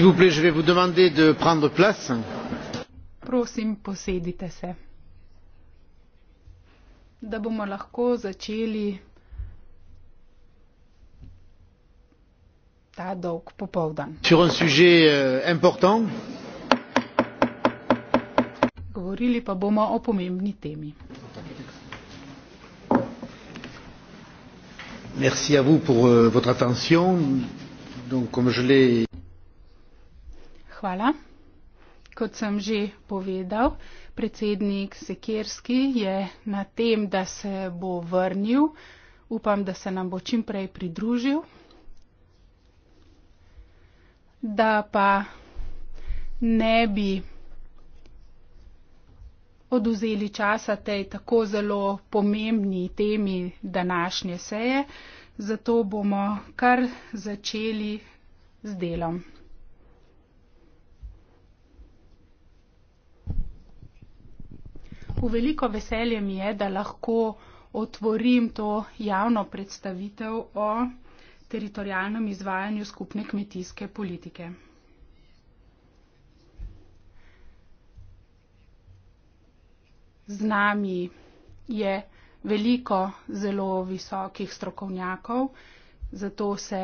je vais vous demander de prendre place. Prosim, posedite se. Da bomo lahko začeli ta dolg popoldan. Sur un sujet euh, important. Govorili pa bomo o pomembni temi. Merci à vous pour euh, votre attention. Donc, comme je l'ai Hvala. Kot sem že povedal, predsednik Sekerski je na tem, da se bo vrnil. Upam, da se nam bo čim prej pridružil. Da pa ne bi oduzeli časa tej tako zelo pomembni temi današnje seje, zato bomo kar začeli z delom. v veliko veselje mi je, da lahko otvorim to javno predstavitev o teritorijalnem izvajanju skupne kmetijske politike. Z nami je veliko zelo visokih strokovnjakov, zato se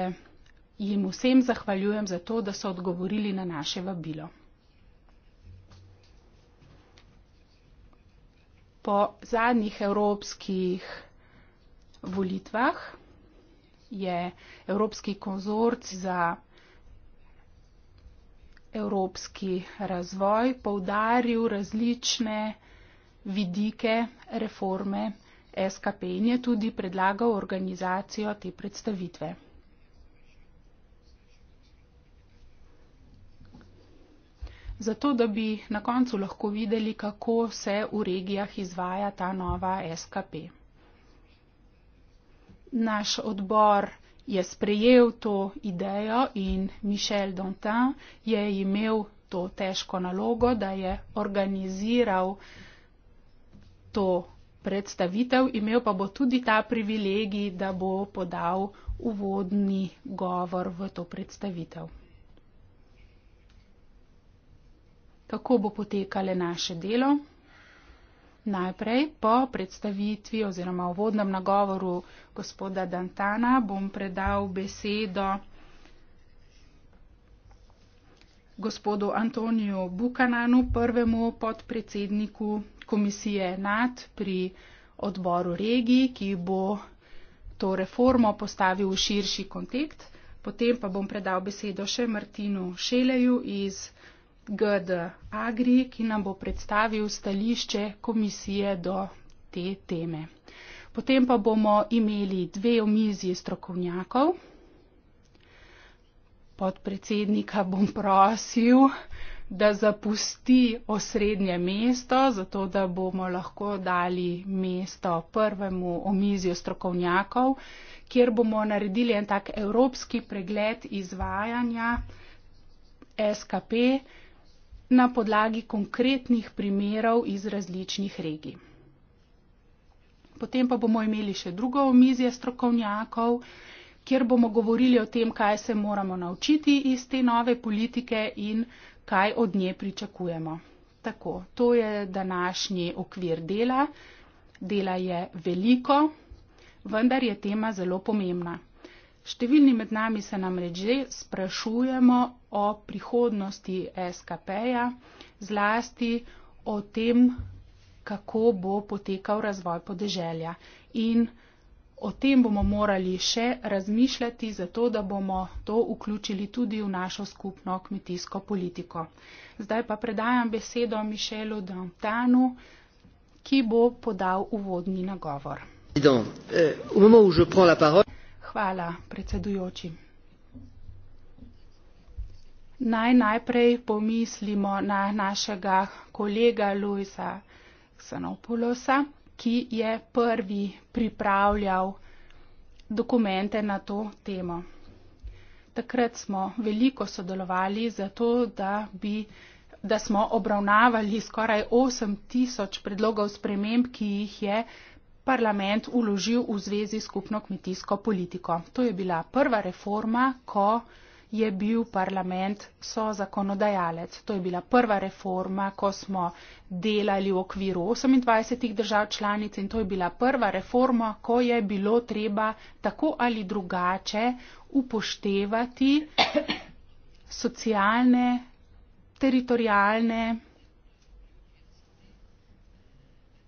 jim vsem zahvaljujem za to, da so odgovorili na naše vabilo. po zadnjih evropskih volitvah je Evropski konzorc za evropski razvoj poudaril različne vidike reforme SKP in je tudi predlagal organizacijo te predstavitve. zato da bi na koncu lahko videli, kako se v regijah izvaja ta nova SKP. Naš odbor je sprejel to idejo in Michel Dantin je imel to težko nalogo, da je organiziral to predstavitev, imel pa bo tudi ta privilegij, da bo podal uvodni govor v to predstavitev. kako bo potekale naše delo. Najprej po predstavitvi oziroma uvodnem nagovoru gospoda Dantana bom predal besedo gospodu Antoniju Bukananu, prvemu podpredsedniku komisije NAT pri odboru regij, ki bo to reformo postavil v širši kontekst. Potem pa bom predal besedo še Martinu Šeleju iz GD Agri, ki nam bo predstavil stališče komisije do te teme. Potem pa bomo imeli dve omizji strokovnjakov. Podpredsednika bom prosil, da zapusti osrednje mesto, zato da bomo lahko dali mesto prvemu omizju strokovnjakov, kjer bomo naredili en tak evropski pregled izvajanja SKP, na podlagi konkretnih primerov iz različnih regij. Potem pa bomo imeli še drugo omizje strokovnjakov, kjer bomo govorili o tem, kaj se moramo naučiti iz te nove politike in kaj od nje pričakujemo. Tako, to je današnji okvir dela. Dela je veliko, vendar je tema zelo pomembna. Številni med nami se namreč že sprašujemo, o prihodnosti SKP-ja, zlasti o tem, kako bo potekal razvoj podeželja. In o tem bomo morali še razmišljati, zato da bomo to vključili tudi v našo skupno kmetijsko politiko. Zdaj pa predajam besedo Mišelu Dantanu, ki bo podal uvodni nagovor. Euh, Hvala, predsedujoči. Naj najprej pomislimo na našega kolega Luisa Xenopoulosa, ki je prvi pripravljal dokumente na to temo. Takrat smo veliko sodelovali zato, da, bi, da smo obravnavali skoraj 8000 predlogov sprememb, ki jih je parlament uložil v zvezi s skupno kmetijsko politiko. To je bila prva reforma, ko je bil parlament so zakonodajalec. To je bila prva reforma, ko smo delali v okviru 28 držav članic in to je bila prva reforma, ko je bilo treba tako ali drugače upoštevati socialne, teritorijalne,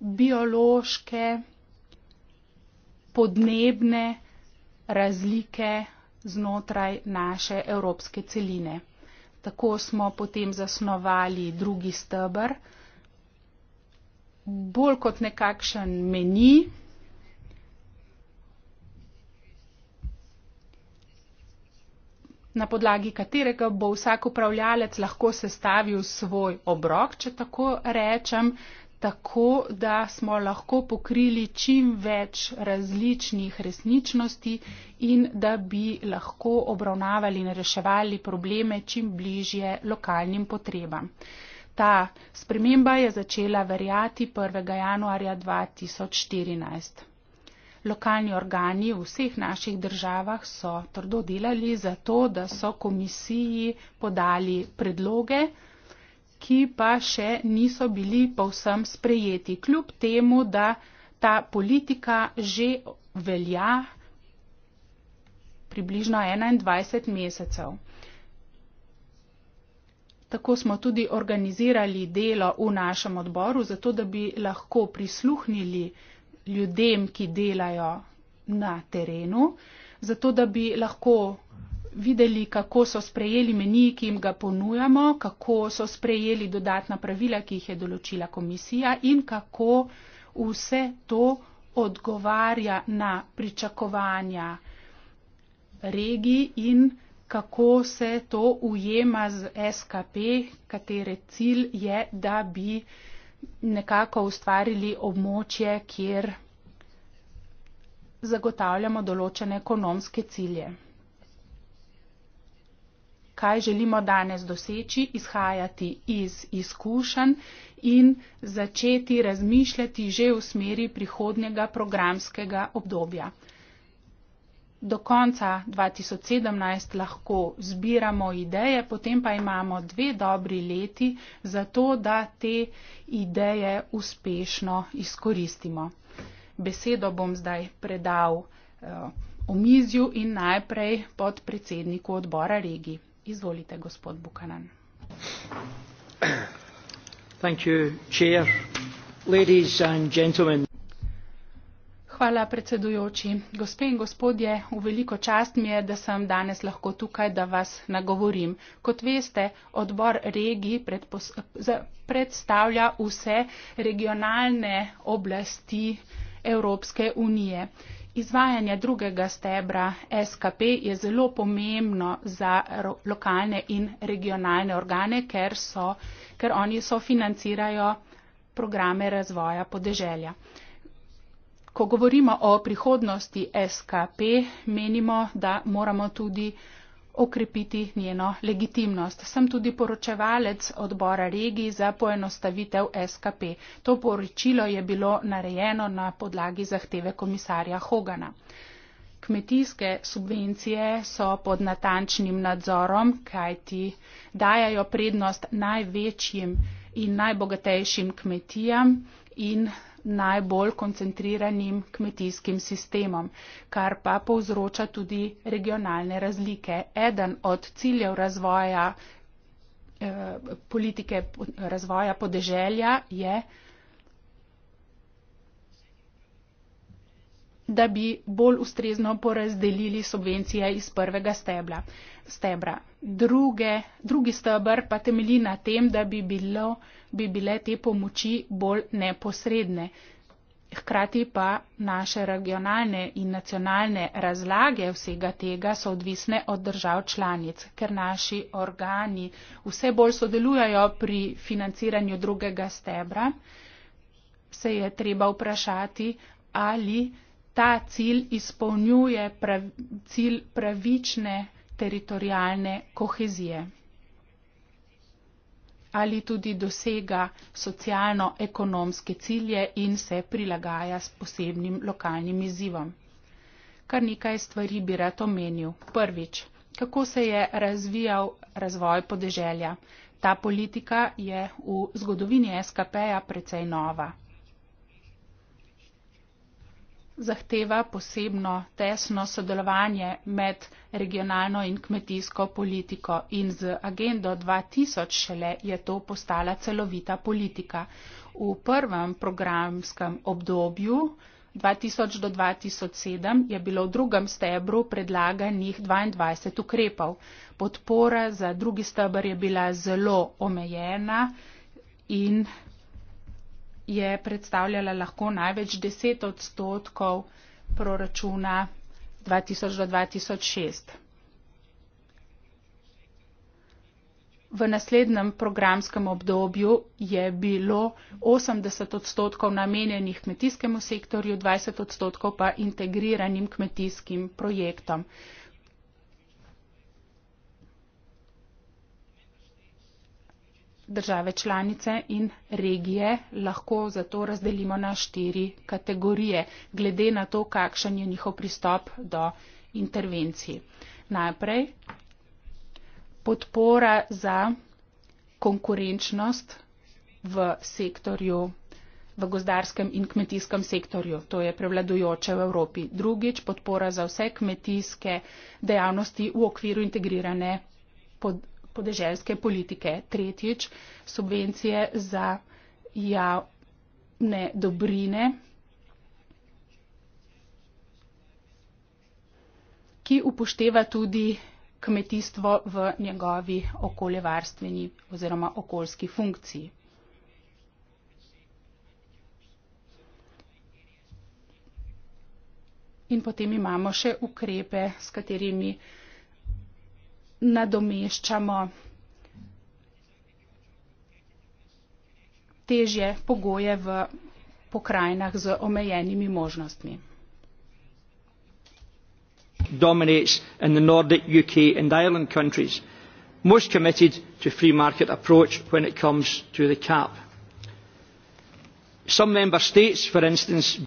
biološke, podnebne razlike znotraj naše evropske celine. Tako smo potem zasnovali drugi stebr, bolj kot nekakšen meni, na podlagi katerega bo vsak upravljalec lahko sestavil svoj obrok, če tako rečem, tako, da smo lahko pokrili čim več različnih resničnosti in da bi lahko obravnavali in reševali probleme čim bližje lokalnim potrebam. Ta sprememba je začela verjati 1. januarja 2014. Lokalni organi v vseh naših državah so trdo delali za to, da so komisiji podali predloge, ki pa še niso bili povsem sprejeti, kljub temu, da ta politika že velja približno 21 mesecev. Tako smo tudi organizirali delo v našem odboru, zato da bi lahko prisluhnili ljudem, ki delajo na terenu, zato da bi lahko videli, kako so sprejeli meni, ki jim ga ponujamo, kako so sprejeli dodatna pravila, ki jih je določila komisija in kako vse to odgovarja na pričakovanja regij in kako se to ujema z SKP, katere cilj je, da bi nekako ustvarili območje, kjer zagotavljamo določene ekonomske cilje kaj želimo danes doseči, izhajati iz izkušenj in začeti razmišljati že v smeri prihodnjega programskega obdobja. Do konca 2017 lahko zbiramo ideje, potem pa imamo dve dobri leti za to, da te ideje uspešno izkoristimo. Besedo bom zdaj predal eh, omizju in najprej podpredsedniku odbora regij. Izvolite, gospod Bukanan. Thank you, chair. Ladies and gentlemen. Hvala, predsedujoči. Gospe in gospodje, v veliko čast mi je, da sem danes lahko tukaj, da vas nagovorim. Kot veste, odbor regij predstavlja vse regionalne oblasti Evropske unije. Izvajanje drugega stebra SKP je zelo pomembno za lokalne in regionalne organe, ker, so, ker oni sofinancirajo programe razvoja podeželja. Ko govorimo o prihodnosti SKP, menimo, da moramo tudi uh, okrepiti njeno legitimnost. Sem tudi poročevalec odbora regij za poenostavitev SKP. To poročilo je bilo narejeno na podlagi zahteve komisarja Hogana. Kmetijske subvencije so pod natančnim nadzorom, kajti dajajo prednost največjim in najbogatejšim kmetijam in najbolj koncentriranim kmetijskim sistemom, kar pa povzroča tudi regionalne razlike. Eden od ciljev razvoja eh, politike razvoja podeželja je, da bi bolj ustrezno porazdelili subvencije iz prvega stebla, stebra. Druge, drugi stebr pa temelji na tem, da bi bilo bi bile te pomoči bolj neposredne. Hkrati pa naše regionalne in nacionalne razlage vsega tega so odvisne od držav članic, ker naši organi vse bolj sodelujajo pri financiranju drugega stebra, se je treba vprašati, ali ta cilj izpolnjuje prav, cilj pravične teritorijalne kohezije ali tudi dosega socialno-ekonomske cilje in se prilagaja s posebnim lokalnim izzivom. Kar nekaj stvari bi rad omenil. Prvič, kako se je razvijal razvoj podeželja. Ta politika je v zgodovini SKP-ja precej nova zahteva posebno tesno sodelovanje med regionalno in kmetijsko politiko in z agendo 2000 šele je to postala celovita politika. V prvem programskem obdobju 2000 do 2007 je bilo v drugem stebru predlaganih 22 ukrepov. Podpora za drugi stebr je bila zelo omejena in je predstavljala lahko največ 10 odstotkov proračuna 2000 do 2006. V naslednjem programskem obdobju je bilo 80 odstotkov namenjenih kmetijskemu sektorju, 20 odstotkov pa integriranim kmetijskim projektom. države članice in regije lahko zato razdelimo na štiri kategorije, glede na to, kakšen je njihov pristop do intervencij. Najprej podpora za konkurenčnost v sektorju v gozdarskem in kmetijskem sektorju, to je prevladujoče v Evropi. Drugič, podpora za vse kmetijske dejavnosti v okviru integrirane pod, podeželske politike. Tretjič, subvencije za javne dobrine, ki upošteva tudi kmetijstvo v njegovi okoljevarstveni oziroma okoljski funkciji. In potem imamo še ukrepe, s katerimi nadomeščamo težje pogoje v pokrajinah z omejenimi možnostmi. dominates in the nordic uk and ireland countries most committed to free market approach when it comes to the cap some member states for instance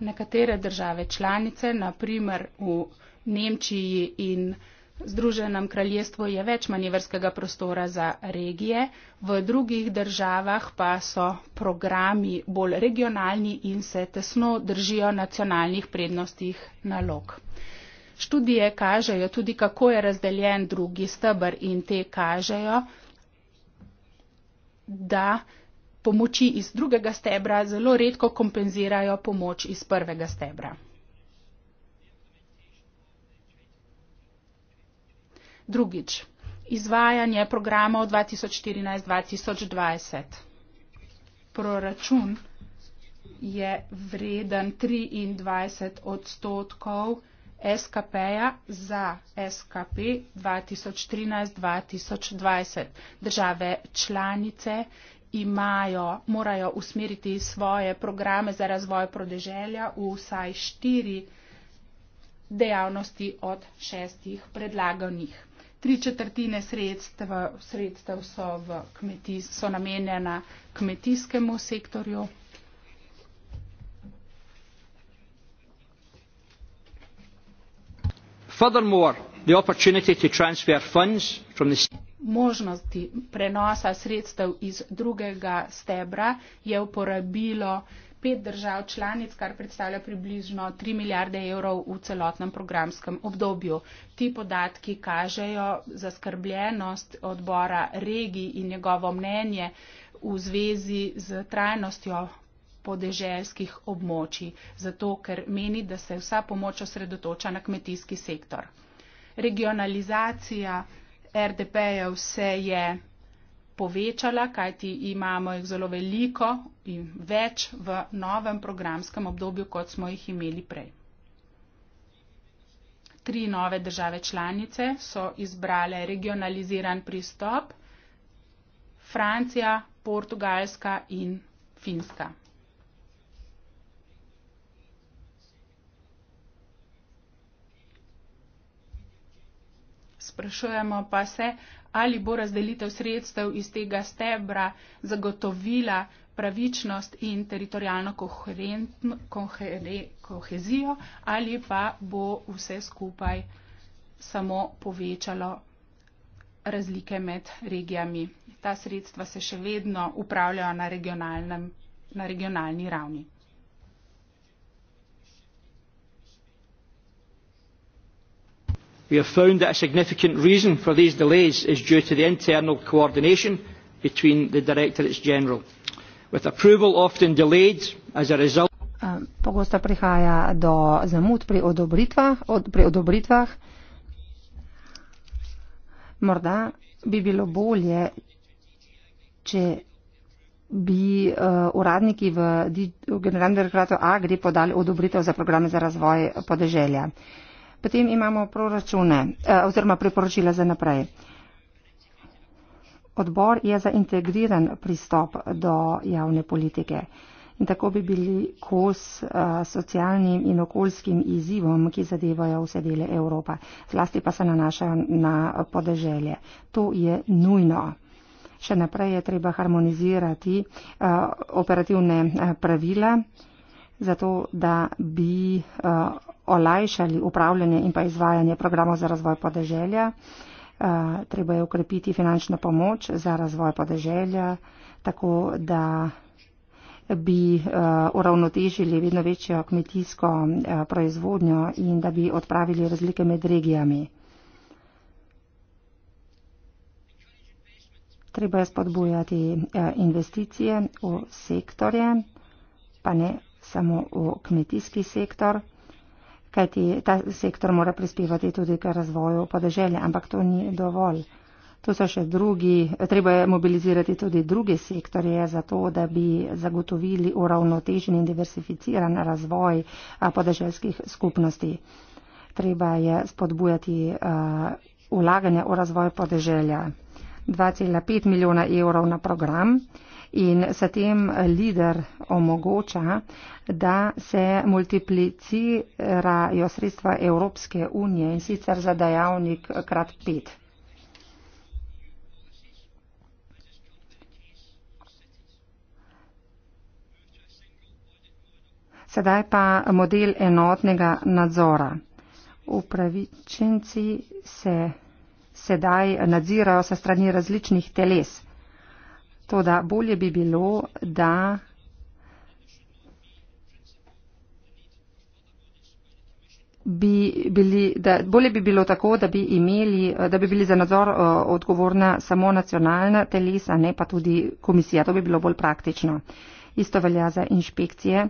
nekatere države članice na primer v nemčiji in uh, Združenem kraljestvu je več manevrskega prostora za regije, v drugih državah pa so programi bolj regionalni in se tesno držijo nacionalnih prednostih nalog. Študije kažejo tudi, kako je razdeljen drugi stebr in te kažejo, da pomoči iz drugega stebra zelo redko kompenzirajo pomoč iz prvega stebra. Drugič, izvajanje programov 2014-2020. Proračun je vreden 23 odstotkov SKP-ja za SKP 2013-2020. Države članice imajo, morajo usmeriti svoje programe za razvoj prodeželja v vsaj štiri dejavnosti od šestih predlaganih tri četrtine sredstev, sredstev so, v kmetiz, so namenjena kmetijskemu sektorju. The to funds from the... Možnosti prenosa sredstev iz drugega stebra je uporabilo pet držav članic, kar predstavlja približno 3 milijarde evrov v celotnem programskem obdobju. Ti podatki kažejo zaskrbljenost odbora regij in njegovo mnenje v zvezi z trajnostjo podeželskih območij, zato ker meni, da se vsa pomoč osredotoča na kmetijski sektor. Regionalizacija RDP-jev se je povečala, kajti imamo jih zelo veliko in več v novem programskem obdobju, kot smo jih imeli prej. Tri nove države članice so izbrale regionaliziran pristop - Francija, Portugalska in Finska. Sprašujemo pa se, ali bo razdelitev sredstev iz tega stebra zagotovila pravičnost in teritorijalno kohezijo ali pa bo vse skupaj samo povečalo razlike med regijami. Ta sredstva se še vedno upravljajo na, na regionalni ravni. we have found that a significant reason for these delays is due to the internal coordination between the directorates general with approval often delayed as a result eh, pogosto prihaja do zamud pri odobritvah od pri odobritvah morda bi bilo bolje če bi uh, uradniki v generalnem direktoratu Agri podali odobritev za programe za razvoj podeželja. Uh, Potem imamo proračune eh, oziroma priporočila za naprej. Odbor je za integriran pristop do javne politike. In tako bi bili kos eh, socialnim in okoljskim izzivom, ki zadevajo vse dele Evropa. Zlasti pa se nanašajo na podeželje. To je nujno. Še naprej je treba harmonizirati eh, operativne pravila zato da bi uh, olajšali upravljanje in pa izvajanje programov za razvoj podeželja. Uh, treba je ukrepiti finančno pomoč za razvoj podeželja, tako da bi uh, uravnotežili vedno večjo kmetijsko uh, proizvodnjo in da bi odpravili razlike med regijami. Treba je spodbujati uh, investicije v sektorje, pa ne samo v kmetijski sektor, kajti ta sektor mora prispevati tudi k razvoju podeželja, ampak to ni dovolj. Tu so še drugi, treba je mobilizirati tudi druge sektorje za to, da bi zagotovili uravnotežen in diversificiran razvoj podeželskih skupnosti. Treba je spodbujati uh, ulaganje v razvoj podeželja. 2,5 milijona evrov na program. Uh, in s tem lider omogoča, da se multiplicirajo sredstva Evropske unije in sicer za dejavnik krat pet. Sedaj pa model enotnega nadzora. Upravičenci se sedaj nadzirajo sa strani različnih teles. Toda bolje bi bilo, da bi bili, da bolje bi bilo tako, da bi imeli, da bi bili za nadzor odgovorna samo nacionalna telesa, ne pa tudi komisija. To bi bilo bolj praktično. Isto velja za inšpekcije.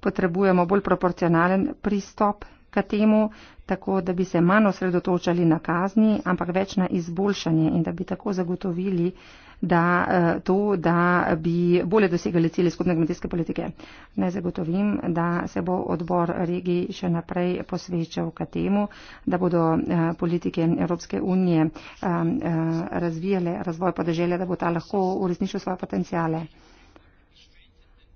Potrebujemo bolj proporcionalen pristop k temu, tako da bi se manj osredotočali na kazni, ampak več na izboljšanje in da bi tako zagotovili, da, eh, to, da bi bolje dosegali cilje skupne kmetijske politike. Ne zagotovim, da se bo odbor regij še naprej posvečal k temu, da bodo eh, politike Evropske unije eh, razvijale razvoj podeželja, da bo ta lahko uresničil svoje potencijale.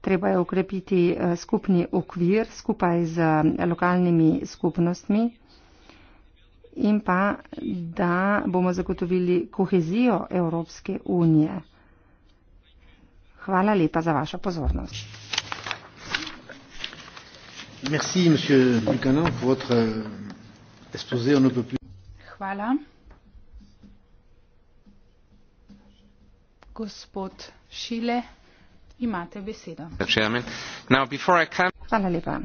Treba je ukrepiti skupni okvir skupaj z lokalnimi skupnostmi in pa, da bomo zagotovili kohezijo Evropske unije. Hvala lepa za vašo pozornost. Merci, Bucanon, votre... Euh, plus... Hvala. Gospod Šile, imate besedo. Hvala lepa.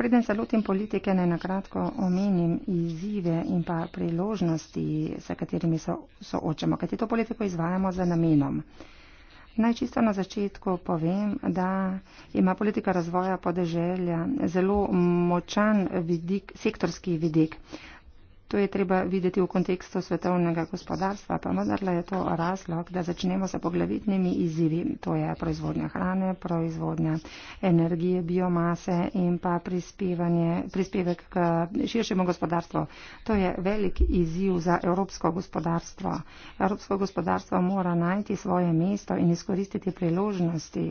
Preden se lotim politike, naj nakratko omenim izzive in pa priložnosti, s katerimi se soočamo, kajti to politiko izvajamo za namenom. Naj čisto na začetku povem, da ima politika razvoja podeželja zelo močan vidik, sektorski vidik. To je treba videti v kontekstu svetovnega gospodarstva, pa vendarle je to razlog, da začnemo sa poglavitnimi izzivi. To je proizvodnja hrane, proizvodnja energije, biomase in pa prispevek k širšemu gospodarstvu. To je velik izziv za evropsko gospodarstvo. Evropsko gospodarstvo mora najti svoje mesto in izkoristiti priložnosti.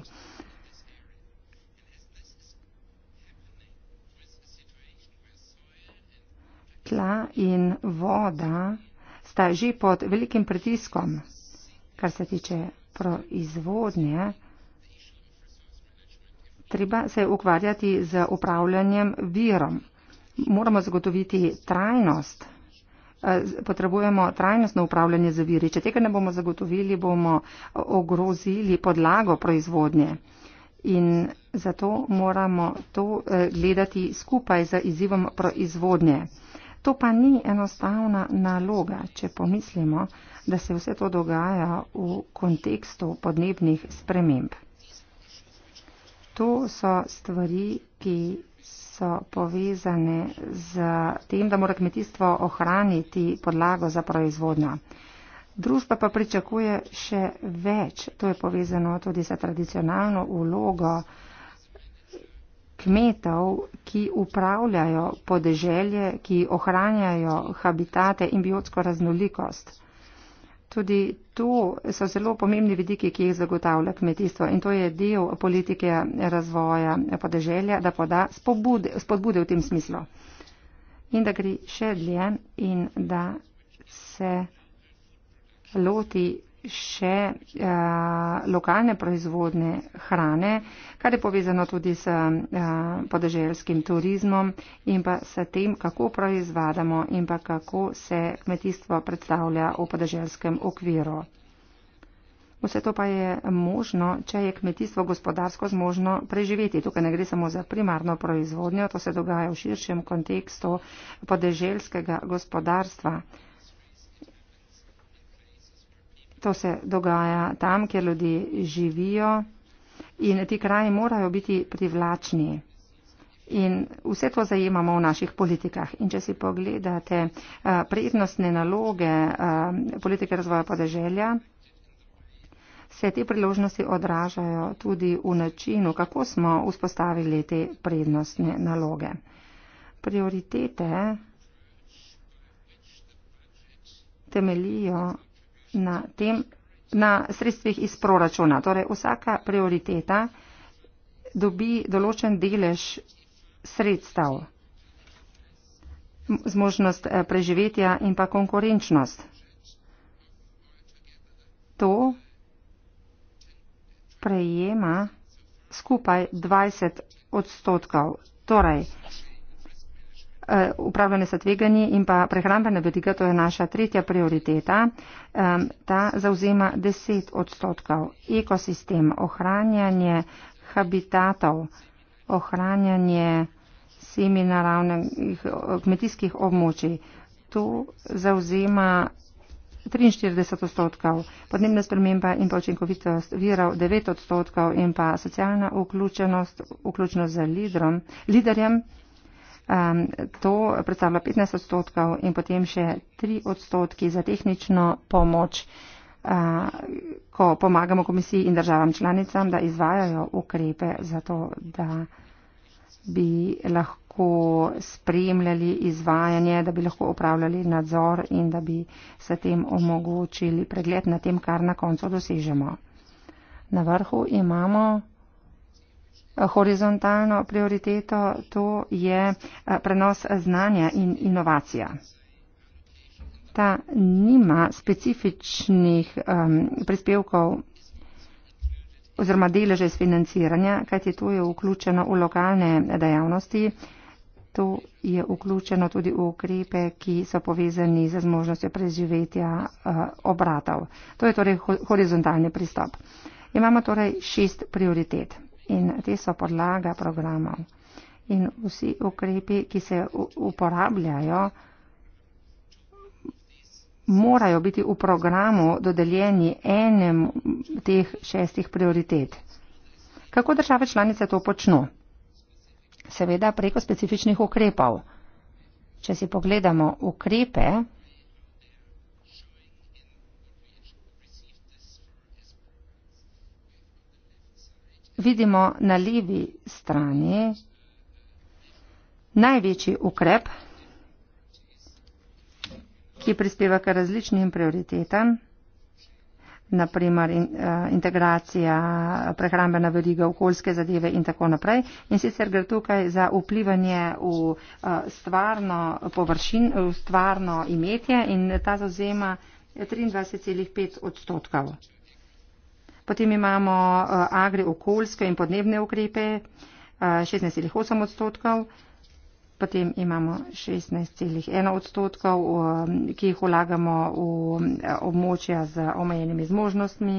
svetla in voda sta že pod velikim pritiskom, kar se tiče proizvodnje. Treba se ukvarjati z upravljanjem virom. Moramo zagotoviti trajnost. Eh, potrebujemo trajnostno upravljanje z viri. Če tega ne bomo zagotovili, bomo ogrozili podlago proizvodnje. In zato moramo to eh, gledati skupaj z izzivom proizvodnje. To pa ni enostavna naloga, če pomislimo, da se vse to dogaja v kontekstu podnebnih sprememb. To so stvari, ki so povezane z tem, da mora kmetijstvo ohraniti podlago za proizvodnjo. Družba pa pričakuje še več. To je povezano tudi sa tradicionalno vlogo kmetov, ki upravljajo podeželje, ki ohranjajo habitate in biotsko raznolikost. Tudi tu so zelo pomembni vidiki, ki jih zagotavlja kmetijstvo in to je del politike razvoja podeželja, da poda spodbude, spodbude v tem smislu. In da gre še dlje in da se loti še eh, lokalne proizvodne hrane, kar je povezano tudi s eh, podeželskim turizmom in pa s tem, kako proizvadamo in pa kako se kmetijstvo predstavlja v podeželskem okviru. Vse to pa je možno, če je kmetijstvo gospodarsko zmožno preživeti. Tukaj ne gre samo za primarno proizvodnjo, to se dogaja v širšem kontekstu podeželskega gospodarstva. To se dogaja tam, kjer ljudje živijo in ti kraji morajo biti privlačni. In vse to zajemamo v naših politikah. In če si pogledate eh, prednostne naloge eh, politike razvoja podeželja, se te priložnosti odražajo tudi v načinu, kako smo vzpostavili te prednostne naloge. Prioritete temelijo na, tem, na sredstvih iz proračuna. Torej vsaka prioriteta dobi določen delež sredstev, zmožnost eh, preživetja in pa konkurenčnost. To prejema skupaj 20 odstotkov. Torej, Eh, upravljanje s tveganji in pa prehrambena vedika, to je naša tretja prioriteta, ta zauzema 10 odstotkov. Ekosistem, ohranjanje habitatov, ohranjanje semi naravnih eh, kmetijskih območij, to zauzema 43 odstotkov, podnebna sprememba in pa učinkovitost virov 9 odstotkov in pa socialna vključenost, vključenost za liderom, liderjem. liderjem Um, to predstavlja 15 odstotkov in potem še 3 odstotki za tehnično pomoč, uh, ko pomagamo komisiji in državam članicam, da izvajajo ukrepe za to, da bi lahko spremljali izvajanje, da bi lahko upravljali nadzor in da bi s tem omogočili pregled na tem, kar na koncu dosežemo. Na vrhu imamo Eh, horizontalno prioriteto, to je eh, prenos znanja in inovacija. Ta nima specifičnih um, prispevkov oziroma deleže iz financiranja, kajti to je vključeno v lokalne dejavnosti, to je vključeno tudi v ukrepe, ki so povezani z zmožnostjo preživetja uh, obratov. To je torej horizontalni pristop. Imamo torej šest prioritet in te so podlaga programov. In vsi ukrepi, ki se uporabljajo, morajo biti v programu dodeljeni enem teh šestih prioritet. Kako države članice to počno? Seveda preko specifičnih ukrepov. Če si pogledamo ukrepe, vidimo na levi strani največji ukrep, ki prispeva k različnim prioritetam, naprimer in, uh, integracija, prehrambena veriga, okoljske zadeve in tako naprej. In sicer gre tukaj za vplivanje v uh, stvarno površin, v stvarno imetje in ta zauzema 23,5 eh, odstotkov. Potem imamo eh, agri okoljske in podnebne ukrepe 16,8 eh, odstotkov. Potem imamo 16,1 odstotkov, eh, ki jih vlagamo v območja z omejenimi zmožnostmi.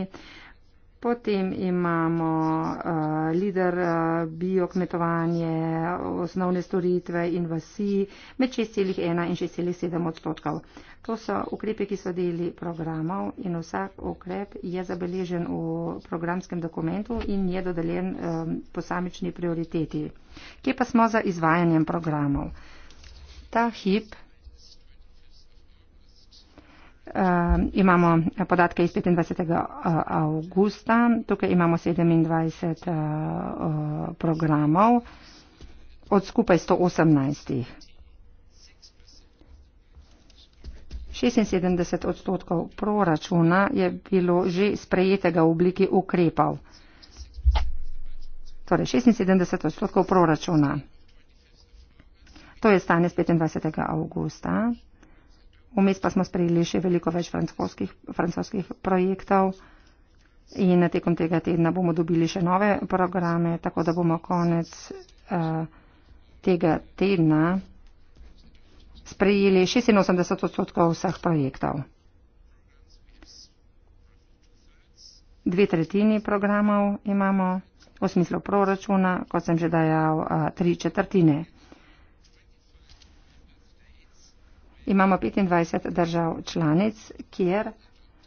Potem imamo uh, lider uh, biokmetovanje, osnovne storitve in vasi med 6,1 in 6,7 odstotkov. To so ukrepe, ki so deli programov in vsak ukrep je zabeležen v programskem dokumentu in je dodeljen um, posamični prioriteti. Kje pa smo za izvajanjem programov? Ta hip. Uh, imamo eh, podatke iz 25. Eh, avgusta, tukaj imamo 27 uh, eh, programov od skupaj 118. 76 odstotkov proračuna je bilo že sprejetega v obliki ukrepov. Torej 76 odstotkov proračuna. To je stanje z 25. avgusta. Vmes pa smo sprejeli še veliko več francoskih, francoskih projektov in tekom tega tedna bomo dobili še nove programe, tako da bomo konec uh, tega tedna sprejeli 86 odstotkov vseh projektov. Dve tretjini programov imamo v smislu proračuna, kot sem že dajal, eh, tri četrtine. Imamo 25 držav članic, kjer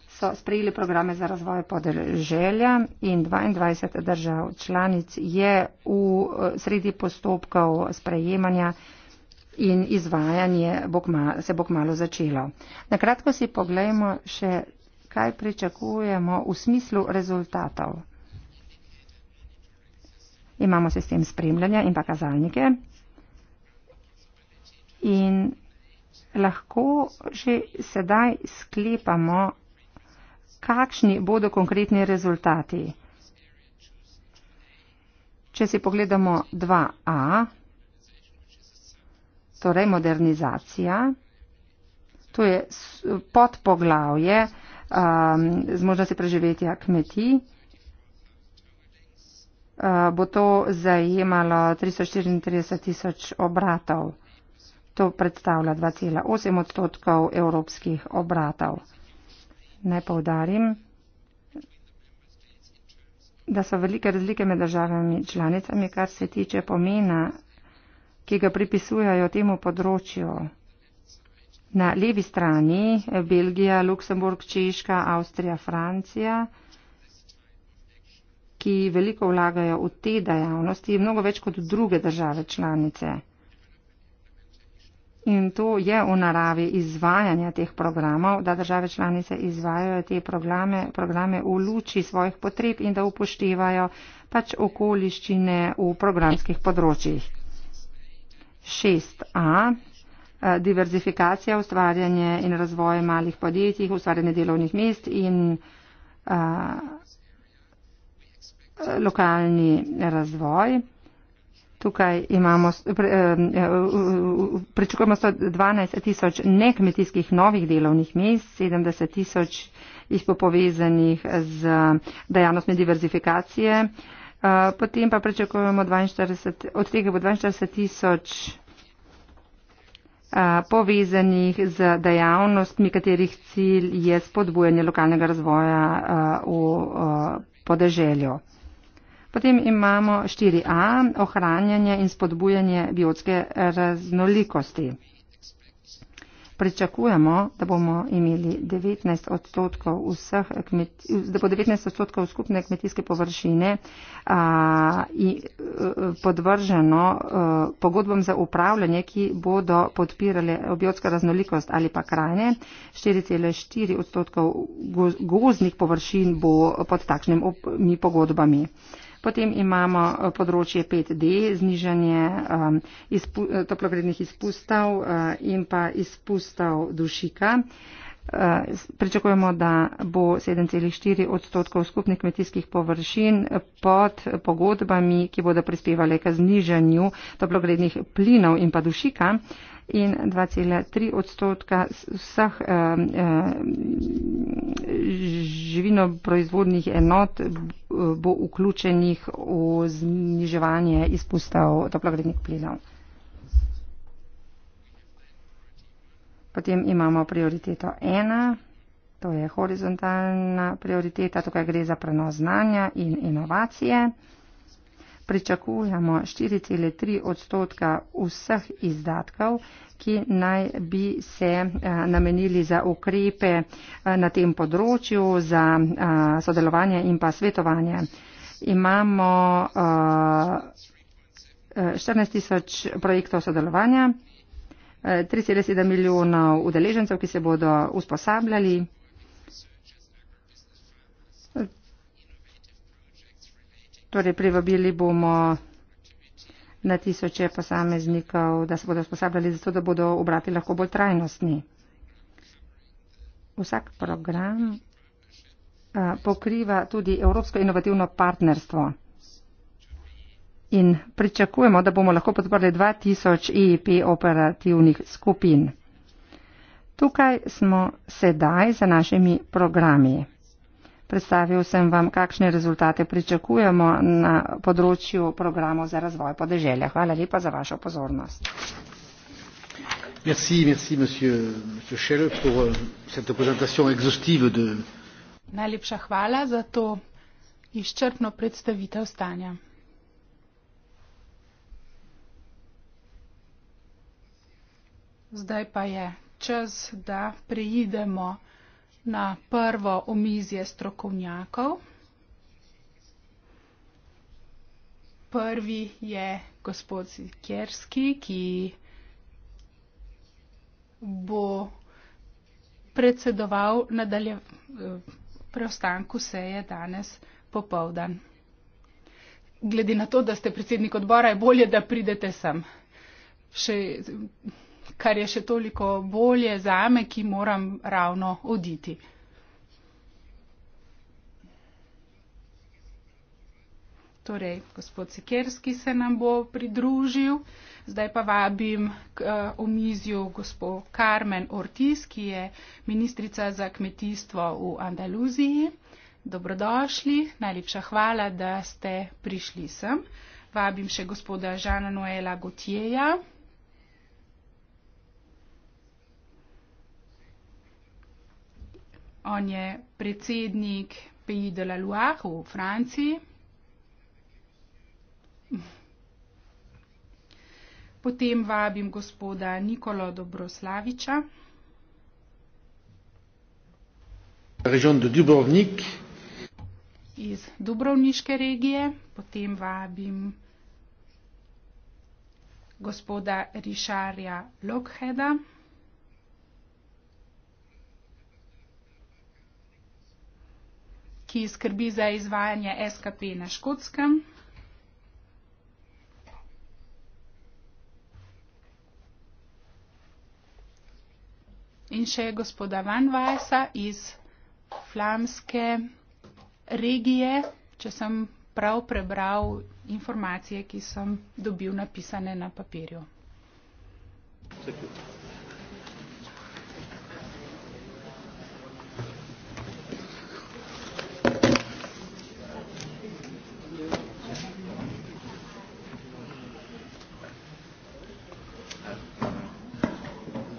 so sprejeli programe za razvoj podeželja in 22 držav članic je v sredi postopkov sprejemanja in izvajanje se bo kmalo začelo. Nakratko si pogledajmo še, kaj pričakujemo v smislu rezultatov. Imamo sistem spremljanja in pa kazalnike. In lahko že sedaj sklepamo, kakšni bodo konkretni rezultati. Če si pogledamo 2a, torej modernizacija, to je podpoglavje um, zmožnosti preživetja kmetij, uh, bo to zajemalo 334 tisoč obratov. To predstavlja 2,8 odstotkov evropskih obratov. Naj povdarim, da so velike razlike med državami članicami, kar se tiče pomena, ki ga pripisujajo temu področju. Na levi strani Belgija, Luksemburg, Češka, Avstrija, Francija, ki veliko vlagajo v te dejavnosti, mnogo več kot druge države članice. In to je v naravi izvajanja teh programov, da države članice izvajajo te programe, programe v luči svojih potreb in da upoštevajo pač okoliščine v programskih področjih. 6a. Eh, diverzifikacija, ustvarjanje in razvoj malih podjetij, ustvarjanje delovnih mest in a, eh, lokalni razvoj. Tukaj imamo, eh, eh, pričakujemo 112 tisoč nekmetijskih novih delovnih mest, 70 tisoč jih bo povezanih z dejavnostmi diverzifikacije, eh, potem pa pričakujemo 42, od tega bo 42 tisoč povezanih z dejavnostmi, katerih cilj je spodbujanje lokalnega razvoja v podeželju. Potem imamo 4a, ohranjanje in spodbujanje biotske raznolikosti. Pričakujemo, da, bomo imeli 19 odstotkov vseh kmeti, da bo 19 odstotkov skupne kmetijske površine a, i, e, podvrženo a, e, pogodbom za upravljanje, ki bodo podpirale obiotska raznolikost ali pa krajne. 4,4 odstotkov goznih površin bo pod takšnimi pogodbami. A, Potem imamo eh, področje 5D, znižanje um, izpu, eh, toplogrednih izpustov uh, in pa izpustov dušika. Pričakujemo, da bo 7,4 odstotkov skupnih kmetijskih površin pod pogodbami, ki bodo prispevali k znižanju toplogrednih plinov in pa dušika. Uh, in 2,3 odstotka vseh eh, eh, živinoproizvodnih enot bo vključenih v zniževanje izpustov toplogrednih plinov. Potem imamo prioriteto 1, to je horizontalna prioriteta, tukaj gre za prenos znanja in inovacije pričakujemo 4,3 odstotka vseh izdatkov, ki naj bi se eh, namenili za ukrepe eh, na tem področju, za eh, sodelovanje in pa svetovanje. Imamo 14 tisoč projektov sodelovanja, 3,7 milijonov udeležencev, ki se bodo usposabljali. Torej, privabili bomo na tisoče posameznikov, da se bodo usposabljali za to, da bodo obrati lahko bolj trajnostni. Vsak program pokriva tudi Evropsko inovativno partnerstvo. In pričakujemo, da bomo lahko podprli 2000 EEP operativnih skupin. Tukaj smo sedaj za našimi programi. Predstavil sem vam, kakšne rezultate pričakujemo na področju programov za razvoj podeželja. Hvala lepa za vašo pozornost. Merci, merci, monsieur, monsieur Schelle, pour euh, cette présentation exhaustive de... Najlepša hvala za to izčrpno predstavitev stanja. Zdaj pa je čas, da preidemo na prvo omizje strokovnjakov. Prvi je gospod Sikerski, ki bo predsedoval nadalje preostanku seje danes popovdan. Glede na to, da ste predsednik odbora, je bolje, da pridete sem. Še kar je še toliko bolje za me, ki moram ravno oditi. Torej, gospod Sikerski se nam bo pridružil. Zdaj pa vabim k eh, omizju gospod Carmen Ortiz, ki je ministrica za kmetijstvo v Andaluziji. Dobrodošli, najlepša hvala, da ste prišli sem. Vabim še gospoda Žana Noela Gotjeja, On je predsednik Pays de la Loire v Franciji. Potem vabim gospoda Nikolo Dobroslaviča. Region de Dubrovnik. Iz Dubrovniške regije. Potem vabim gospoda Rišarja Lokheda. ki skrbi za izvajanje SKP na Škotskem. In še gospoda Van Vajsa iz flamske regije, če sem prav prebral informacije, ki sem dobil napisane na papirju. Thank you.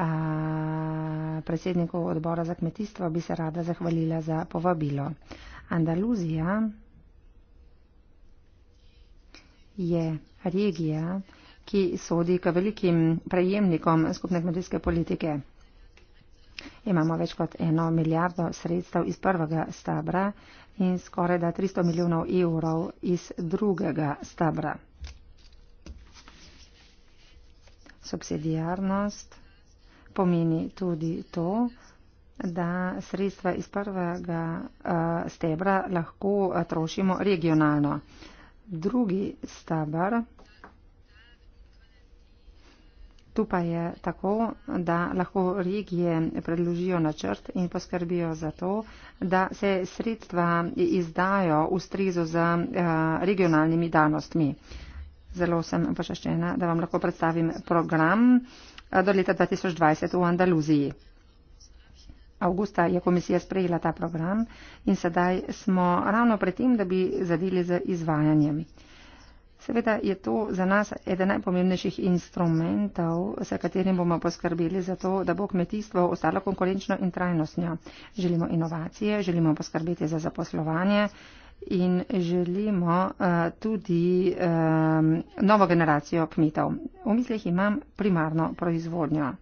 a, predsedniku odbora za kmetijstvo bi se rada zahvalila za povabilo. Andaluzija je regija, ki sodi k velikim prejemnikom skupne kmetijske politike. Imamo več kot eno milijardo sredstev iz prvega stabra in skoraj da 300 milijonov evrov iz drugega stabra. Subsidiarnost pomeni tudi to, da sredstva iz prvega eh, stebra lahko eh, trošimo regionalno. Drugi stebr. Tu pa je tako, da lahko regije predložijo načrt in poskrbijo za to, da se sredstva izdajo v strizu z eh, regionalnimi danostmi. Zelo sem počaščena, da vam lahko predstavim program, Eh, do leta 2020 v Andaluziji. Augusta je komisija sprejela ta program in sedaj smo ravno pred tem, da bi zadeli z izvajanjem. Seveda je to za nas eden najpomembnejših instrumentov, s katerim bomo poskrbeli za to, da bo kmetijstvo ostalo konkurenčno in trajnostno. Želimo inovacije, želimo poskrbeti za zaposlovanje, in želimo eh, tudi eh, novo generacijo kmetov. V mislih imam primarno proizvodnjo.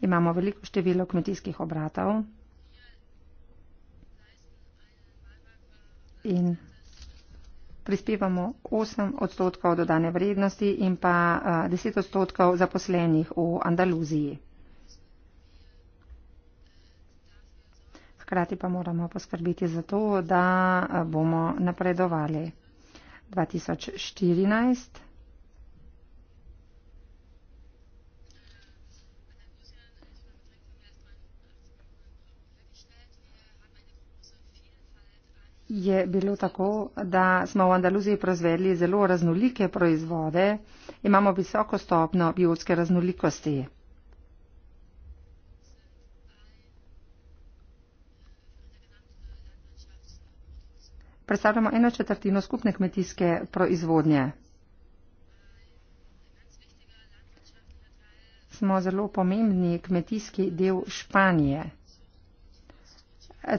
Imamo veliko število kmetijskih obratov in prispevamo 8 odstotkov dodane vrednosti in pa 10 eh, odstotkov zaposlenih v Andaluziji. Hkrati pa moramo poskrbiti za to, da eh, bomo napredovali. 2014. Je bilo tako, da smo v Andaluziji proizvedli zelo raznolike proizvode, imamo visoko stopno biotske raznolikosti. predstavljamo eno četrtino skupne kmetijske proizvodnje. Smo zelo pomembni kmetijski del Španije.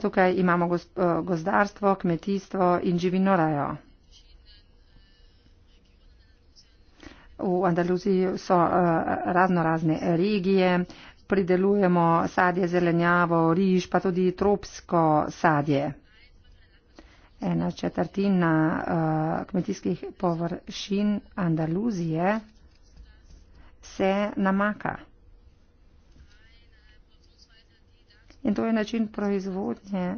Tukaj imamo eh, gozdarstvo, kmetijstvo in živinorajo. V Andaluziji so eh, razno razne regije, pridelujemo sadje, zelenjavo, riž, pa tudi tropsko sadje ena četrtina uh, kmetijskih površin Andaluzije se namaka. In to je način proizvodnje,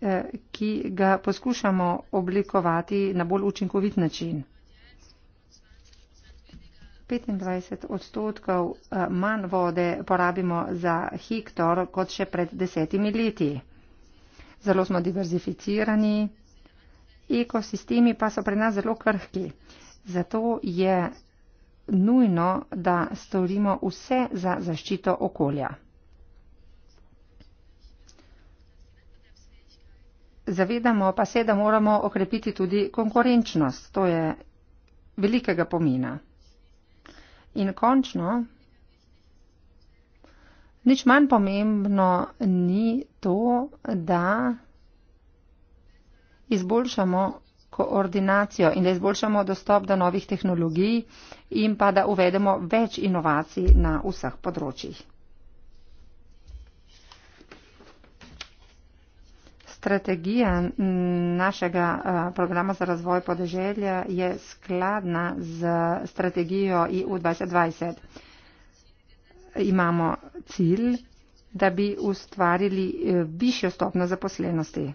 eh, ki ga poskušamo oblikovati na bolj učinkovit način. 25 odstotkov eh, manj vode porabimo za hektar kot še pred desetimi leti zelo smo diverzificirani, ekosistemi pa so pri nas zelo krhki. Zato je nujno, da storimo vse za zaščito okolja. Zavedamo pa se, da moramo okrepiti tudi konkurenčnost. To je velikega pomena. In končno, Nič manj pomembno ni to, da izboljšamo koordinacijo in da izboljšamo dostop do novih tehnologij in pa da uvedemo več inovacij na vseh področjih. Strategija našega programa za razvoj podeželja je skladna z strategijo EU 2020 imamo cilj, da bi ustvarili eh, višjo stopno zaposlenosti.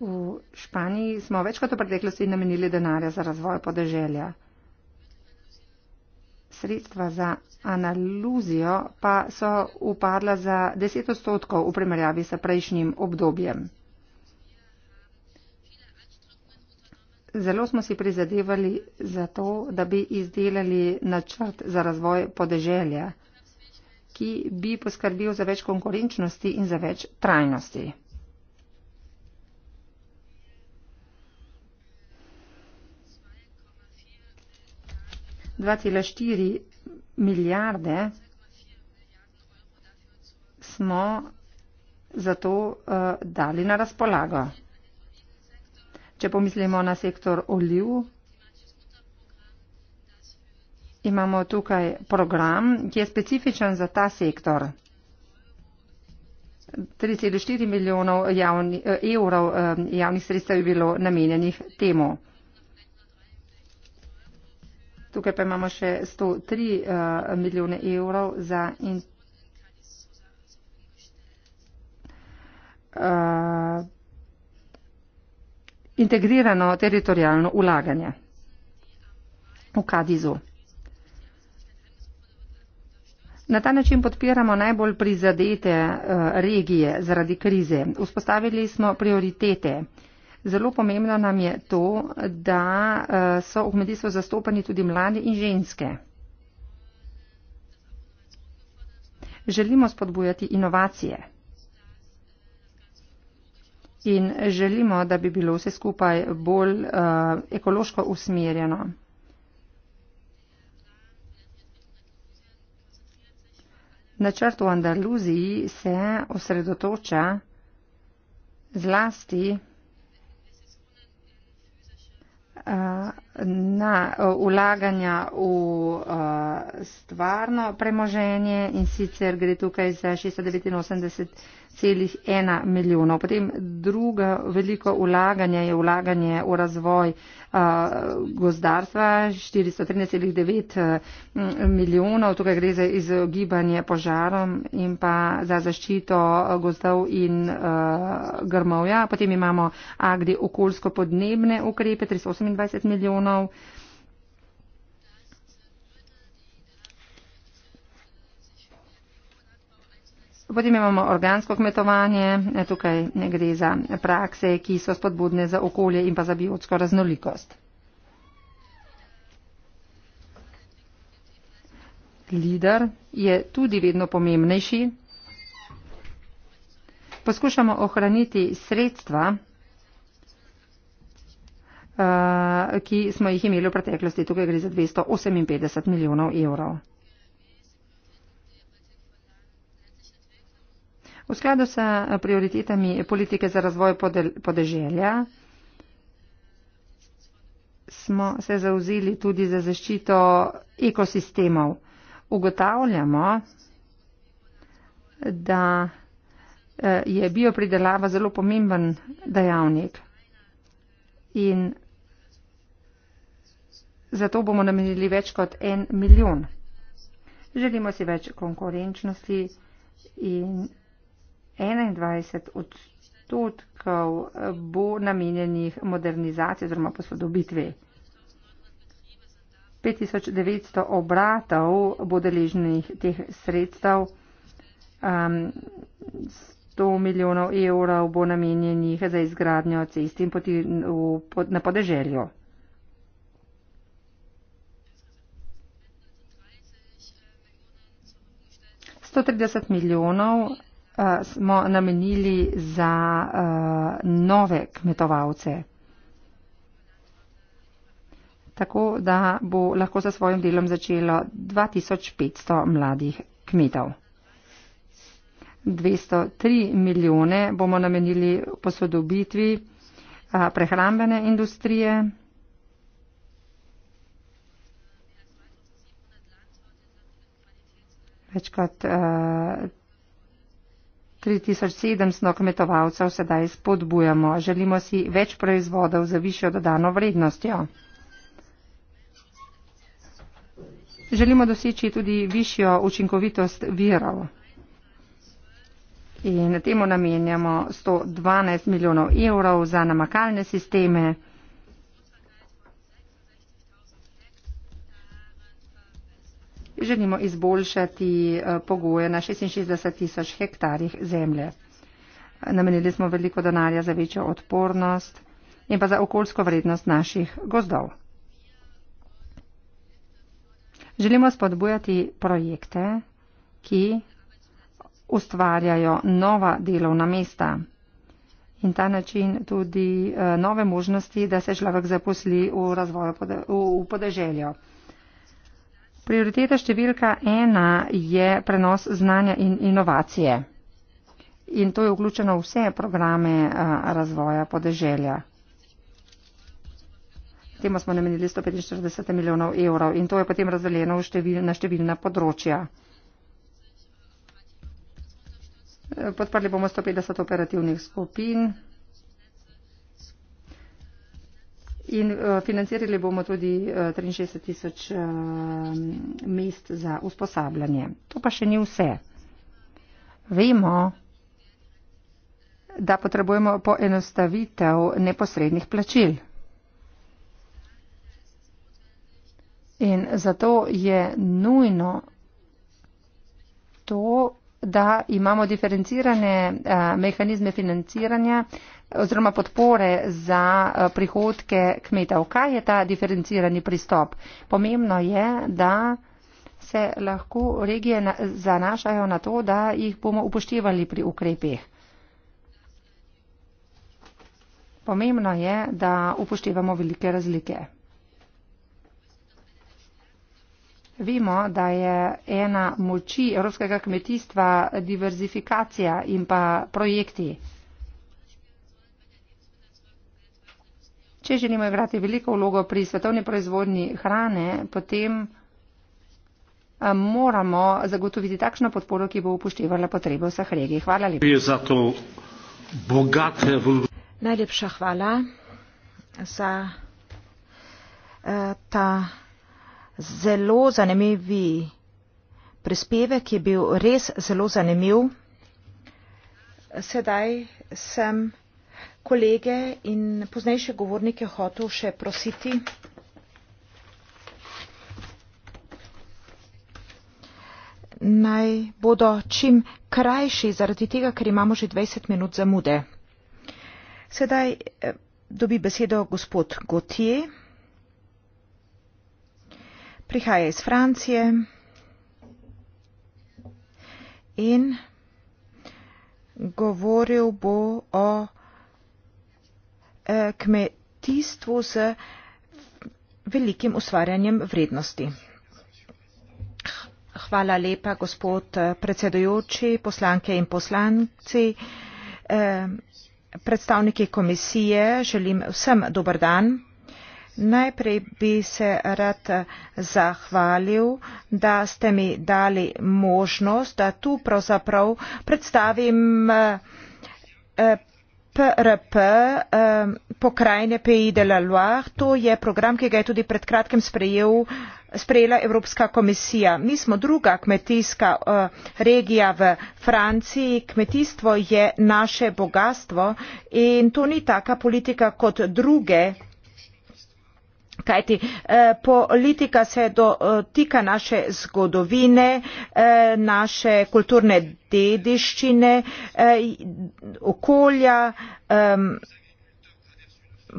V Španiji smo več kot v preteklosti namenili denarja za razvoj podeželja. Sredstva za analuzijo pa so upadla za 10 odstotkov v primerjavi s prejšnjim obdobjem. Zelo smo si prizadevali za to, da bi izdelali načrt za razvoj podeželja, ki bi poskrbel za več konkurenčnosti in za več trajnosti. milijarde smo zato uh, eh, dali na razpolago. Če pomislimo na sektor oliv, imamo tukaj program, ki je specifičen za ta sektor. 3,4 milijonov javni, eh, evrov eh, javnih sredstev je bilo namenjenih temu. Tukaj pa imamo še 103 eh, milijone evrov za in, uh, integrirano teritorijalno ulaganje v Kadizu. Na ta način podpiramo najbolj prizadete eh, regije zaradi krize. Vzpostavili smo prioritete. Zelo pomembno nam je to, da eh, so v kmetijstvu zastopani tudi mladi in ženske. Želimo spodbujati inovacije in želimo, da bi bilo vse skupaj bolj uh, ekološko usmerjeno. Načrt v Andaluziji se osredotoča zlasti eh, na eh, ulaganja v stvarno premoženje in sicer gre tukaj za 689 3,1 milijonov. Potem druga veliko ulaganja je ulaganje v razvoj eh, gozdarstva 413,9 eh, milijonov. Tukaj gre za izogibanje požarom in pa za zaščito eh, gozdov in grmovja. Potem imamo agri okoljsko podnebne ukrepe 328 milijonov. Potem imamo organsko kmetovanje, e, tukaj gre za prakse, ki so spodbudne za okolje in pa za biotsko raznolikost. Lider je tudi vedno pomembnejši. Poskušamo ohraniti sredstva, e, ki smo jih imeli v preteklosti. Tukaj gre za 258 milijonov evrov. V skladu sa eh, prioritetami politike za razvoj podeželja smo se zauzeli tudi za zaščito ekosistemov. Ugotavljamo, da eh, je biopridelava zelo pomemben dejavnik in zato bomo namenili več kot en milijon. Želimo si več konkurenčnosti in 21 odstotkov bo namenjenih modernizaciji oziroma posodobitvi. 5900 obratov bo deležnih teh sredstev, um, 100 milijonov evrov bo namenjenih za izgradnjo cest in poti v, na podeželju. 130 milijonov Eh, smo namenili za uh, nove kmetovalce. Tako da bo lahko za svojim delom začelo 2500 mladih kmetov. 203 milijone bomo namenili posodobitvi uh, prehrambene industrije. Več kot uh, 3700 kmetovalcev sedaj spodbujamo. Želimo si več proizvodov za višjo dodano vrednostjo. Želimo doseči tudi višjo učinkovitost virov. In temu namenjamo 112 milijonov evrov za namakalne sisteme. želimo izboljšati eh, pogoje na 66 tisoč hektarjih zemlje. Namenili smo veliko denarja za večjo odpornost in pa za okoljsko vrednost naših gozdov. Želimo spodbujati projekte, ki ustvarjajo nova delovna mesta in ta način tudi eh, nove možnosti, da se človek zaposli v, razvoju, v podeželjo. Prioriteta številka ena je prenos znanja in inovacije. In to je vključeno v vse programe razvoja podeželja. Temu smo namenili 145 milijonov evrov in to je potem razdeljeno števil, na številna področja. Podprli bomo 150 operativnih skupin. In eh, financirali bomo tudi 63 eh, tisoč eh, mest za usposabljanje. To pa še ni vse. Vemo, da potrebujemo poenostavitev neposrednih plačil. In zato je nujno to da imamo diferencirane eh, mehanizme financiranja oziroma podpore za eh, prihodke kmetov. Kaj je ta diferencirani pristop? Pomembno je, da se lahko regije zanašajo na to, da jih bomo upoštevali pri ukrepih. Pomembno je, da upoštevamo velike razlike. Vemo, da je ena moči evropskega kmetijstva diverzifikacija in pa projekti. Če želimo igrati veliko vlogo pri svetovni proizvodnji hrane, potem moramo zagotoviti takšno podporo, ki bo upoštevala potrebe vseh regij. Hvala lepa. Najlepša hvala za uh, ta zelo zanimivi prispevek je bil res zelo zanimiv. Sedaj sem kolege in poznejše govornike hotel še prositi. Naj bodo čim krajši, zaradi tega, ker imamo že 20 minut zamude. Sedaj eh, dobi besedo gospod Gotije prihaja iz Francije in govoril bo o eh, kmetijstvu z velikim ustvarjanjem vrednosti. Hvala lepa, gospod eh, predsedujoči, poslanke in poslanci, eh, predstavniki komisije, želim vsem dober dan. Najprej bi se rad zahvalil, da ste mi dali možnost, da tu pravzaprav predstavim PRP eh, eh, pokrajine Pays de la Loire. To je program, ki ga je tudi pred kratkim sprejel sprejela Evropska komisija. Mi smo druga kmetijska uh, regija v Franciji. Kmetijstvo je naše bogatstvo in to ni taka politika kot druge uh, kajti eh, politika se dotika naše zgodovine, eh, naše kulturne dediščine, eh, okolja, eh,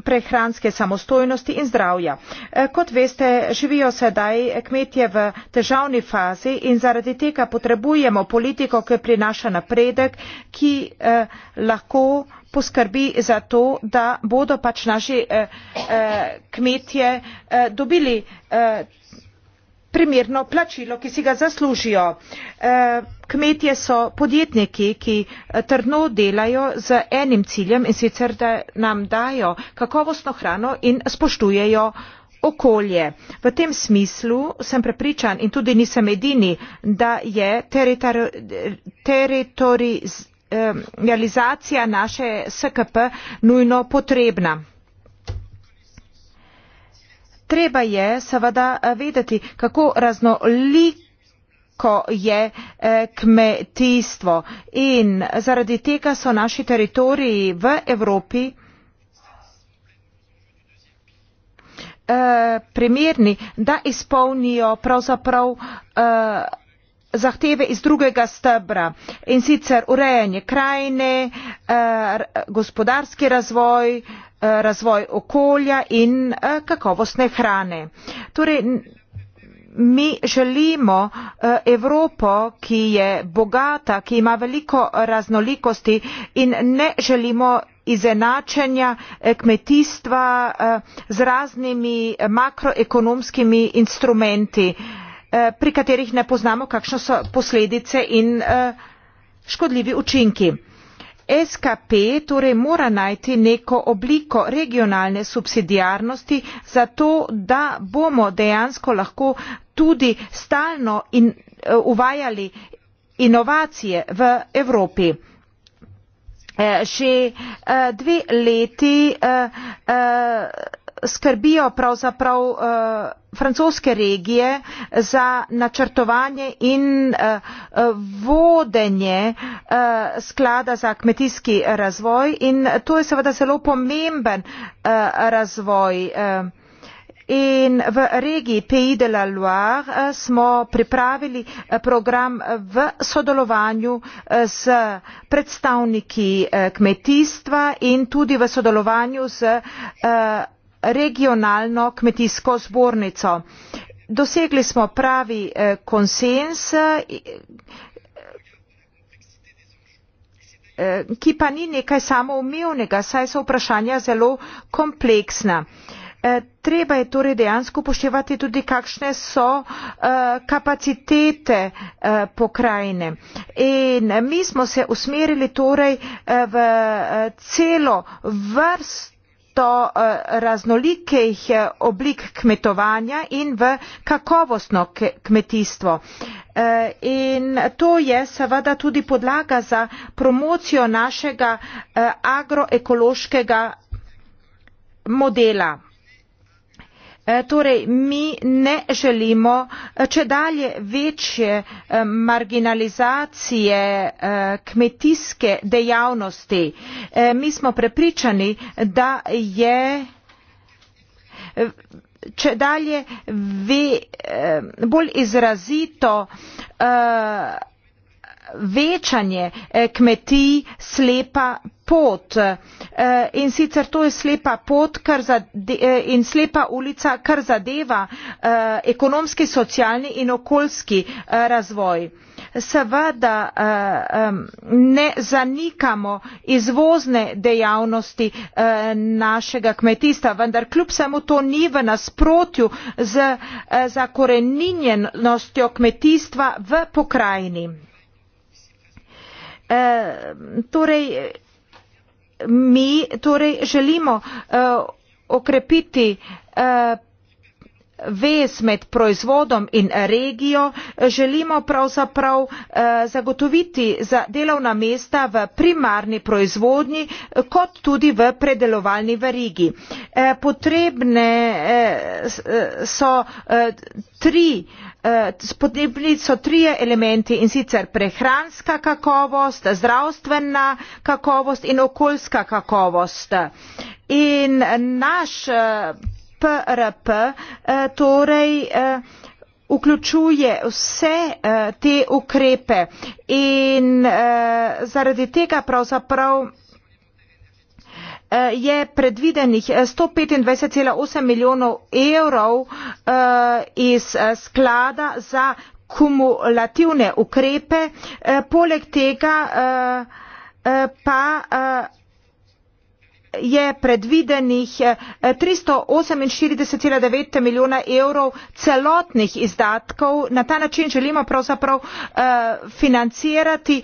prehranske samostojnosti in zdravja. Eh, kot veste, živijo sedaj kmetje v težavni fazi in zaradi tega potrebujemo politiko, ki prinaša napredek, ki eh, lahko poskrbi za to da bodo pač naši eh, eh, kmetje eh, dobili primerno plačilo ki si ga zaslužijo. kmetje so podjetniki ki trdno delajo z enim ciljem in sicer da nam dajo kakovostno hrano in spoštujejo okolje. v tem smislu sem prepričan in tudi nisem edini da je teritori, teritori Eh, realizacija naše SKP nujno potrebna. Treba je seveda eh, vedeti, kako raznoliko je eh, kmetijstvo in zaradi tega so naši teritoriji v Evropi primerni, da izpolnijo pravzaprav uh, zahteve iz drugega stebra in sicer urejanje krajine eh, gospodarski razvoj eh, razvoj okolja in eh, kakovostne hrane. Torej, mi želimo Evropo, ki je bogata, ki ima veliko raznolikosti in ne želimo izenačenja kmetijstva z raznimi makroekonomskimi instrumenti. Eh, pri katerih ne poznamo, kakšne so posledice in eh, škodljivi učinki. SKP torej mora najti neko obliko regionalne subsidijarnosti, zato da bomo dejansko lahko tudi stalno in, uh, uvajali inovacije v Evropi. E, že uh, dve leti uh, uh, skrbijo pravzaprav uh, francoske regije za načrtovanje in uh, vodenje uh, sklada za kmetijski razvoj in to je seveda zelo pomemben uh, razvoj. Uh, In v regiji Pays de la Loire smo pripravili program v sodelovanju s predstavniki kmetijstva in tudi v sodelovanju s regionalno kmetijsko zbornico. Dosegli smo pravi eh, konsens, eh, ki pa ni nekaj samoumevnega, saj so vprašanja zelo kompleksna. Eh, treba je torej dejansko upoštevati tudi, kakšne so kapacitete pokrajine. In mi smo se usmerili torej v celo vrst vrsto eh, raznolikih eh, oblik kmetovanja in v kakovostno kmetijstvo. Eh, in to je seveda tudi podlaga za promocijo našega agroekološkega modela. Eh, torej mi ne želimo eh, čedalje večje eh, marginalizacije kmetijske dejavnosti mi smo prepričani da je čedalje bolj izrazito večanje eh, kmetij slepa pot eh, in sicer to je slepa pot eh, in slepa ulica kar zadeva ekonomski socialni in okoljski razvoj. seveda ne zanikamo izvozne dejavnosti našega kmetijstva vendar kljub vsemu to ni v nasprotju z zakoreninjenostjo kmetijstva v pokrajini. Eh, torej mi torej želimo uh, okrepiti uh, vez med proizvodom in regijo, želimo pravzaprav uh, zagotoviti za delovna mesta v primarni proizvodnji kot tudi v predelovalni verigi. Uh, potrebne uh, so uh, tri uh, Eh, spodbudili so trije elementi in sicer prehranska kakovost, zdravstvena kakovost in okoljska kakovost. In naš PRP eh, eh, torej vključuje vse te ukrepe in zaradi tega pravzaprav Eh, je predvidenih eh, sto petindvajset osem milijonov evrov eh, iz sklada za kumulativne ukrepe poleg tega pa je predvidenih tristo oseminštirideset devet milijona evrov celotnih izdatkov na ta način želimo pravzaprav financirati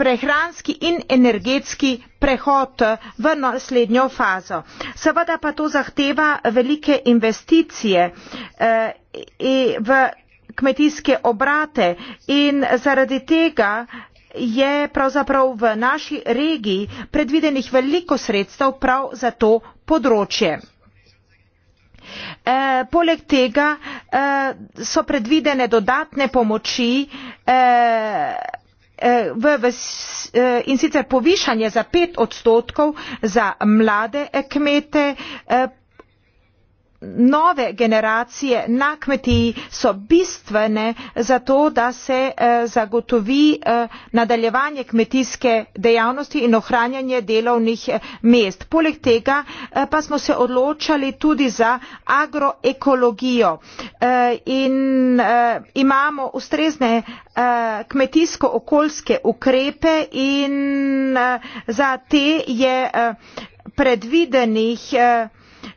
prehranski in energetski prehod v naslednjo fazo. Seveda pa to zahteva velike investicije eh, e, v kmetijske obrate in zaradi tega je pravzaprav v naši regiji predvidenih veliko sredstev prav za to področje. E, poleg tega e, so predvidene dodatne pomoči e, Eh, in sicer povišanje za pet odstotkov za mlade eh, kmete eh, nove generacije na kmetiji so bistvene za to, da se eh, zagotovi eh, nadaljevanje kmetijske dejavnosti in ohranjanje delovnih eh, mest. Poleg tega pa smo se odločali tudi za agroekologijo in imamo ustrezne kmetijsko-okoljske ukrepe in za te je predvidenih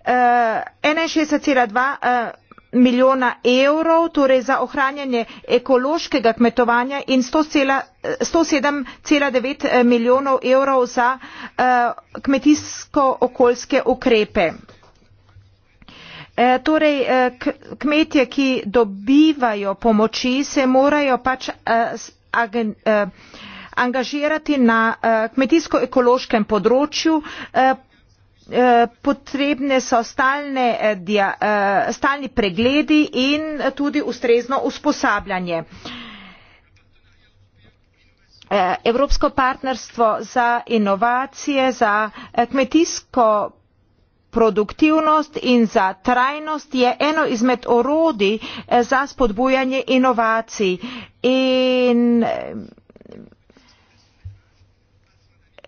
Eh, enainšestdeset dva eh, milijona evrov torej za ohranjanje ekološkega kmetovanja in sto eh, sedem devet milijonov evrov za kmetijsko okoljske ukrepe. torej kmetje ki dobivajo pomoči se morajo pač angažirati na kmetijsko ekološkem področju Eh, potrebne so stalne, eh, dia, eh, stalni pregledi in tudi ustrezno usposabljanje. Evropsko partnerstvo za inovacije, za kmetijsko produktivnost in za trajnost je eno izmed orodij za spodbujanje inovacij. In,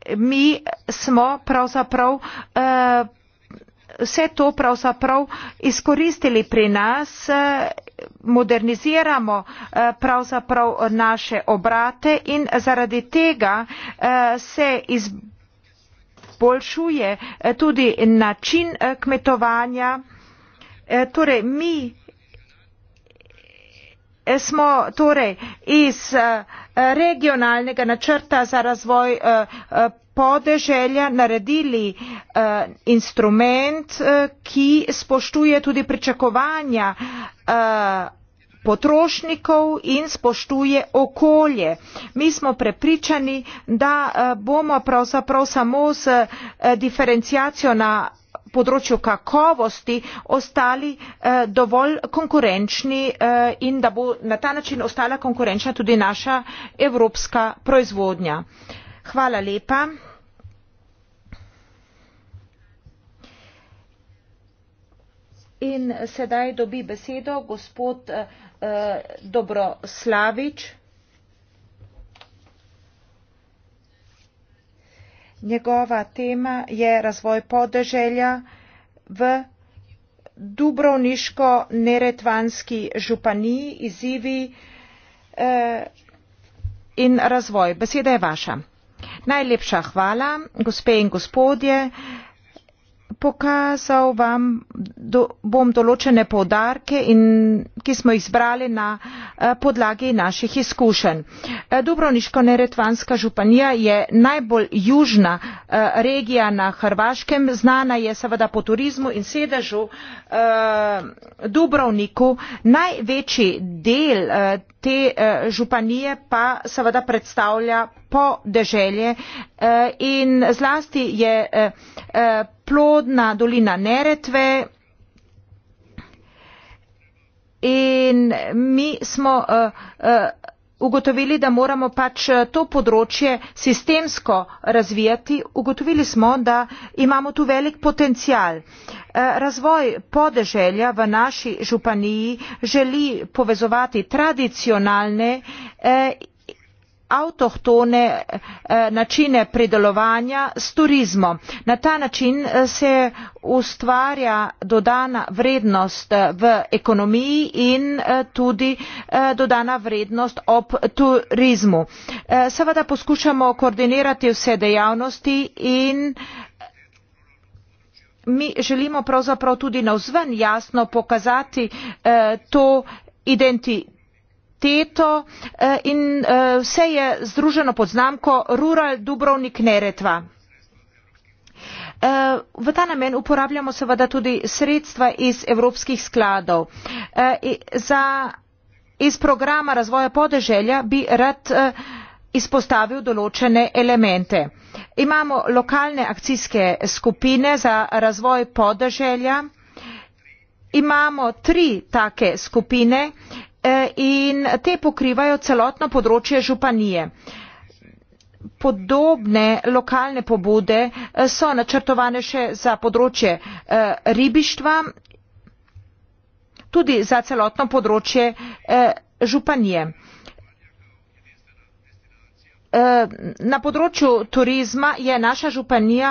mi smo pravzaprav eh, vse to pravzaprav izkoristili pri nas eh, moderniziramo eh, pravzaprav naše obrate in zaradi tega se izboljšuje tudi način kmetovanja torej mi smo torej iz eh, regionalnega načrta za razvoj eh, eh, podeželja naredili instrument, ki spoštuje tudi pričakovanja potrošnikov in spoštuje okolje. Mi smo prepričani, da bomo pravzaprav samo s diferencijacijo na področju kakovosti ostali eh, dovolj konkurenčni eh, in da bo na ta način ostala konkurenčna tudi naša evropska proizvodnja. Hvala lepa. In sedaj dobi besedo gospod eh, Dobroslavič. njegova tema je razvoj podeželja v Dubrovniško-neretvanski županiji, izzivi eh, in razvoj. Beseda je vaša. Najlepša hvala, gospe in gospodje. Eh, pokazal vam, do, bom določene podarke, in, ki smo jih zbrali na eh, podlagi naših izkušenj. Eh, Dubrovniško-neretvanska županija je najbolj južna eh, regija na Hrvaškem, znana je seveda po turizmu in sedežu eh, Dubrovniku. Največji del eh, te eh, županije pa seveda predstavlja po deželje eh, in zlasti je eh, plodna dolina neretve in mi smo uh, uh, ugotovili, da moramo pač eh, to področje sistemsko razvijati, ugotovili smo, da imamo tu velik potencial. Eh, razvoj podeželja v naši županiji želi povezovati tradicionalne eh, avtohtone eh, načine pridelovanja s turizmom. na ta način eh, se ustvarja dodana vrednost eh, v ekonomiji in tudi dodana vrednost ob turizmu. seveda poskušamo koordinirati vse dejavnosti in mi želimo pravzaprav tudi navzven jasno pokazati to identiteto kvaliteto eh, in eh, vse je združeno pod znamko Rural Dubrovnik Neretva. Eh, v ta namen uporabljamo seveda tudi sredstva iz evropskih skladov. Za iz programa razvoja podeželja bi rad izpostavil določene elemente. Imamo lokalne akcijske skupine za razvoj podeželja, imamo tri take skupine E, in te pokrivajo celotno področje županije. Podobne lokalne pobude e, so načrtovane še za področje e, ribištva, tudi za celotno področje županije. Na področju turizma je naša županija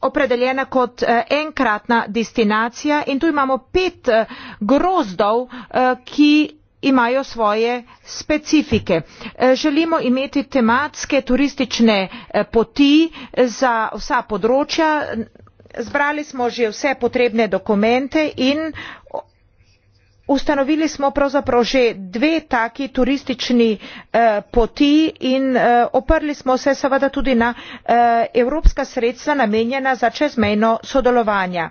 opredeljena kot eh, enkratna destinacija in tu imamo pet eh, grozdov, eh, ki imajo svoje specifike. Želimo imeti tematske turistične poti za vsa področja, zbrali smo že vse potrebne dokumente in ustanovili smo pravzaprav že dve taki turistični eh, poti in eh, oprli smo se seveda tudi na eh, evropska sredstva namenjena za čezmejno sodelovanje.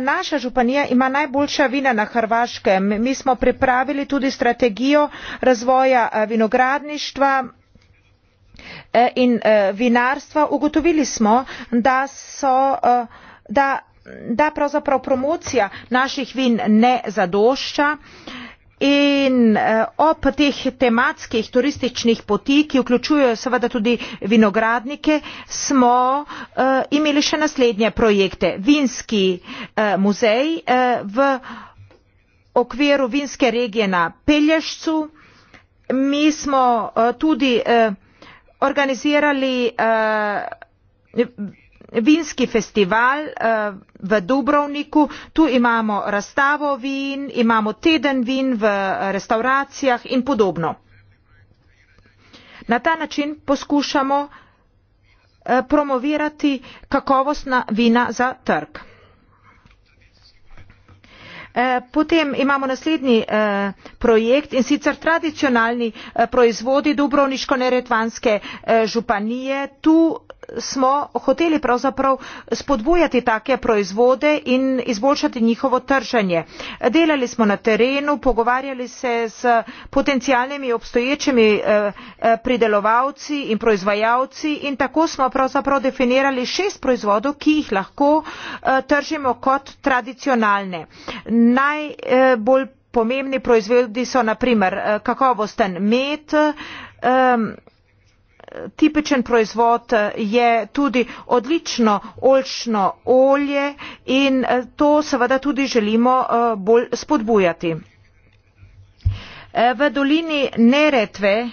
naša županija ima najboljša vina na hrvaškem mi smo pripravili tudi strategijo razvoja vinogradništva in vinarstva ugotovili smo da so da da pravzaprav promocija naših vin ne zadošča in eh, ob teh tematskih turističnih poti, ki vključujejo seveda tudi vinogradnike, smo eh, imeli še naslednje projekte. Vinski eh, muzej v okviru vinske regije na Pelješcu. Mi smo tudi organizirali vinski festival eh, v dubrovniku tu imamo razstavo vin imamo teden vin v eh, restauracijah in podobno na ta način poskušamo eh, promovirati kakovostna vina za trg Potem imamo naslednji eh, projekt in sicer tradicionalni eh, proizvodi Dubrovniško-neretvanske eh, županije. Tu smo hoteli pravzaprav spodbujati take proizvode in izboljšati njihovo trženje. delali smo na terenu pogovarjali se s potencialnimi obstoječimi eh, eh, pridelovalci in proizvajalci in tako smo pravzaprav definirali šest proizvodov ki jih lahko eh, tržimo kot tradicionalne. najbolj pomembni proizvodi so na primer kakovosten med tipičen proizvod eh, je tudi odlično oljčno olje in eh, to seveda tudi želimo eh, bolj spodbujati. v dolini neretve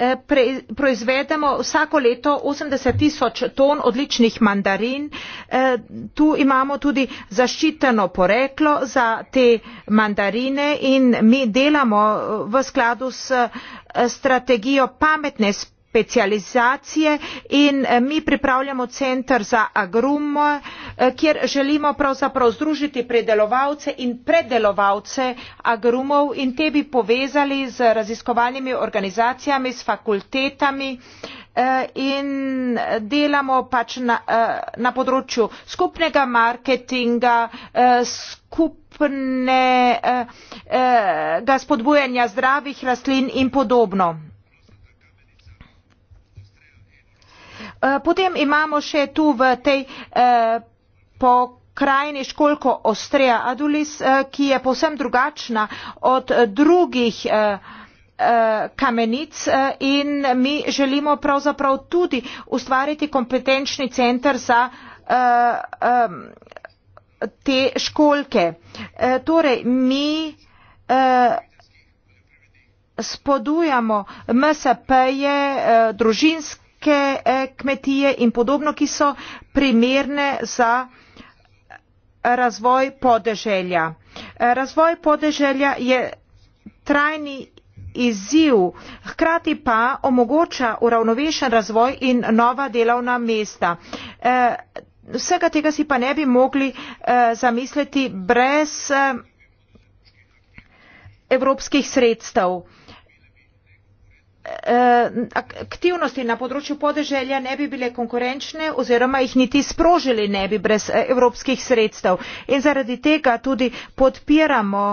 Eh, pre, proizvedemo vsako leto 80 tisoč ton odličnih mandarin. Eh, tu imamo tudi zaščiteno poreklo za te mandarine in mi delamo eh, v skladu s strategijo pametne spremljanja specializacije in eh, mi pripravljamo center za agrum, eh, kjer želimo pravzaprav združiti predelovalce in predelovalce agrumov in te bi povezali z raziskovalnimi organizacijami, s fakultetami eh, in delamo pač na, na področju skupnega marketinga, skupnega spodbujanja zdravih rastlin in podobno. Eh, potem imamo še tu v tej eh, pokrajini školko Ostreja Adulis, eh, ki je povsem drugačna od drugih kamenic in mi želimo pravzaprav tudi ustvariti kompetenčni center za te školke. Torej, mi spodujamo MSP-je, družinske kmetijske eh, kmetije in podobno, ki so primerne za razvoj podeželja. Eh, razvoj podeželja je trajni izziv, hkrati pa omogoča uravnovešen razvoj in nova delovna mesta. Eh, vsega tega si pa ne bi mogli zamisliti brez evropskih sredstev. Eh, aktivnosti na področju podeželja ne bi bile konkurenčne oziroma jih niti sprožili ne bi brez eh, evropskih sredstev. In zaradi tega tudi podpiramo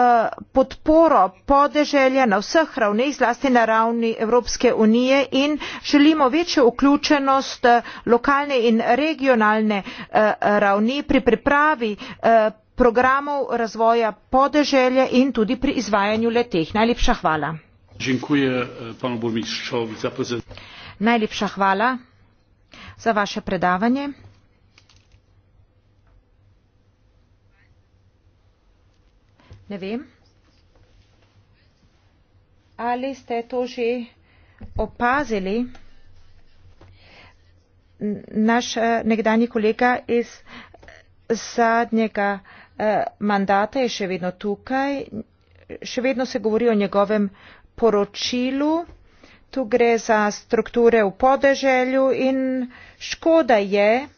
eh, podporo podeželja na vseh ravneh, zlasti na ravni Evropske unije in želimo večjo vključenost lokalne in regionalne ravni pri pripravi programov razvoja podeželja in tudi pri izvajanju leteh. Najlepša hvala. E, najlepša hvala za vaše predavanje ne vem ali ste to že opazili naš e, nekdanji kolega iz zadnjega e, mandata je še vedno tukaj še vedno se govori o njegovem poročilu. Tu gre za strukture v podeželju in škoda je,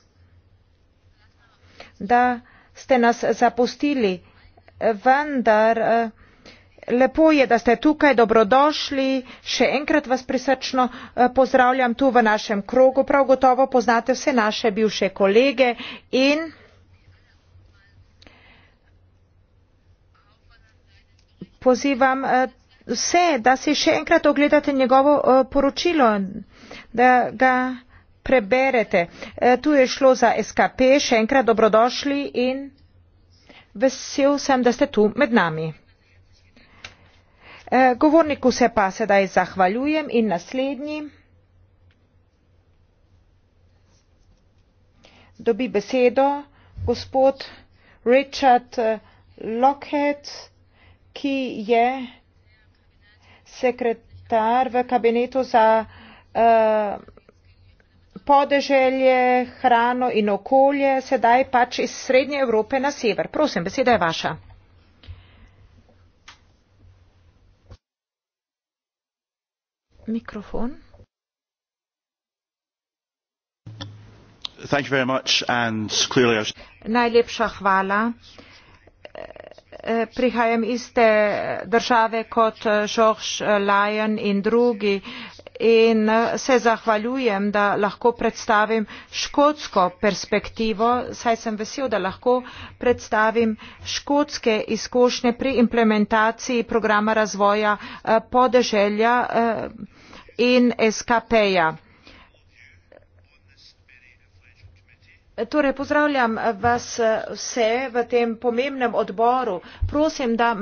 da ste nas zapustili. Vendar eh, lepo je, da ste tukaj, dobrodošli. Še enkrat vas prisrčno eh, pozdravljam tu v našem krogu. Prav gotovo poznate vse naše bivše kolege in pozivam eh, vse, da si še enkrat ogledate njegovo eh, poročilo, da ga preberete. Eh, tu je šlo za SKP, še enkrat dobrodošli in vesel sem, da ste tu med nami. Eh, govorniku se pa sedaj zahvaljujem in naslednji dobi besedo gospod Richard Lockhead, ki je sekretar v kabinetu za uh, podeželje, hrano in okolje, sedaj pač iz Srednje Evrope na sever. Prosim, beseda je vaša. Mikrofon. Najlepša hvala. Eh, prihajam iz te države kot eh, George eh, Lyon in drugi in se zahvaljujem, da lahko predstavim škotsko perspektivo, saj sem vesel, da lahko predstavim škotske izkušnje pri implementaciji programa razvoja podeželja in SKP-ja. torej pozdravljam vas vse v tem pomembnem odboru prosim da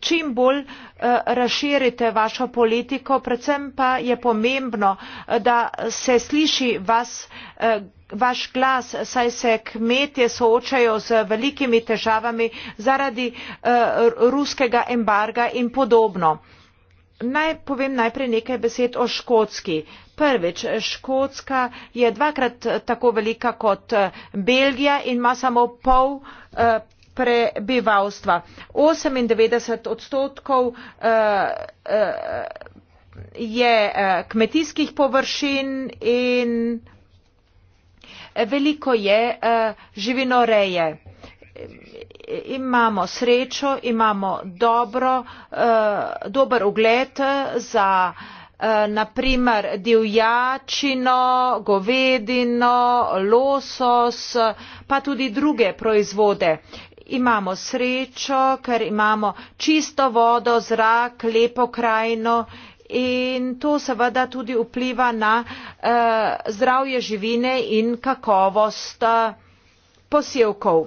čim bolj eh, razširite vašo politiko predvsem pa je pomembno eh, da se sliši vas eh, vaš glas saj se kmetje soočajo z velikimi težavami zaradi ruskega embarga in podobno. Naj povem najprej nekaj besed o Škotski. Prvič, Škotska je dvakrat tako velika kot eh, Belgija in ima samo pol eh, prebivalstva. 98 odstotkov eh, je kmetijskih površin in veliko je živinoreje imamo srečo imamo dobro eh, dober ugled za eh, na primer divjačino govedino losos pa tudi druge proizvode imamo srečo ker imamo čisto vodo zrak lepo krajino in to seveda tudi vpliva na eh, zdravje živine in kakovost posevkov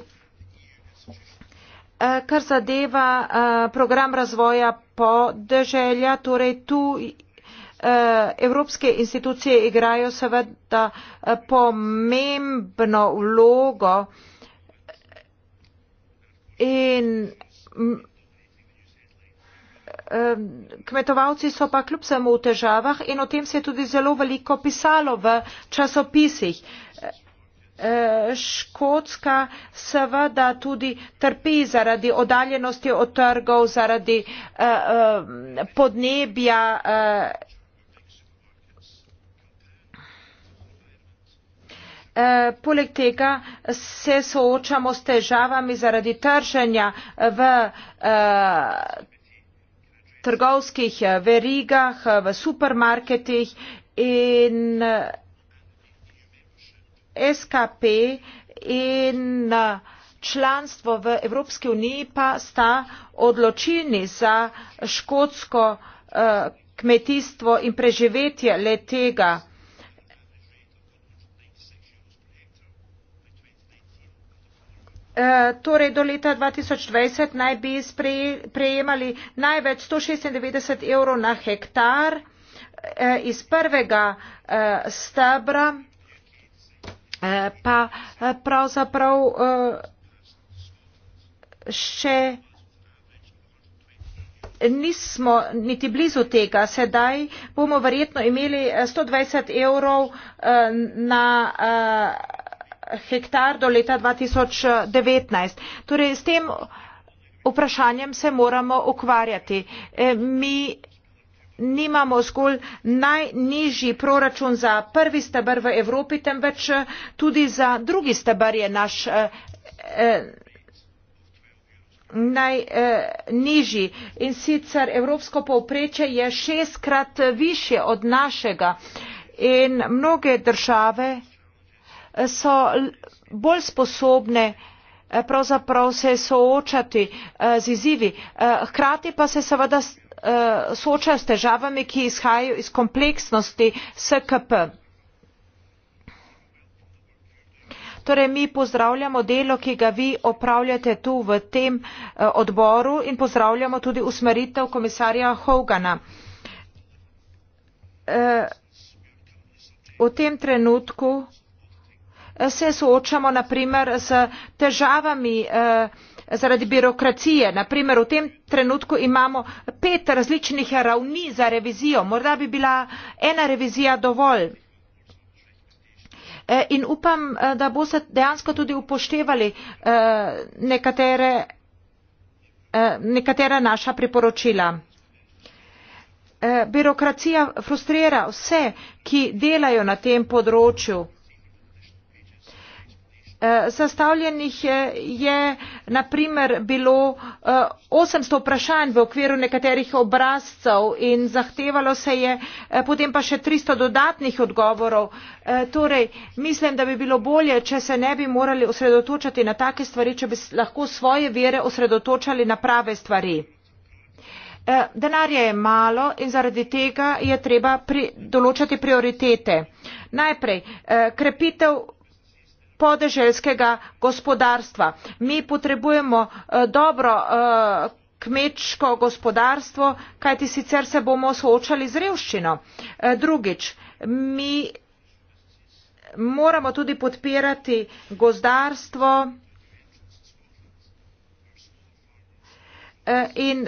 Eh, kar zadeva eh, program razvoja podeželja, torej tu eh, evropske institucije igrajo seveda pomembno vlogo in mm, kmetovalci so pa kljub samo v težavah in o tem se je tudi zelo veliko pisalo v časopisih. Eh, škotska seveda tudi trpi zaradi oddaljenosti od trgov, zaradi eh, eh, podnebja. Poleg tega se soočamo s težavami zaradi trženja v trgovskih verigah, v supermarketih in SKP in uh, članstvo v Evropski uniji pa sta odločilni za škotsko uh, kmetijstvo in preživetje le tega. Uh, torej do leta 2020 naj bi prejemali največ 196 evrov na hektar iz prvega stebra. Eh, pa eh, pravzaprav eh, še nismo niti blizu tega. Sedaj bomo verjetno imeli 120 evrov na hektar do leta 2019. Torej, s tem vprašanjem se moramo ukvarjati. Mi nimamo zgolj najnižji proračun za prvi stebr v Evropi, temveč eh, tudi za drugi stebr je naš eh, eh, najnižji. In sicer evropsko povprečje je šestkrat više od našega in mnoge države so bolj sposobne pravzaprav se soočati z izzivi. Hkrati pa se seveda Eh, soočajo s težavami ki izhajajo iz kompleksnosti skp. torej mi pozdravljamo delo ki ga vi opravljate tu v tem eh, odboru in pozdravljamo tudi usmeritev komisarja hogana. Eh, v tem trenutku se soočamo na primer s težavami zaradi birokracije na primer v tem trenutku imamo pet različnih ravni za revizijo morda bi bila ena revizija dovolj e, in upam e, da boste dejansko tudi upoštevali e, nekatere nekatera naša priporočila. Birokracija frustrira vse, ki delajo na tem področju zastavljenih eh, eh, je naprimer bilo 800 eh, vprašanj v okviru nekaterih obrazcev in zahtevalo se je potem pa še 300 dodatnih odgovorov. Torej, mislim, da bi bilo bolje, če se ne bi morali osredotočati na take stvari, če bi lahko svoje vere osredotočali na prave stvari. Denarja je malo in zaradi tega je treba pri, določati prioritete. Najprej, krepitev podeželskega gospodarstva. mi potrebujemo eh, dobro eh, kmečko gospodarstvo kajti sicer se bomo soočali z revščino. Eh, drugič mi moramo tudi podpirati gozdarstvo in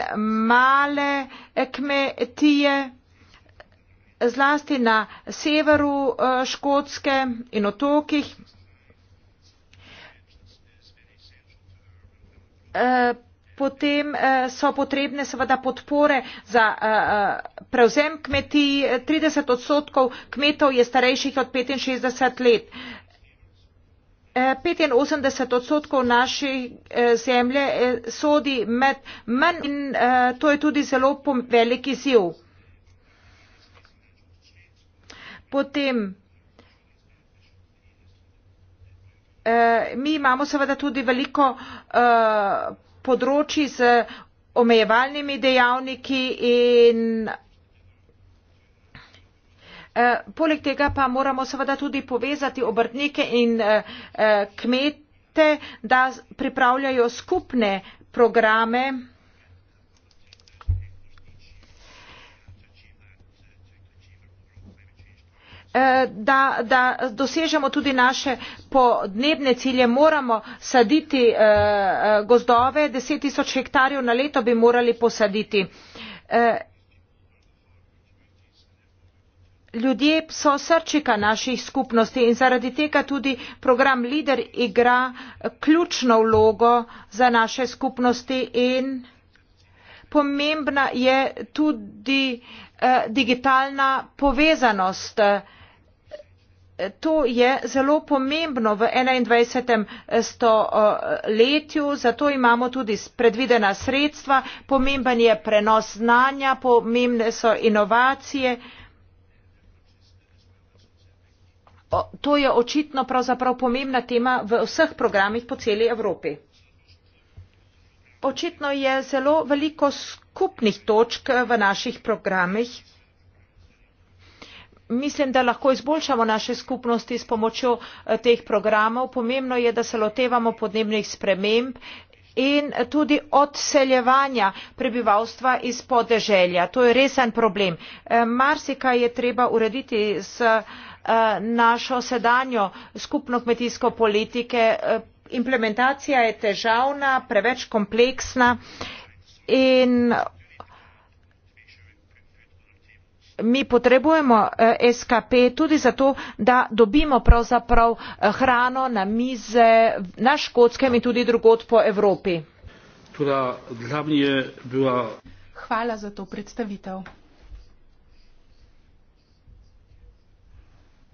male kmetije zlasti na severu škotske in otokih Eh, potem eh, so potrebne seveda podpore za eh, prevzem kmetij. 30 odstotkov kmetov je starejših od 65 let. 85 odstotkov naše zemlje sodi med menj in to je tudi zelo velik izjiv. Potem Eh, mi imamo seveda tudi veliko eh, področji z omejevalnimi dejavniki in eh, poleg tega pa moramo seveda tudi povezati obrtnike in kmete, da pripravljajo skupne programe Eh, da, da dosežemo tudi naše podnebne cilje, moramo saditi eh, eh, gozdove, deset tisoč hektarjev na leto bi morali posaditi. Ljudje so srčika naših skupnosti in zaradi tega tudi program Lider igra ključno vlogo za naše skupnosti in pomembna je tudi eh, digitalna povezanost. Eh, to je zelo pomembno v enaindvajset eh, stoletju zato imamo tudi predvidena sredstva pomemben je prenos znanja pomembne so inovacije to je očitno pravzaprav pomembna tema v vseh programih po celi evropi očitno je zelo veliko skupnih točk eh, v naših programih mislim da lahko izboljšamo naše skupnosti s pomočjo eh, teh programov pomembno je da se lotevamo podnebnih sprememb in tudi odseljevanja prebivalstva iz podeželja to je resen problem eh, marsikaj je treba urediti s eh, našo sedanjo skupno kmetijsko politike implementacija je težavna preveč kompleksna in mi potrebujemo eh, skp tudi zato da dobimo pravzaprav eh, hrano na mize na škotskem in tudi drugod po evropi.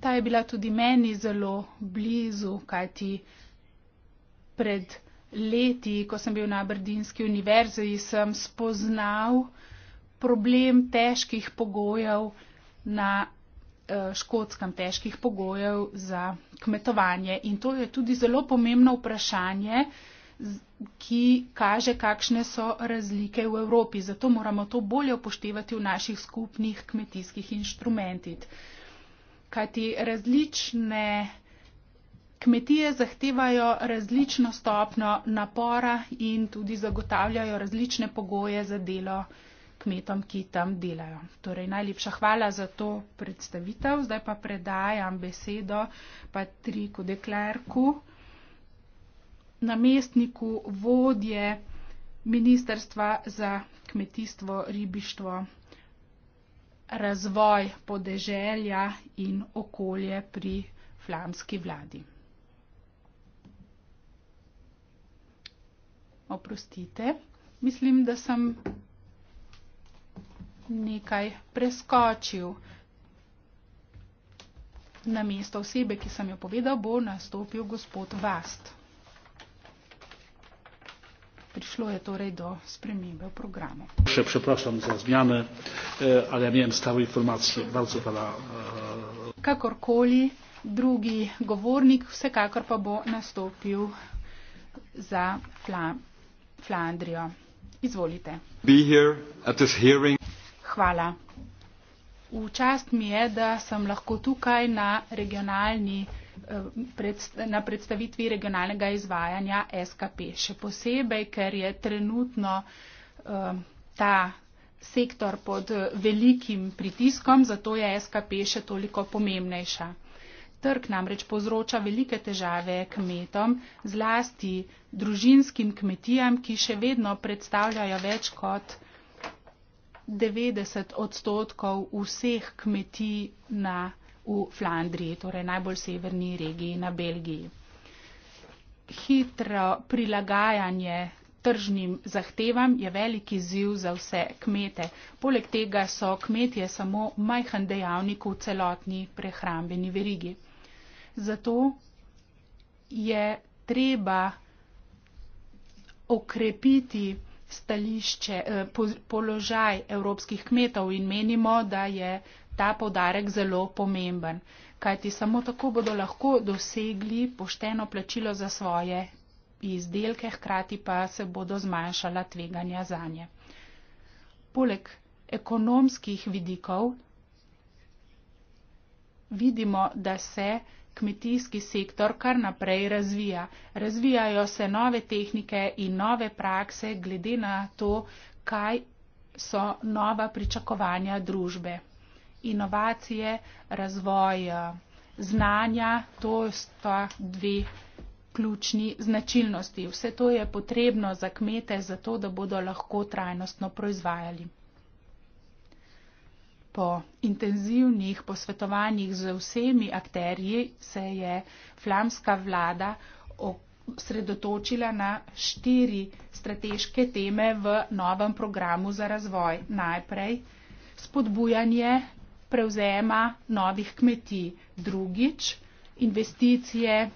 ta je bila tudi meni zelo blizu kajti pred leti ko sem bil na aberdeenski univerzi sem spoznal problem težkih pogojev na eh, škotskem, težkih pogojev za kmetovanje. In to je tudi zelo pomembno vprašanje, ki kaže, kakšne so razlike v Evropi. Zato moramo to bolje upoštevati v naših skupnih kmetijskih inštrumentih. Kajti različne kmetije zahtevajo različno stopno napora in tudi zagotavljajo različne pogoje za delo uh, kmetom, ki tam delajo. Torej, najlepša hvala za to predstavitev. Zdaj pa predajam besedo Patriku Deklerku, namestniku vodje Ministrstva za kmetijstvo, ribištvo, razvoj podeželja in okolje pri flamski vladi. Oprostite, mislim, da sem nekaj preskočil. Na mesto osebe, ki sem jo povedal, bo nastopil gospod Vast. Prišlo je torej do spremembe v programu. Še preprašam za zmjane, eh, ali ja imam stavo informacije. Bardzo pa da... Eh, Kakorkoli drugi govornik, vsekakor pa bo nastopil za Fla Flandrijo. Izvolite. Be here at this hearing. Hvala. V čast mi je, da sem lahko tukaj na, regionalni, eh, na predstavitvi regionalnega izvajanja SKP. Še posebej, ker je trenutno eh, ta sektor pod velikim pritiskom, zato je SKP še toliko pomembnejša. Trg namreč povzroča velike težave kmetom, zlasti družinskim kmetijam, ki še vedno predstavljajo več kot 90 odstotkov vseh kmetij na, v Flandriji, torej najbolj severni regiji na Belgiji. Hitro prilagajanje tržnim zahtevam je veliki ziv za vse kmete. Poleg tega so kmetje samo majhen dejavnik v celotni prehrambeni verigi. Zato je treba okrepiti stališče, eh, položaj evropskih kmetov in menimo, da je ta podarek zelo pomemben, kajti samo tako bodo lahko dosegli pošteno plačilo za svoje izdelke, hkrati pa se bodo zmanjšala tveganja za nje. Poleg ekonomskih vidikov vidimo, da se kmetijski sektor kar naprej razvija. Razvijajo se nove tehnike in nove prakse glede na to, kaj so nova pričakovanja družbe. Inovacije, razvoj eh, znanja, to sta dve ključni značilnosti. Vse to je potrebno za kmete, zato da bodo lahko trajnostno proizvajali po intenzivnih posvetovanjih z vsemi akterji se je flamska vlada osredotočila na štiri strateške teme v novem programu za razvoj. Najprej spodbujanje prevzema novih kmetij, drugič investicije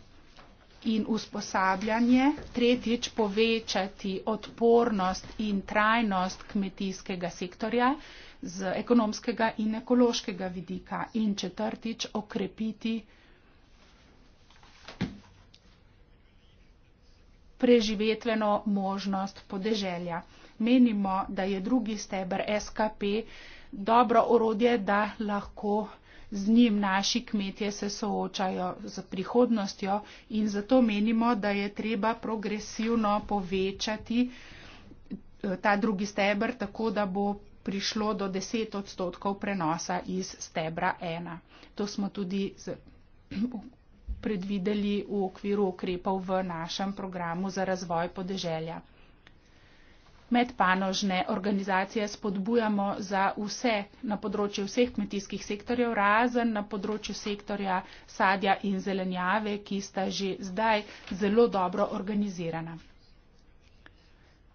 in usposabljanje, tretjič povečati odpornost in trajnost kmetijskega sektorja, z ekonomskega in ekološkega vidika in četrtič okrepiti preživetveno možnost podeželja. Menimo, da je drugi steber SKP dobro orodje, da lahko z njim naši kmetje se soočajo z prihodnostjo in zato menimo, da je treba progresivno povečati eh, ta drugi steber, tako da bo prišlo do 10 odstotkov prenosa iz stebra 1. To smo tudi z, predvideli v okviru ukrepov v našem programu za razvoj podeželja. Medpanožne organizacije spodbujamo za vse na področju vseh kmetijskih sektorjev, razen na področju sektorja sadja in zelenjave, ki sta že zdaj zelo dobro organizirana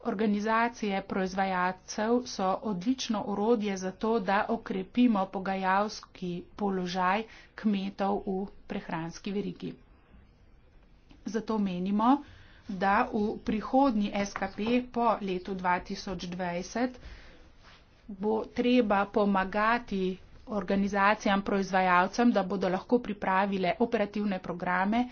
organizacije proizvajalcev so odlično urodje za to, da okrepimo pogajalski položaj kmetov v prehranski verigi. Zato menimo, da v prihodnji SKP po letu 2020 bo treba pomagati organizacijam, proizvajalcem, da bodo lahko pripravile operativne programe,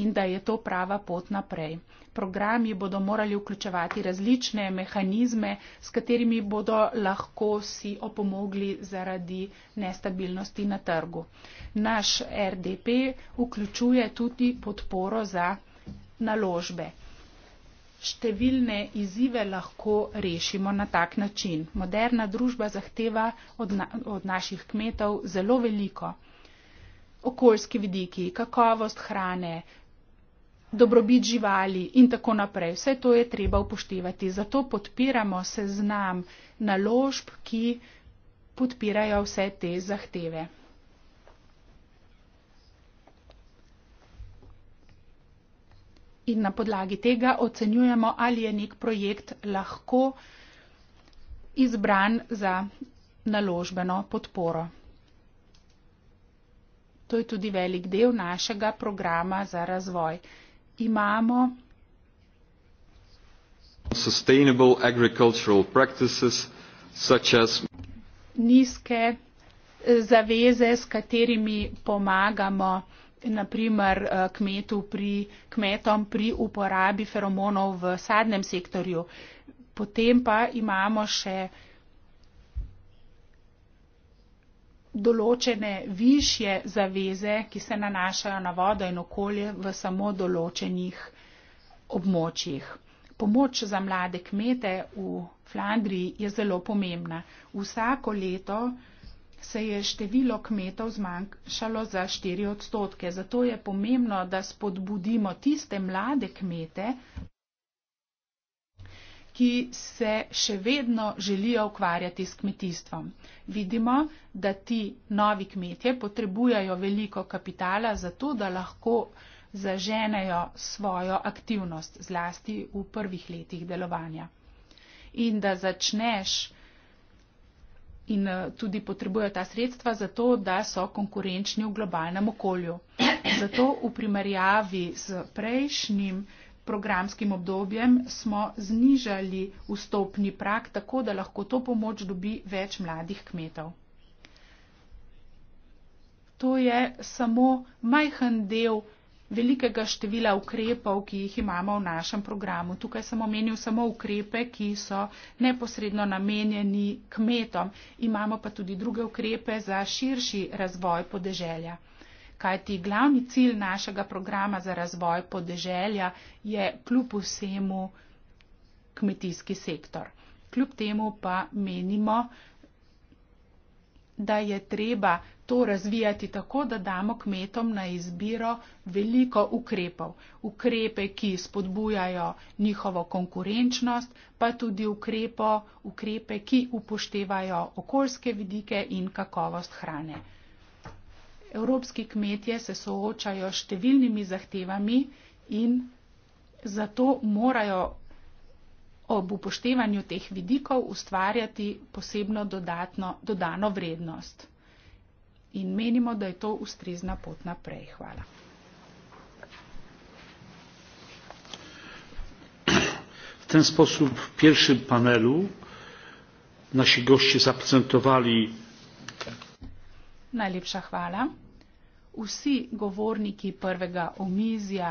in da je to prava pot naprej. Programi bodo morali vključevati različne mehanizme, s katerimi bodo lahko si opomogli zaradi nestabilnosti na trgu. Naš RDP vključuje tudi podporo za naložbe. Številne izzive lahko rešimo na tak način. Moderna družba zahteva od, na, od naših kmetov zelo veliko okoljski vidiki, kakovost hrane, dobrobit živali in tako naprej. Vse to je treba upoštevati. Zato podpiramo seznam naložb, ki podpirajo vse te zahteve. In na podlagi tega ocenjujemo, ali je nek projekt lahko izbran za naložbeno podporo. To je tudi velik del našega programa za razvoj. Imamo sustainable agricultural practices such as nizke eh, zaveze, s katerimi pomagamo naprimer eh, kmetu pri, kmetom pri uporabi feromonov v sadnem sektorju. Potem pa imamo še določene višje zaveze, ki se nanašajo na vodo in okolje v samo določenih območjih. Pomoč za mlade kmete v Flandriji je zelo pomembna. Vsako leto se je število kmetov zmanjšalo za 4 odstotke. Zato je pomembno, da spodbudimo tiste mlade kmete, ki se še vedno želijo ukvarjati s kmetijstvom. Vidimo, da ti novi kmetje potrebujajo veliko kapitala za to, da lahko zaženejo svojo aktivnost, zlasti v prvih letih delovanja. In da začneš in eh, tudi potrebujo ta sredstva za to, da so konkurenčni v globalnem okolju. Zato v primerjavi z prejšnjim programskim obdobjem smo znižali vstopni prak, tako da lahko to pomoč dobi več mladih kmetov. To je samo majhen del velikega števila ukrepov, ki jih imamo v našem programu. Tukaj sem omenil samo ukrepe, ki so neposredno namenjeni kmetom. Imamo pa tudi druge ukrepe za širši razvoj podeželja kajti glavni cilj našega programa za razvoj podeželja je kljub vsemu kmetijski sektor. Kljub temu pa menimo, da je treba to razvijati tako, da damo kmetom na izbiro veliko ukrepov. Ukrepe, ki spodbujajo njihovo konkurenčnost, pa tudi ukrepo, ukrepe, ki upoštevajo okoljske vidike in kakovost hrane. Evropski kmetje se soočajo s številnimi zahtevami in zato morajo ob upoštevanju teh vidikov ustvarjati posebno dodatno, dodano vrednost. In menimo, da je to ustrezna pot naprej. Hvala. V ten sposob v prvem panelu naši gosti zaprezentovali. Najlepša hvala. Vsi govorniki prvega omizja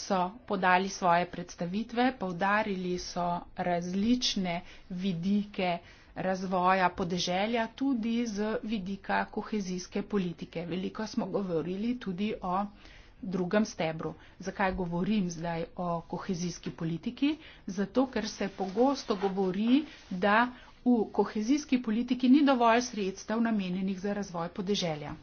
so podali svoje predstavitve, povdarili so različne vidike razvoja podeželja, tudi z vidika kohezijske politike. Veliko smo govorili tudi o drugem stebru. Zakaj govorim zdaj o kohezijski politiki? Zato, ker se pogosto govori, da v kohezijski politiki ni dovolj sredstev namenjenih za razvoj podeželja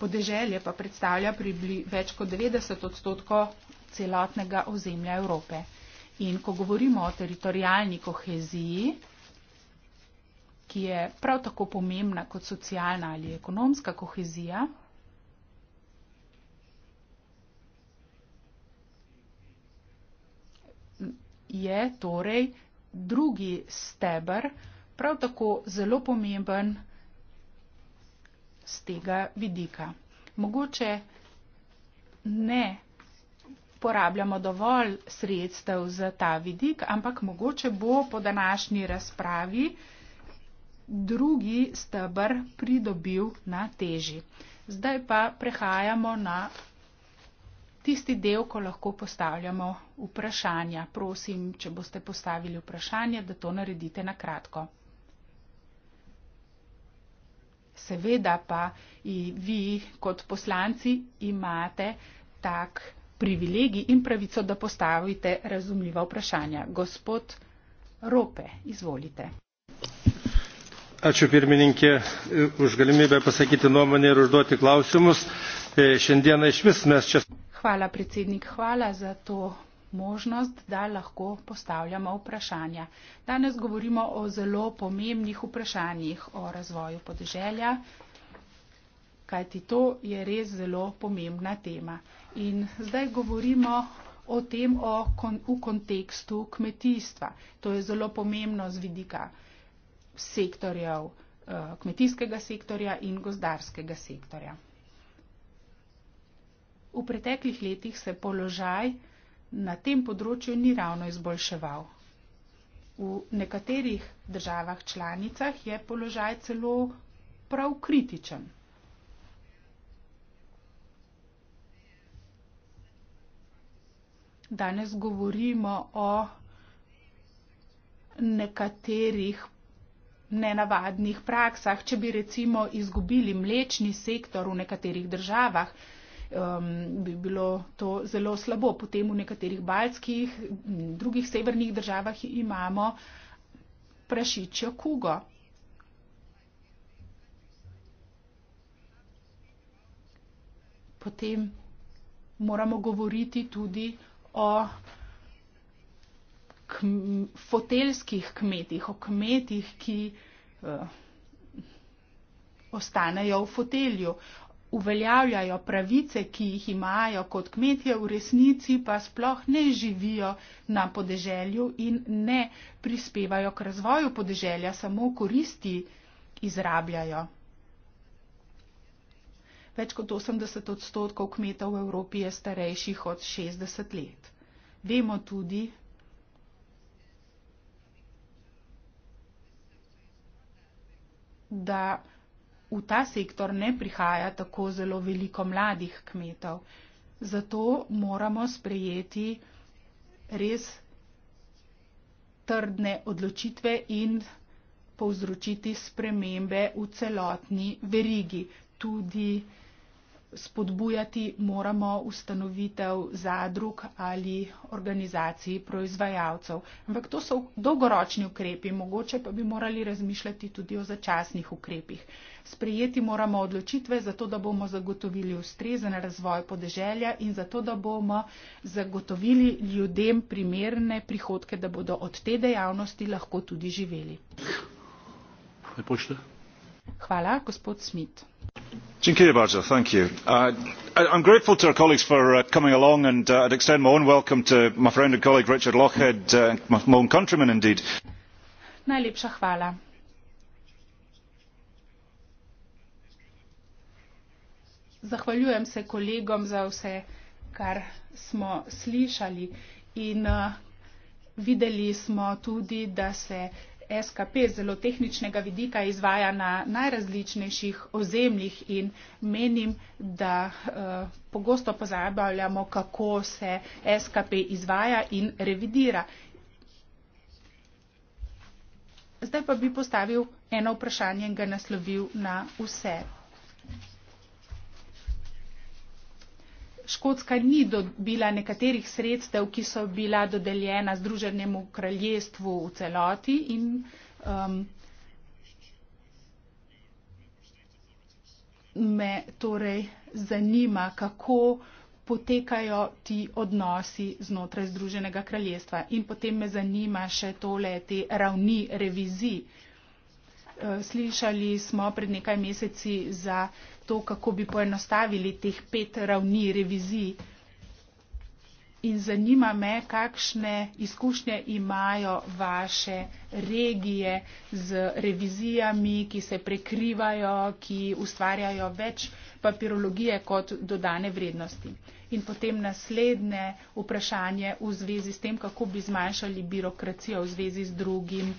podeželje pa predstavlja približ, več kot 90 odstotkov celotnega ozemlja Evrope. In ko govorimo o teritorijalni koheziji, ki je prav tako pomembna kot socialna ali ekonomska kohezija, je torej drugi stebr prav tako zelo pomemben z tega vidika. Mogoče ne porabljamo dovolj sredstev za ta vidik, ampak mogoče bo po današnji razpravi drugi stebr pridobil na teži. Zdaj pa prehajamo na tisti del, ko lahko postavljamo vprašanja. Prosim, če boste postavili vprašanje, da to naredite na kratko. Seveda pa vi kot poslanci imate tak privilegij in pravico, da postavite razumljiva vprašanja. Gospod Rope, izvolite. Ačiū pirmininkė už galimybę pasakyti nuomonę ir užduoti klausimus. E, šiandieną iš vis mes čia. Hvala, predsednik, hvala za to možnost, da lahko postavljamo vprašanja. Danes govorimo o zelo pomembnih vprašanjih o razvoju podeželja, kajti to je res zelo pomembna tema. In zdaj govorimo o tem o kon, v kontekstu kmetijstva. To je zelo pomembno z vidika sektorjev, eh, kmetijskega sektorja in gozdarskega sektorja. V preteklih letih se položaj na tem področju ni ravno izboljševal. V nekaterih državah članicah je položaj celo prav kritičen. Danes govorimo o nekaterih nenavadnih praksah. Če bi recimo izgubili mlečni sektor v nekaterih državah, um, bi bilo to zelo slabo. Potem v nekaterih baltskih, drugih severnih državah imamo prašičjo kugo. Potem moramo govoriti tudi o km fotelskih kmetih, o kmetih, ki uh, ostanejo v fotelju, uveljavljajo pravice, ki jih imajo kot kmetje, v resnici pa sploh ne živijo na podeželju in ne prispevajo k razvoju podeželja, samo koristi izrabljajo. Več kot 80 odstotkov kmetov v Evropi je starejših od 60 let. Vemo tudi, da v ta sektor ne prihaja tako zelo veliko mladih kmetov. Zato moramo sprejeti res trdne odločitve in povzročiti spremembe v celotni verigi, tudi spodbujati moramo ustanovitev zadrug ali organizacij proizvajalcev. Ampak to so dolgoročni ukrepi, mogoče pa bi morali razmišljati tudi o začasnih ukrepih. Sprejeti moramo odločitve za to, da bomo zagotovili ustrezen razvoj podeželja in za to, da bomo zagotovili ljudem primerne prihodke, da bodo od te dejavnosti lahko tudi živeli. Lepo šte. Hvala, gospod Smit. Dziękuję bardzo, thank you. Uh, I'm grateful to our colleagues for uh, coming along and uh, I'd extend my own welcome to my friend and colleague Richard Lochhead, uh, my own countryman indeed. Najlepša hvala. Zahvaljujem se kolegom za vse, kar smo slišali in uh, videli smo tudi, da se SKP z zelo tehničnega vidika izvaja na najrazličnejših ozemljih in menim, da eh, pogosto pozabavljamo, kako se SKP izvaja in revidira. Zdaj pa bi postavil eno vprašanje in ga naslovil na vse. Škotska ni dobila nekaterih sredstev, ki so bila dodeljena Združenemu kraljestvu v celoti in um, me torej zanima, kako potekajo ti odnosi znotraj Združenega kraljestva. In potem me zanima še tole, te ravni revizij. Uh, slišali smo pred nekaj meseci za to, kako bi poenostavili teh pet ravni revizij. In zanima me, kakšne izkušnje imajo vaše regije z revizijami, ki se prekrivajo, ki ustvarjajo več papirologije kot dodane vrednosti. In potem naslednje vprašanje v zvezi s tem, kako bi zmanjšali birokracijo v zvezi z drugim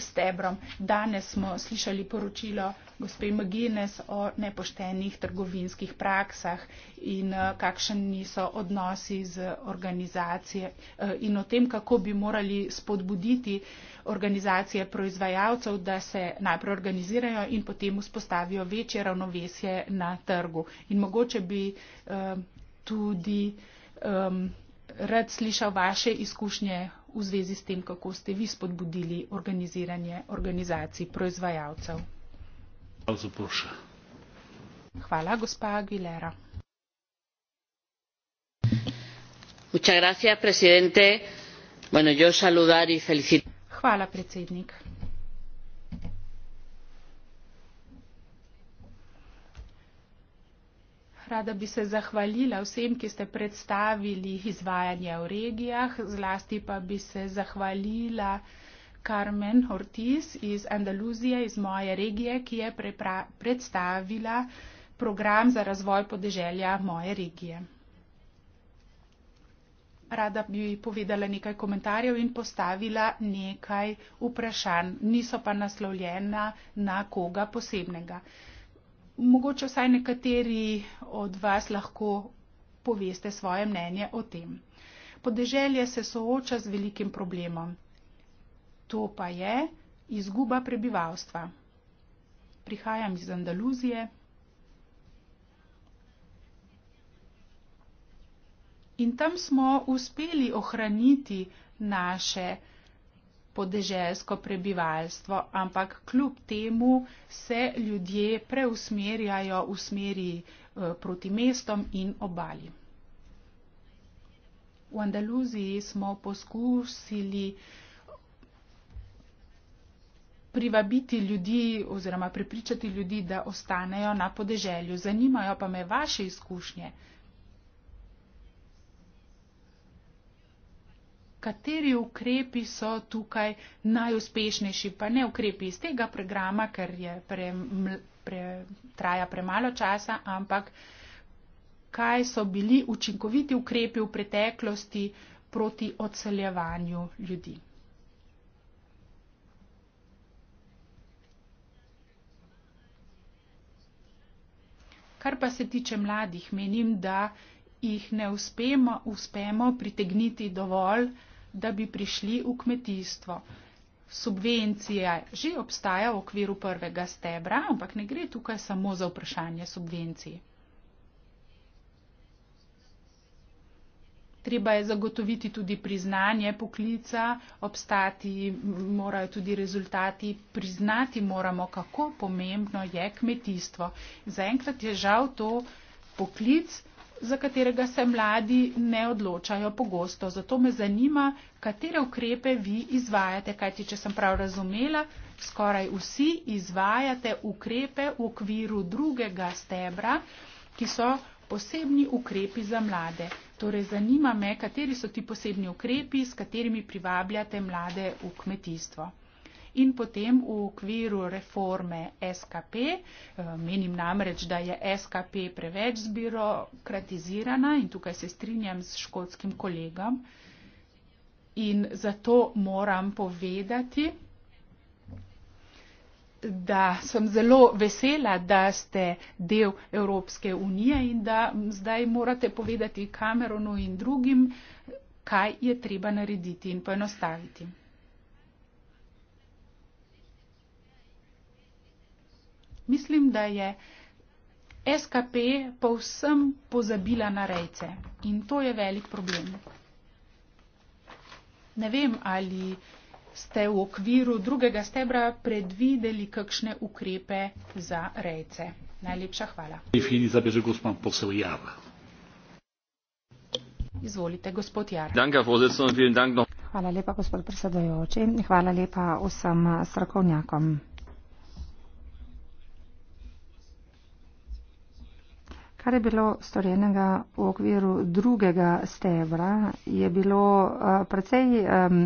stebrom. Danes smo slišali poročilo gospe Magines o nepoštenih trgovinskih praksah in eh, kakšni so odnosi z organizacije eh, in o tem, kako bi morali spodbuditi organizacije proizvajalcev, da se najprej organizirajo in potem vzpostavijo večje ravnovesje na trgu. In mogoče bi eh, tudi um, rad slišal vaše izkušnje v zvezi s tem, kako ste vi spodbudili organiziranje organizacij proizvajalcev. Hvala, gospa Aguilera. Hvala, predsednik. Rada bi se zahvalila vsem, ki ste predstavili izvajanje v regijah, zlasti pa bi se zahvalila Carmen Ortiz iz Andaluzije, iz moje regije, ki je predstavila program za razvoj podeželja moje regije. Rada bi povedala nekaj komentarjev in postavila nekaj vprašanj, niso pa naslovljena na koga posebnega. Uh, mogoče vsaj nekateri od vas lahko poveste svoje mnenje o tem. Podeželje se sooča z velikim problemom. To pa je izguba prebivalstva. Prihajam iz Andaluzije. In tam smo uspeli ohraniti naše podeželsko prebivalstvo, ampak kljub temu se ljudje preusmerjajo v smeri eh, proti mestom in obali. V Andaluziji smo poskusili privabiti ljudi oziroma prepričati ljudi, da ostanejo na podeželju. Zanimajo pa me vaše izkušnje. kateri ukrepi so tukaj najuspešnejši, pa ne ukrepi iz tega programa, ker je pre, pre, traja premalo časa, ampak kaj so bili učinkoviti ukrepi v preteklosti proti odseljevanju ljudi. Kar pa se tiče mladih, menim, da jih ne uspemo, uspemo pritegniti dovolj, da bi prišli v kmetijstvo. Subvencija že obstaja v okviru prvega stebra, ampak ne gre tukaj samo za vprašanje subvencij. Treba je zagotoviti tudi priznanje poklica, obstati morajo tudi rezultati, priznati moramo, kako pomembno je kmetijstvo. Zaenkrat je žal to poklic, za katerega se mladi ne odločajo pogosto. Zato me zanima, katere ukrepe vi izvajate, kajti če sem prav razumela, skoraj vsi izvajate ukrepe v okviru drugega stebra, ki so posebni ukrepi za mlade. Torej zanima me, kateri so ti posebni ukrepi, s katerimi privabljate mlade v kmetijstvo in potem v okviru reforme SKP. Eh, menim namreč, da je SKP preveč zbirokratizirana in tukaj se strinjam s škotskim kolegom. In zato moram povedati, da sem zelo vesela, da ste del Evropske unije in da zdaj morate povedati Kameronu in drugim, kaj je treba narediti in poenostaviti. Mislim, da je SKP povsem pozabila na rejce in to je velik problem. Ne vem, ali ste v okviru drugega stebra predvideli kakšne ukrepe za rejce. Najlepša hvala. Izvolite, gospod Jar. Hvala lepa, gospod predsedojoči. Hvala lepa vsem strokovnjakom. Kar je bilo storjenega v okviru drugega stebra, je bilo eh, precej um,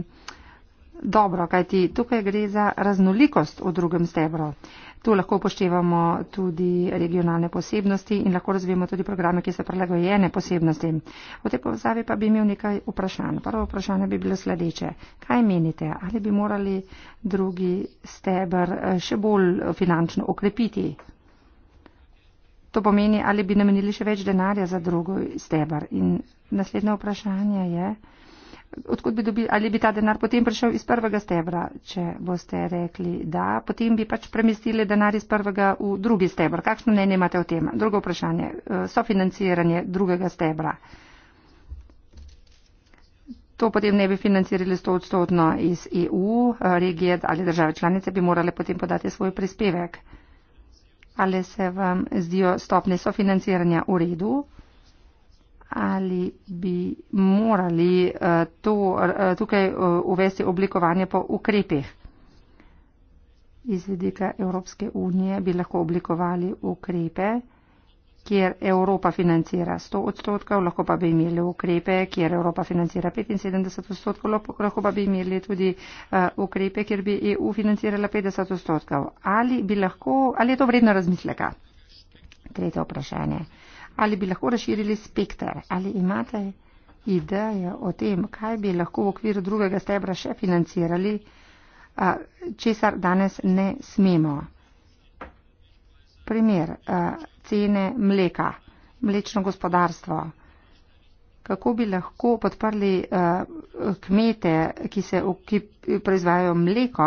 dobro, kajti tukaj gre za raznolikost v drugem stebru. Tu lahko upoštevamo tudi regionalne posebnosti in lahko razvijemo tudi programe, ki so prilagojene posebnostim. V tej povzavi pa bi imel nekaj vprašanj. Prvo vprašanje bi bilo sledeče. Kaj menite? Ali bi morali drugi steber eh, še bolj finančno okrepiti? To pomeni, ali bi namenili še več denarja za drugo stebr. In naslednje vprašanje je, odkud bi dobili, ali bi ta denar potem prišel iz prvega stebra, če boste rekli da, potem bi pač premestili denar iz prvega v drugi stebr. Kakšno mnenje imate o tem? Drugo vprašanje, eh, sofinanciranje drugega stebra. To potem ne bi financirali 100 odstotno iz EU, eh, regije ali države članice bi morale potem podati svoj prispevek ali se vam zdijo stopne sofinanciranja v redu, ali bi morali eh, to, eh, tukaj eh, uvesti oblikovanje po ukrepih. Iz vedika Evropske unije bi lahko oblikovali ukrepe kjer Evropa financira 100 odstotkov, lahko pa bi imeli ukrepe, kjer Evropa financira 75 odstotkov, lahko pa bi imeli tudi uh, ukrepe, kjer bi EU financirala 50 odstotkov. Ali, bi lahko, ali je to vredno razmisleka? Tretje vprašanje. Ali bi lahko razširili spektr? Ali imate idejo o tem, kaj bi lahko v okviru drugega stebra še financirali, uh, česar danes ne smemo? Primer. Uh, cene mleka, mlečno gospodarstvo. Kako bi lahko podprli uh, kmete, ki, se, ki proizvajajo mleko,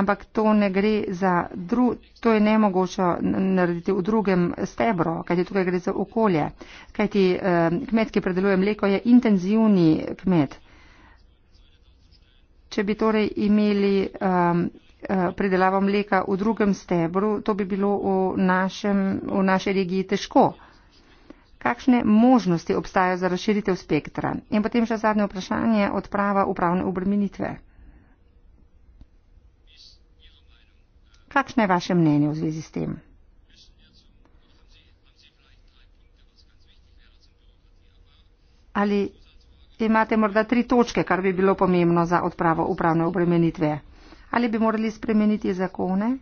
ampak to ne gre za dru, to je nemogoče narediti v drugem stebro, kajti tukaj gre za okolje. Kajti uh, kmet, ki predeluje mleko, je intenzivni kmet. Če bi torej imeli um, Eh, predelavo mleka v drugem stebru, to bi bilo v, našem, v naši regiji težko. Kakšne možnosti obstajajo za razširitev spektra? In potem še zadnje vprašanje, odprava upravne obremenitve. Kakšno je vaše mnenje v zvezi s tem? Ali imate morda tri točke, kar bi bilo pomembno za odpravo upravne obremenitve? ali bi morali spremeniti zakone,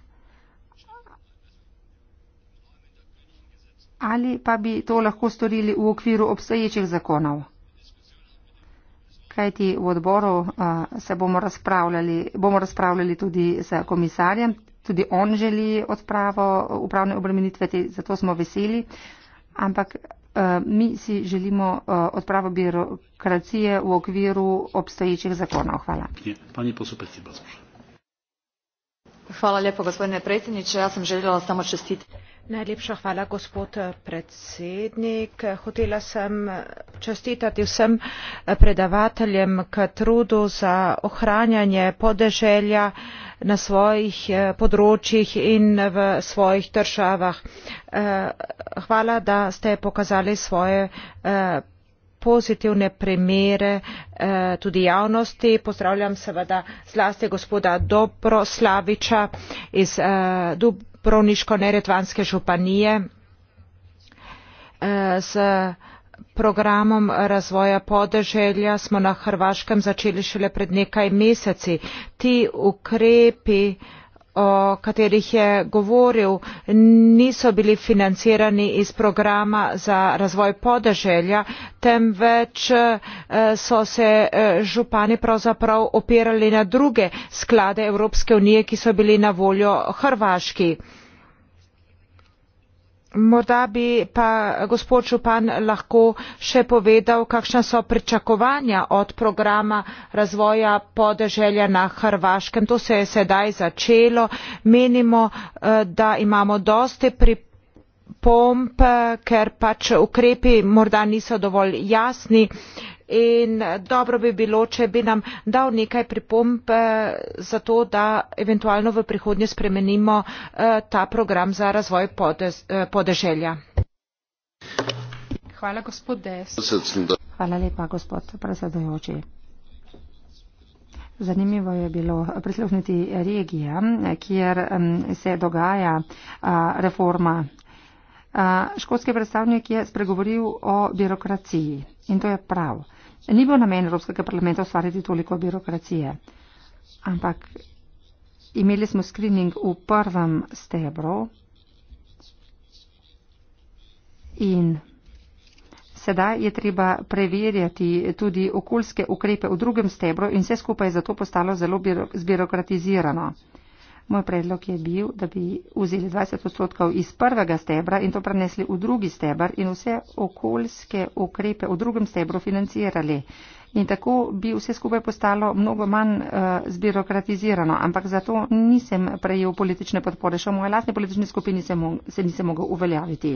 ali pa bi to lahko storili v okviru obstoječih zakonov. Kajti v odboru se bomo razpravljali, bomo razpravljali tudi s komisarjem, tudi on želi odpravo upravne obremenitve, zato smo veseli, ampak mi si želimo odpravo birokracije v okviru obstoječih zakonov. Hvala. Ja, najlepša hvala gospod eh, predsednik hotela sem eh, čestitati vsem eh, predavateljem k trudu za ohranjanje podeželja na svojih področjih in v svojih državah. hvala da ste pokazali svoje pametno in odločno ravnanje pozitivne primere eh, tudi javnosti. Pozdravljam seveda zlasti gospoda Dobroslaviča iz eh, Dubrovniško-Neretvanske županije eh, z programom razvoja podeželja smo na Hrvaškem začeli šele pred nekaj meseci. Ti ukrepi eh, o katerih je govoril niso bili financirani iz programa za razvoj podeželja temveč eh, so se eh, župani pravzaprav opirali na druge sklade evropske unije ki so bili na voljo hrvaški morda bi pa gospod župan lahko še povedal kakšna so pričakovanja od programa razvoja podeželja na hrvaškem to se je sedaj začelo menimo eh, da imamo dosti pripomb eh, ker pač ukrepi morda niso dovolj jasni in dobro bi bilo če bi nam dal nekaj pripomb eh, zato da eventualno v prihodnje spremenimo eh, ta program za razvoj eh, podeželja. Hvala, gospod Des. Hvala lepa, gospod predsedujoči. Zanimivo je bilo prisluhniti regije, kjer se dogaja reforma. Škotski predstavnik je spregovoril o birokraciji in to je prav. Ni bil namen Evropskega parlamenta ustvariti toliko birokracije, ampak imeli smo screening v prvem stebru in sedaj je treba preverjati tudi okoljske ukrepe v drugem stebru in vse skupaj je zato postalo zelo zbirokratizirano. Moj predlog je bil, da bi vzeli 20 odstotkov iz prvega stebra in to prenesli v drugi stebr in vse okoljske ukrepe v drugem stebru financirali. In tako bi vse skupaj postalo mnogo manj uh, zbirokratizirano, ampak zato nisem prejel politične podpore, še v moje lastne politične skupini se, se nisem mogel uveljaviti.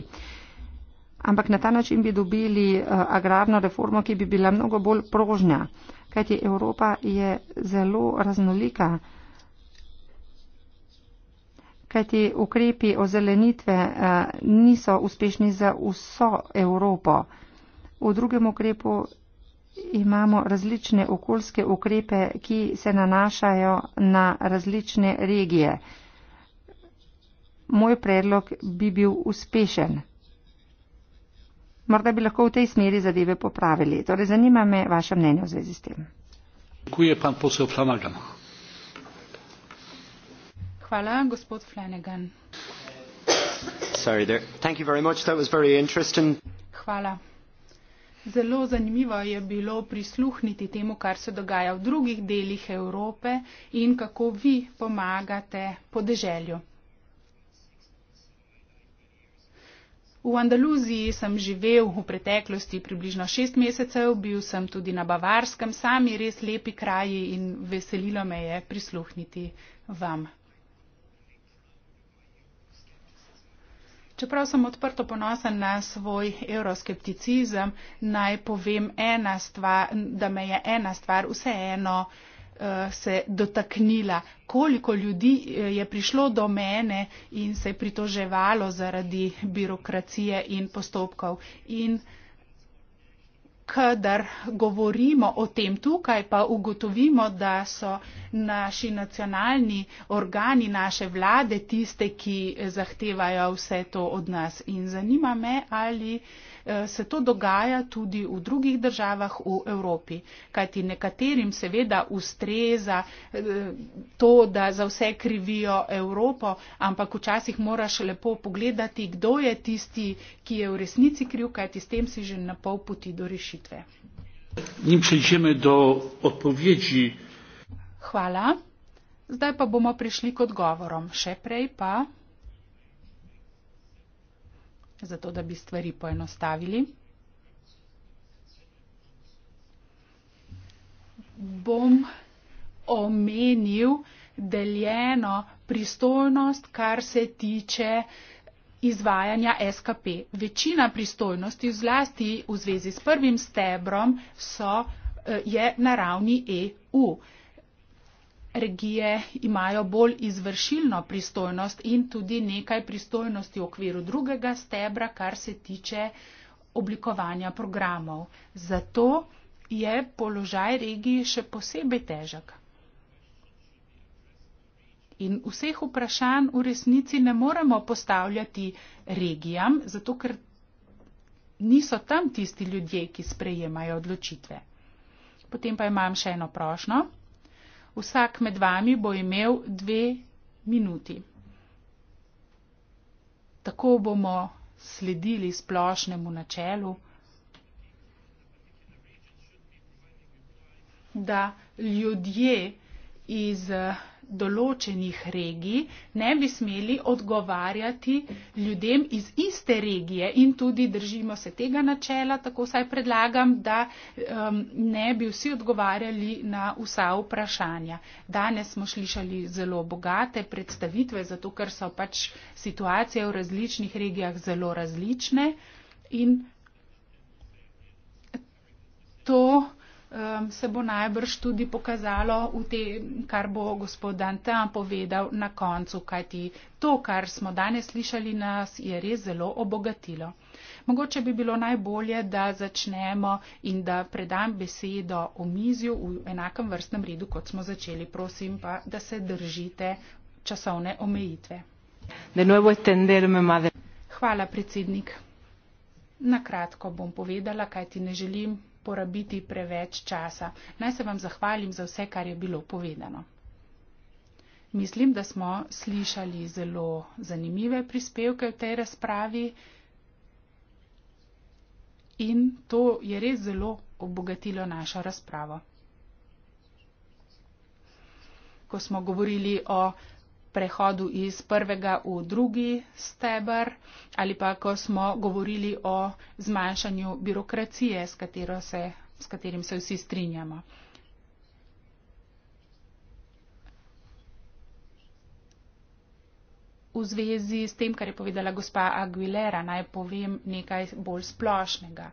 Ampak na ta način bi dobili uh, agrarno reformo, ki bi bila mnogo bolj prožnja, kajti Evropa je zelo raznolika kajti ukrepi ozelenitve eh, niso uspešni za vso Evropo. V drugem ukrepu imamo različne okoljske ukrepe, ki se nanašajo na različne regije. Moj predlog bi bil uspešen. Morda bi lahko v tej smeri zadeve popravili. Torej, zanima me vaše mnenje v zvezi s tem. Kuj je pan posel Flanagan? Hvala, gospod Flanagan. Hvala. Zelo zanimivo je bilo prisluhniti temu, kar se dogaja v drugih delih Evrope in kako vi pomagate podeželju. V Andaluziji sem živel v preteklosti približno šest mesecev, bil sem tudi na Bavarskem, sami res lepi kraji in veselilo me je prisluhniti vam. Čeprav sem odprto ponosen na svoj euroskepticizem, naj povem ena stvar, da me je ena stvar vseeno eh, se dotaknila, koliko ljudi eh, je prišlo do mene in se je pritoževalo zaradi birokracije in postopkov. In kadar govorimo o tem tukaj, pa ugotovimo, da so naši nacionalni organi, naše vlade tiste, ki zahtevajo vse to od nas. In zanima me, ali. Eh, se to dogaja tudi v drugih državah v Evropi. Kajti nekaterim seveda ustreza eh, to, da za vse krivijo Evropo, ampak včasih moraš lepo pogledati, kdo je tisti, ki je v resnici kriv, kajti s tem si že na pol poti do rešitve. In prejdemo do odpovedi. Hvala. Zdaj pa bomo prišli k odgovorom. Še prej pa zato da bi stvari poenostavili. Bom omenil deljeno pristojnost, kar se tiče izvajanja SKP. Večina pristojnosti, zlasti v zvezi s prvim stebrom, so, eh, je na ravni EU regije imajo bolj izvršilno pristojnost in tudi nekaj pristojnosti v okviru drugega stebra, kar se tiče oblikovanja programov. Zato je položaj regiji še posebej težak. In vseh vprašanj v resnici ne moremo postavljati regijam, zato ker niso tam tisti ljudje, ki sprejemajo odločitve. Potem pa imam še eno prošljo. Vsak med vami bo imel dve minuti. Tako bomo sledili splošnemu načelu, da ljudje iz uh, določenih regij ne bi smeli odgovarjati ljudem iz iste regije in tudi držimo se tega načela, tako saj predlagam, da um, ne bi vsi odgovarjali na vsa vprašanja. Danes smo slišali zelo bogate predstavitve, zato ker so pač situacije v različnih regijah zelo različne in to um, se bo najbrž tudi pokazalo v tem, kar bo gospod Dante povedal na koncu, kajti to, kar smo danes slišali nas, je res zelo obogatilo. Mogoče bi bilo najbolje, da začnemo in da predam besedo o mizju v enakem vrstnem redu, kot smo začeli. Prosim pa, da se držite časovne omejitve. Hvala, predsednik. Na kratko bom povedala, kaj ti ne želim porabiti preveč časa. Naj se vam zahvalim za vse, kar je bilo povedano. Mislim, da smo slišali zelo zanimive prispevke v tej razpravi in to je res zelo obogatilo našo razpravo. Ko smo govorili o prehodu iz prvega v drugi stebr ali pa ko smo govorili o zmanjšanju birokracije, s, se, s katerim se vsi strinjamo. V zvezi s tem, kar je povedala gospa Aguilera, naj povem nekaj bolj splošnega.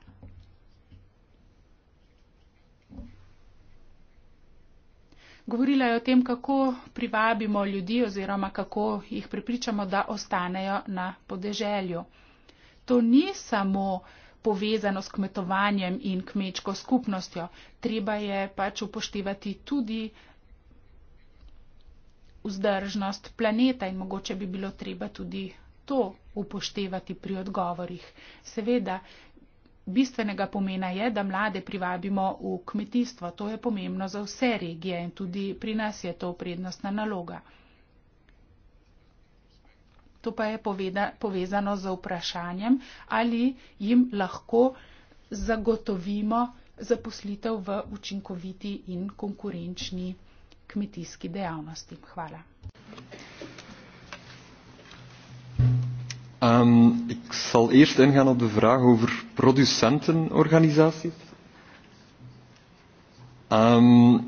Govorila je o tem, kako privabimo ljudi oziroma kako jih prepričamo, da ostanejo na podeželju. To ni samo povezano s kmetovanjem in kmečko skupnostjo. Treba je pač upoštevati tudi vzdržnost planeta in mogoče bi bilo treba tudi to upoštevati pri odgovorih. Seveda, bistvenega pomena je, da mlade privabimo v kmetijstvo. To je pomembno za vse regije in tudi pri nas je to prednostna naloga. To pa je poveda, povezano z vprašanjem, ali jim lahko zagotovimo zaposlitev v učinkoviti in konkurenčni kmetijski dejavnosti. Hvala. Um, ik zal eerst ingaan op de vraag over producentenorganisaties. Um,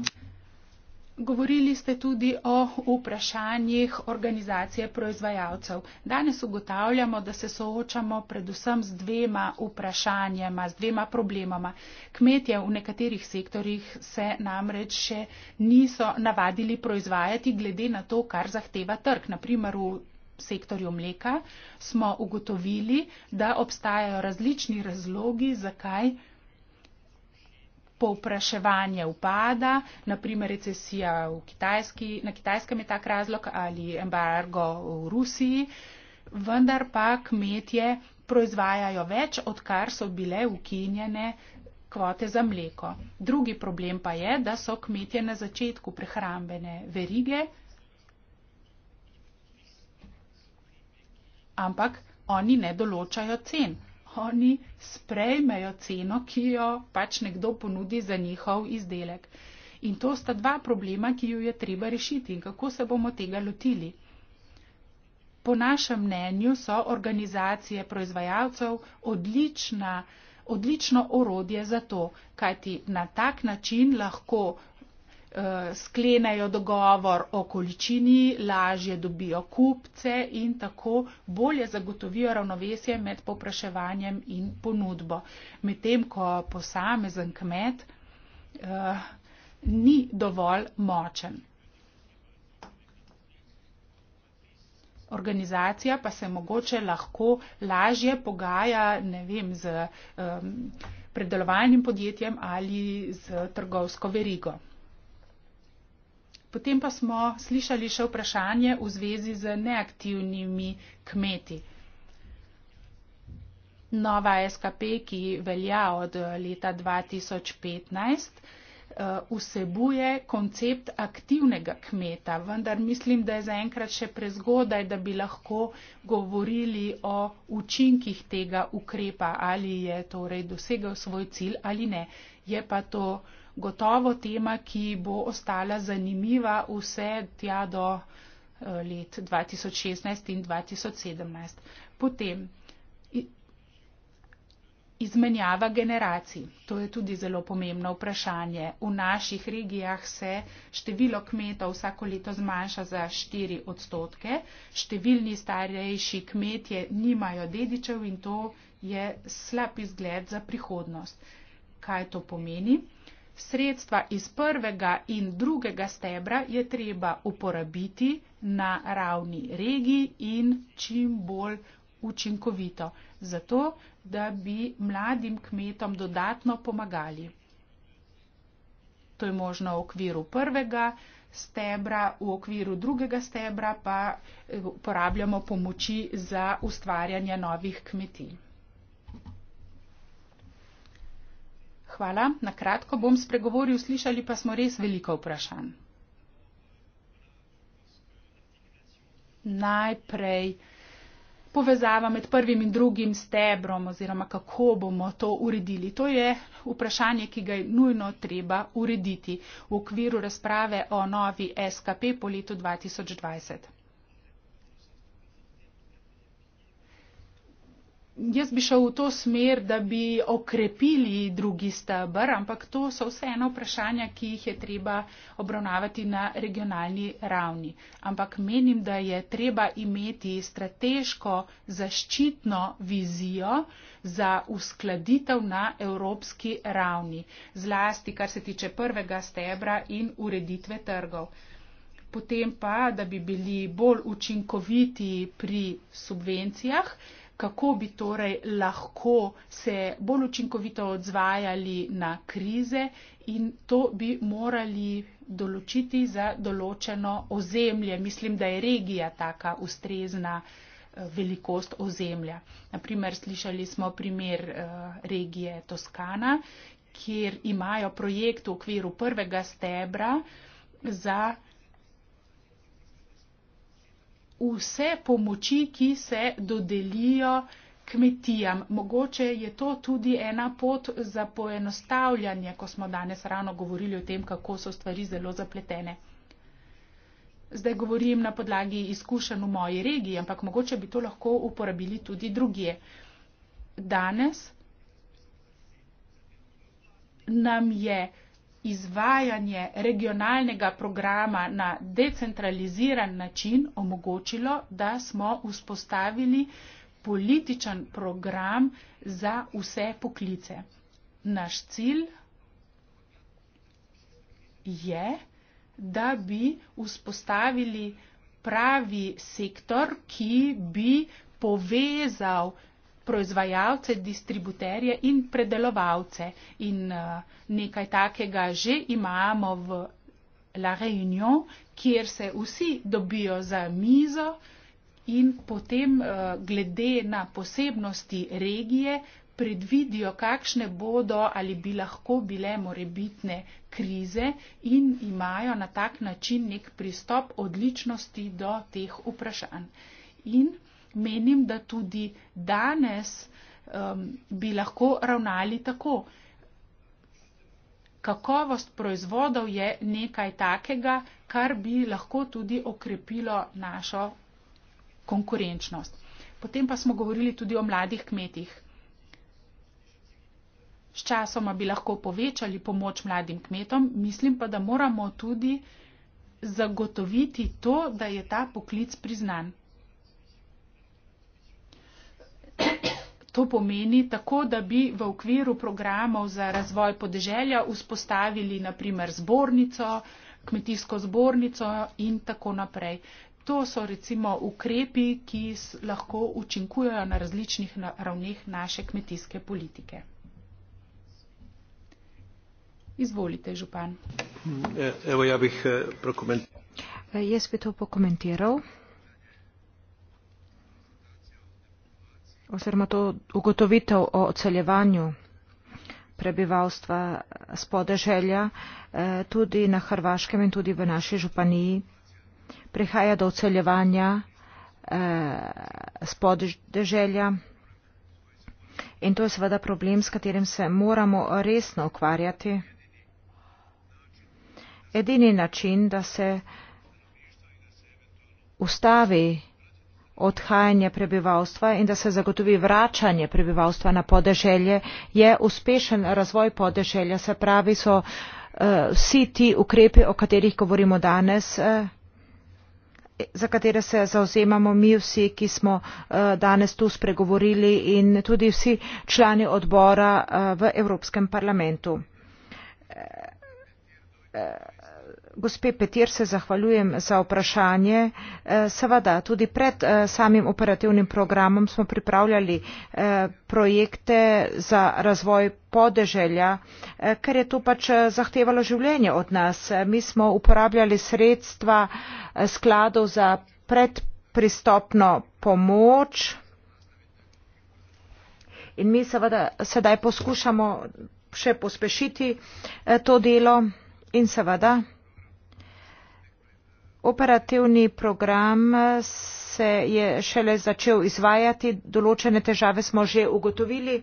Govorili ste tudi o vprašanjih organizacije proizvajalcev. Danes ugotavljamo, da se soočamo predvsem z dvema vprašanjama, z dvema problemama. Kmetje v nekaterih sektorjih se namreč še niso navadili proizvajati glede na to, kar zahteva trg. Naprimer v sektorju mleka, smo ugotovili, da obstajajo različni razlogi, zakaj povpraševanje upada, naprimer recesija v Kitajski, na Kitajskem je tak razlog ali embargo v Rusiji, vendar pa kmetje proizvajajo več, odkar so bile ukinjene kvote za mleko. Drugi problem pa je, da so kmetje na začetku prehrambene verige ampak oni ne določajo cen. Oni sprejmejo ceno, ki jo pač nekdo ponudi za njihov izdelek. In to sta dva problema, ki ju je treba rešiti in kako se bomo tega lotili. Po našem mnenju so organizacije proizvajalcev odlična, odlično orodje za to, kajti na tak način lahko Eh, sklenejo dogovor o količini, lažje dobijo kupce in tako bolje zagotovijo ravnovesje med popraševanjem in ponudbo. Medtem, ko posamezen kmet uh, ni dovolj močen. Organizacija pa se mogoče lahko lažje pogaja, ne vem, z um, predelovalnim podjetjem ali z trgovsko verigo. Potem pa smo slišali še vprašanje v zvezi z neaktivnimi kmeti. Nova SKP, ki velja od leta 2015, eh, vsebuje koncept aktivnega kmeta, vendar mislim, da je zaenkrat še prezgodaj, da bi lahko govorili o učinkih tega ukrepa, ali je torej dosegel svoj cilj ali ne. Je pa to uh, gotovo tema, ki bo ostala zanimiva vse tja do eh, let 2016 in 2017. Potem izmenjava generacij. To je tudi zelo pomembno vprašanje. V naših regijah se število kmetov vsako leto zmanjša za 4 odstotke. Številni starejši kmetje nimajo dedičev in to je slab izgled za prihodnost. Kaj to pomeni? sredstva iz prvega in drugega stebra je treba uporabiti na ravni regij in čim bolj učinkovito, zato da bi mladim kmetom dodatno pomagali. To je možno v okviru prvega stebra, v okviru drugega stebra pa eh, uporabljamo pomoči za ustvarjanje novih kmetij. hvala. Na kratko bom spregovoril, slišali pa smo res veliko vprašanj. Najprej povezava med prvim in drugim stebrom oziroma kako bomo to uredili. To je vprašanje, ki ga je nujno treba urediti v okviru razprave o novi SKP po letu 2020. Jaz bi šel v to smer, da bi okrepili drugi stebr, ampak to so vseeno vprašanja, ki jih je treba obravnavati na regionalni ravni. Ampak menim, da je treba imeti strateško zaščitno vizijo za uskladitev na evropski ravni, zlasti kar se tiče prvega stebra in ureditve trgov. Potem pa, da bi bili bolj učinkoviti pri subvencijah, kako bi torej lahko se bolj učinkovito odzvajali na krize in to bi morali določiti za določeno ozemlje. Mislim, da je regija taka ustrezna eh, velikost ozemlja. Naprimer, slišali smo primer eh, regije Toskana, kjer imajo projekt v okviru prvega stebra za vse pomoči, ki se dodelijo kmetijam. Mogoče je to tudi ena pot za poenostavljanje, ko smo danes ravno govorili o tem, kako so stvari zelo zapletene. Zdaj govorim na podlagi izkušenj v moji regiji, ampak mogoče bi to lahko uporabili tudi drugje. Danes nam je izvajanje regionalnega programa na decentraliziran način omogočilo, da smo vzpostavili političen program za vse poklice. Naš cilj je, da bi vzpostavili pravi sektor, ki bi povezal proizvajalce, distributerje in predelovalce. In uh, nekaj takega že imamo v La Réunion, kjer se vsi dobijo za mizo in potem uh, glede na posebnosti regije predvidijo, kakšne bodo ali bi lahko bile morebitne krize in imajo na tak način nek pristop odličnosti do teh vprašanj. In menim, da tudi danes um, bi lahko ravnali tako. Kakovost proizvodov je nekaj takega, kar bi lahko tudi okrepilo našo konkurenčnost. Potem pa smo govorili tudi o mladih kmetih. Sčasoma bi lahko povečali pomoč mladim kmetom, mislim pa, da moramo tudi zagotoviti to, da je ta poklic priznan. To pomeni tako, da bi v okviru programov za razvoj podeželja vzpostavili naprimer zbornico, kmetijsko zbornico in tako naprej. To so recimo ukrepi, ki lahko učinkujejo na različnih ravneh naše kmetijske politike. Izvolite, župan. Evo, ja bih eh, prokomentiral. Eh, jaz bi to pokomentiral. oziroma to ugotovitev o odseljevanju prebivalstva z podeželja eh, tudi na Hrvaškem in tudi v naši županiji. Prihaja do odseljevanja z eh, podeželja in to je seveda problem, s katerim se moramo resno ukvarjati. Edini način, da se ustavi odhajanje prebivalstva in da se zagotovi vračanje prebivalstva na podeželje je uspešen razvoj podeželja se pravi so eh, vsi ti ukrepi o katerih govorimo danes eh, za katere se zauzemamo mi vsi ki smo eh, danes tu spregovorili in tudi vsi člani odbora v evropskem parlamentu gospe Petir se zahvaljujem za vprašanje. Eh, seveda, tudi pred eh, samim operativnim programom smo pripravljali eh, projekte za razvoj podeželja, ker je to pač zahtevalo življenje od nas. Mi smo uporabljali sredstva skladov za predpristopno pomoč in mi seveda sedaj poskušamo še pospešiti to delo in seveda operativni program se je šele začel izvajati, določene težave smo že ugotovili,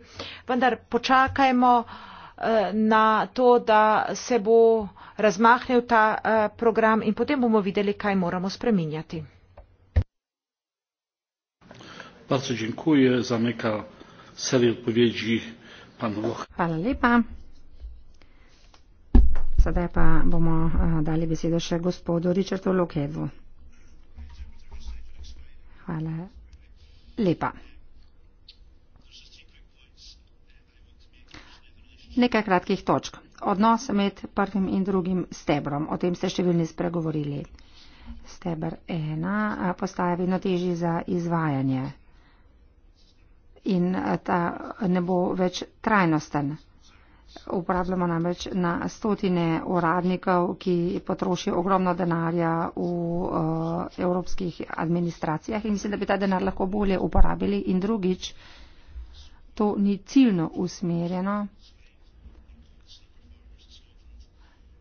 vendar počakajmo eh, na to, da se bo razmahnil ta eh, program in potem bomo videli, kaj moramo spreminjati. Hvala lepa. Sedaj pa bomo eh, dali besedo še gospodu Richardu Lokevu. Hvala lepa. Nekaj kratkih točk. Odnos med prvim in drugim stebrom. O tem ste številni spregovorili. Steber 1 eh, postaja vedno težji za izvajanje in eh, ta ne bo več trajnosten. Uporabljamo namreč na stotine uradnikov, ki potrošijo ogromno denarja v uh, evropskih administracijah in mislim, da bi ta denar lahko bolje uporabili. In drugič, to ni ciljno usmerjeno.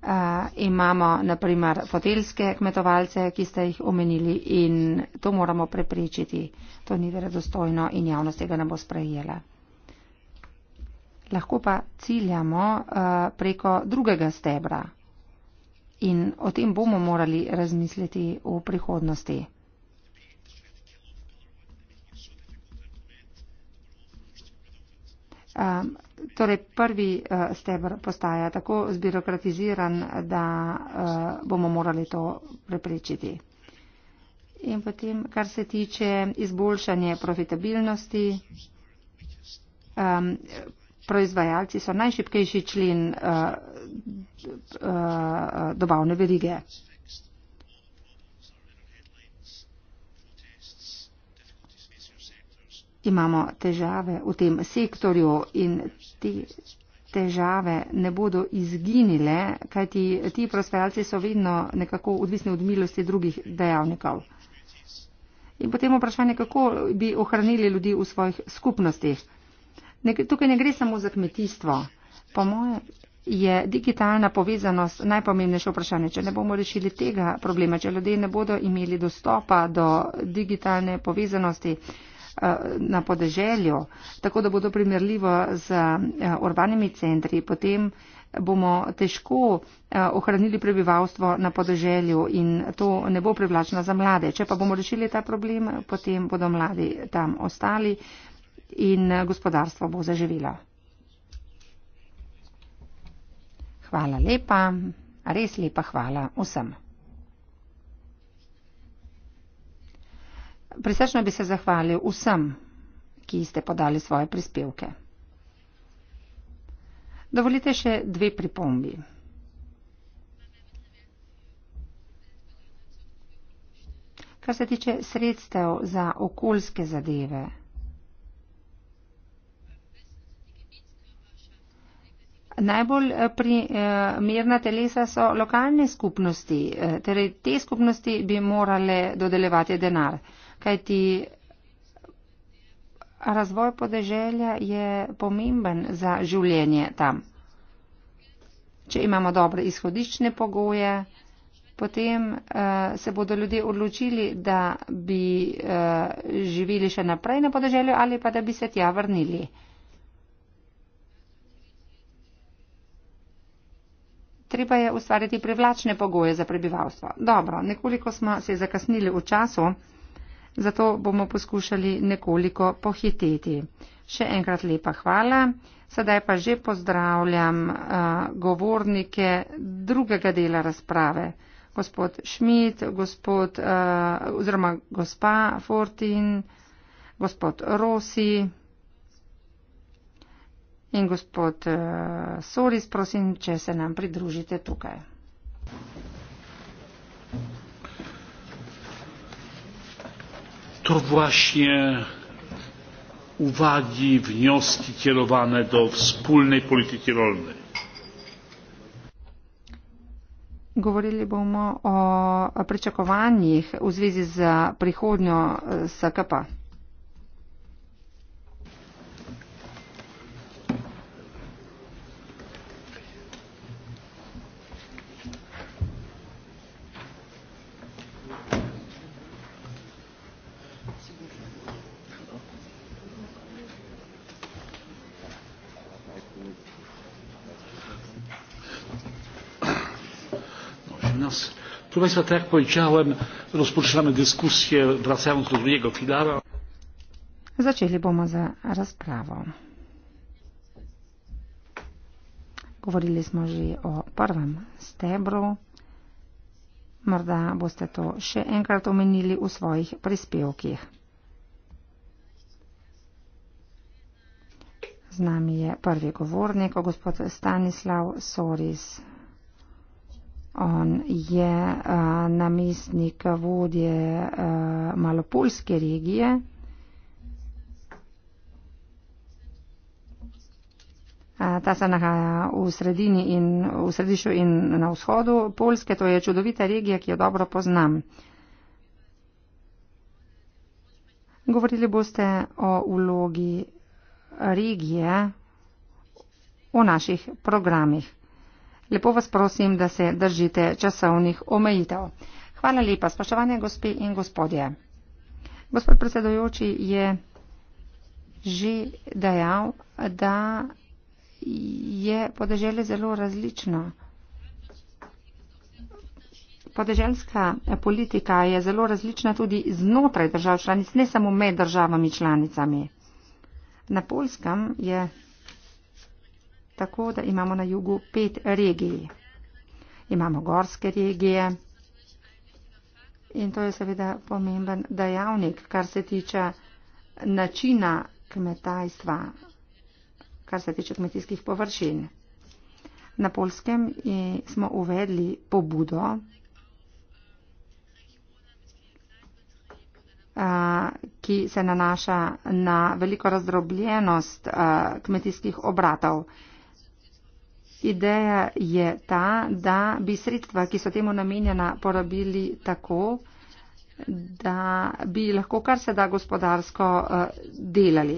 Uh, imamo naprimer fotelske kmetovalce, ki ste jih omenili in to moramo preprečiti. To ni verodostojno in javnost tega ne bo sprejela lahko pa ciljamo eh, preko drugega stebra. In o tem bomo morali razmisliti v prihodnosti. Ehm, torej, prvi eh, stebr postaja tako zbirokratiziran, da eh, bomo morali to preprečiti. In potem, kar se tiče izboljšanje profitabilnosti, ehm, proizvajalci so najšipkejši člen uh, uh, dobavne verige. Imamo težave v tem sektorju in te težave ne bodo izginile, kajti ti proizvajalci so vedno nekako odvisni od milosti drugih dejavnikov. In potem vprašanje, kako bi ohranili ljudi v svojih skupnostih. Tukaj ne gre samo za kmetijstvo. Po moje je digitalna povezanost najpomembnejše vprašanje. Če ne bomo rešili tega problema, če ljudje ne bodo imeli dostopa do digitalne povezanosti eh, na podeželju, tako da bodo primerljivo z eh, urbanimi centri, potem bomo težko eh, ohranili prebivalstvo na podeželju in to ne bo privlačno za mlade. Če pa bomo rešili ta problem, potem bodo mladi tam ostali in eh, gospodarstvo bo zaživelo. Hvala lepa, res lepa hvala vsem. Prisrčno bi se zahvalil vsem, ki ste podali svoje prispevke. Dovolite še dve pripombi. Kar se tiče sredstev za okoljske zadeve, Najbolj eh, primerna eh, telesa so lokalne skupnosti, eh, torej te skupnosti bi morale dodelevati denar, kajti razvoj podeželja je pomemben za življenje tam. Če imamo dobre izhodiščne pogoje, potem uh, se bodo ljudje odločili, da bi uh, živeli še naprej na podeželju ali pa da bi se tja vrnili. treba je ustvariti privlačne pogoje za prebivalstvo. Dobro, nekoliko smo se zakasnili v času, zato bomo poskušali nekoliko pohiteti. Še enkrat lepa hvala. Sedaj pa že pozdravljam uh, govornike drugega dela razprave. Gospod Šmit, gospod uh, oziroma gospa Fortin, gospod Rosi. In gospod eh, Soris, prosim, če se nam pridružite tukaj. To vlašnje uvagi, vnjoski, kjerovane do spolne politike rolne. Govorili bomo o pričakovanjih v zvezi z prihodnjo eh, SKP. -a. proszę państwa tak jak powiedziałem rozpoczynamy dyskusję wracając do drugiego filara zaczęli bo ma zaraz prawo govorili smo že o prvem stebru morda boste to še enkrat omenili v svojih prispevkih z nami je prvi govornik gospod Stanislav Soris On je a, eh, namestnik vodje a, eh, Malopolske regije. A, eh, ta se nahaja v, in, v središču in na vzhodu Polske. To je čudovita regija, ki jo dobro poznam. Govorili boste o vlogi regije v naših programih. Lepo vas prosim, da se držite časovnih omejitev. Hvala lepa, spoštovane gospe in gospodje. Gospod predsedojoči je že dejal, da je podeželje zelo različno. Podeželska politika je zelo različna tudi znotraj držav članic, ne samo med državami članicami. Na polskem je tako da imamo na jugu pet regij. Imamo gorske regije in to je seveda pomemben dejavnik, kar se tiče načina kmetajstva, kar se tiče kmetijskih površin. Na polskem smo uvedli pobudo, ki se nanaša na veliko razdrobljenost kmetijskih obratov. Ideja je ta, da bi sredstva, ki so temu namenjena, porabili tako, da bi lahko kar se da gospodarsko eh, delali.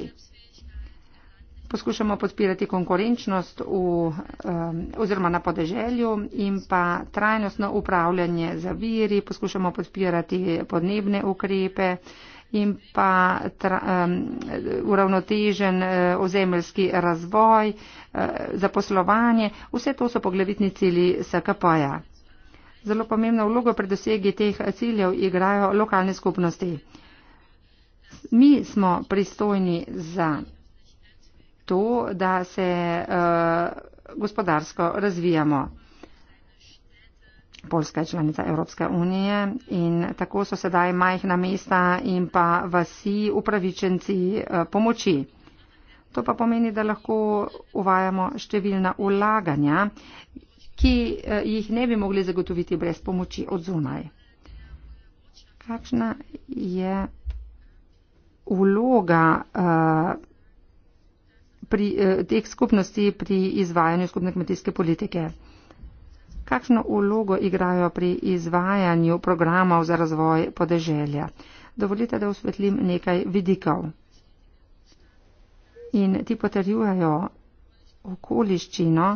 Poskušamo podpirati konkurenčnost v, eh, oziroma na podeželju in pa trajnostno upravljanje za viri, poskušamo podpirati podnebne ukrepe, in pa tra, um, uravnotežen uh, ozemeljski razvoj, uh, zaposlovanje. Vse to so poglavitni cilji SKP-ja. Zelo pomembno vlogo pri dosegi teh ciljev igrajo lokalne skupnosti. Mi smo pristojni za to, da se uh, gospodarsko razvijamo. Poljska je članica Evropske unije in tako so sedaj majhna mesta in pa vsi upravičenci eh, pomoči. To pa pomeni, da lahko uvajamo številna ulaganja, ki eh, jih ne bi mogli zagotoviti brez pomoči od zunaj. Kakšna je vloga uh, pri, uh, teh skupnosti pri izvajanju skupne kmetijske politike? kakšno vlogo igrajo pri izvajanju programov za razvoj podeželja. Dovolite, da usvetlim nekaj vidikov. In ti potrjujejo okoliščino,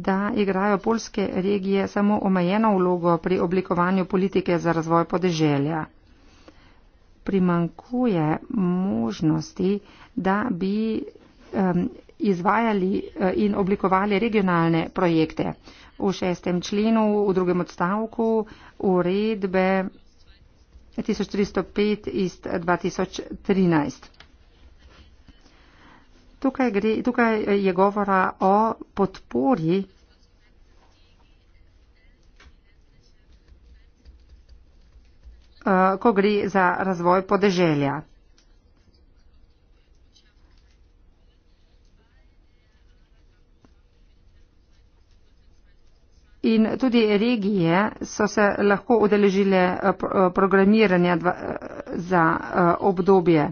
da igrajo polske regije samo omejeno vlogo pri oblikovanju politike za razvoj podeželja. Primankuje možnosti, da bi um, izvajali uh, in oblikovali regionalne projekte v šestem členu, v drugem odstavku uredbe 1305 iz 2013. Tukaj, gre, tukaj je govora o podpori eh, ko gre za razvoj podeželja. In tudi regije so se lahko odeležile eh, eh, programiranja eh, za obdobje.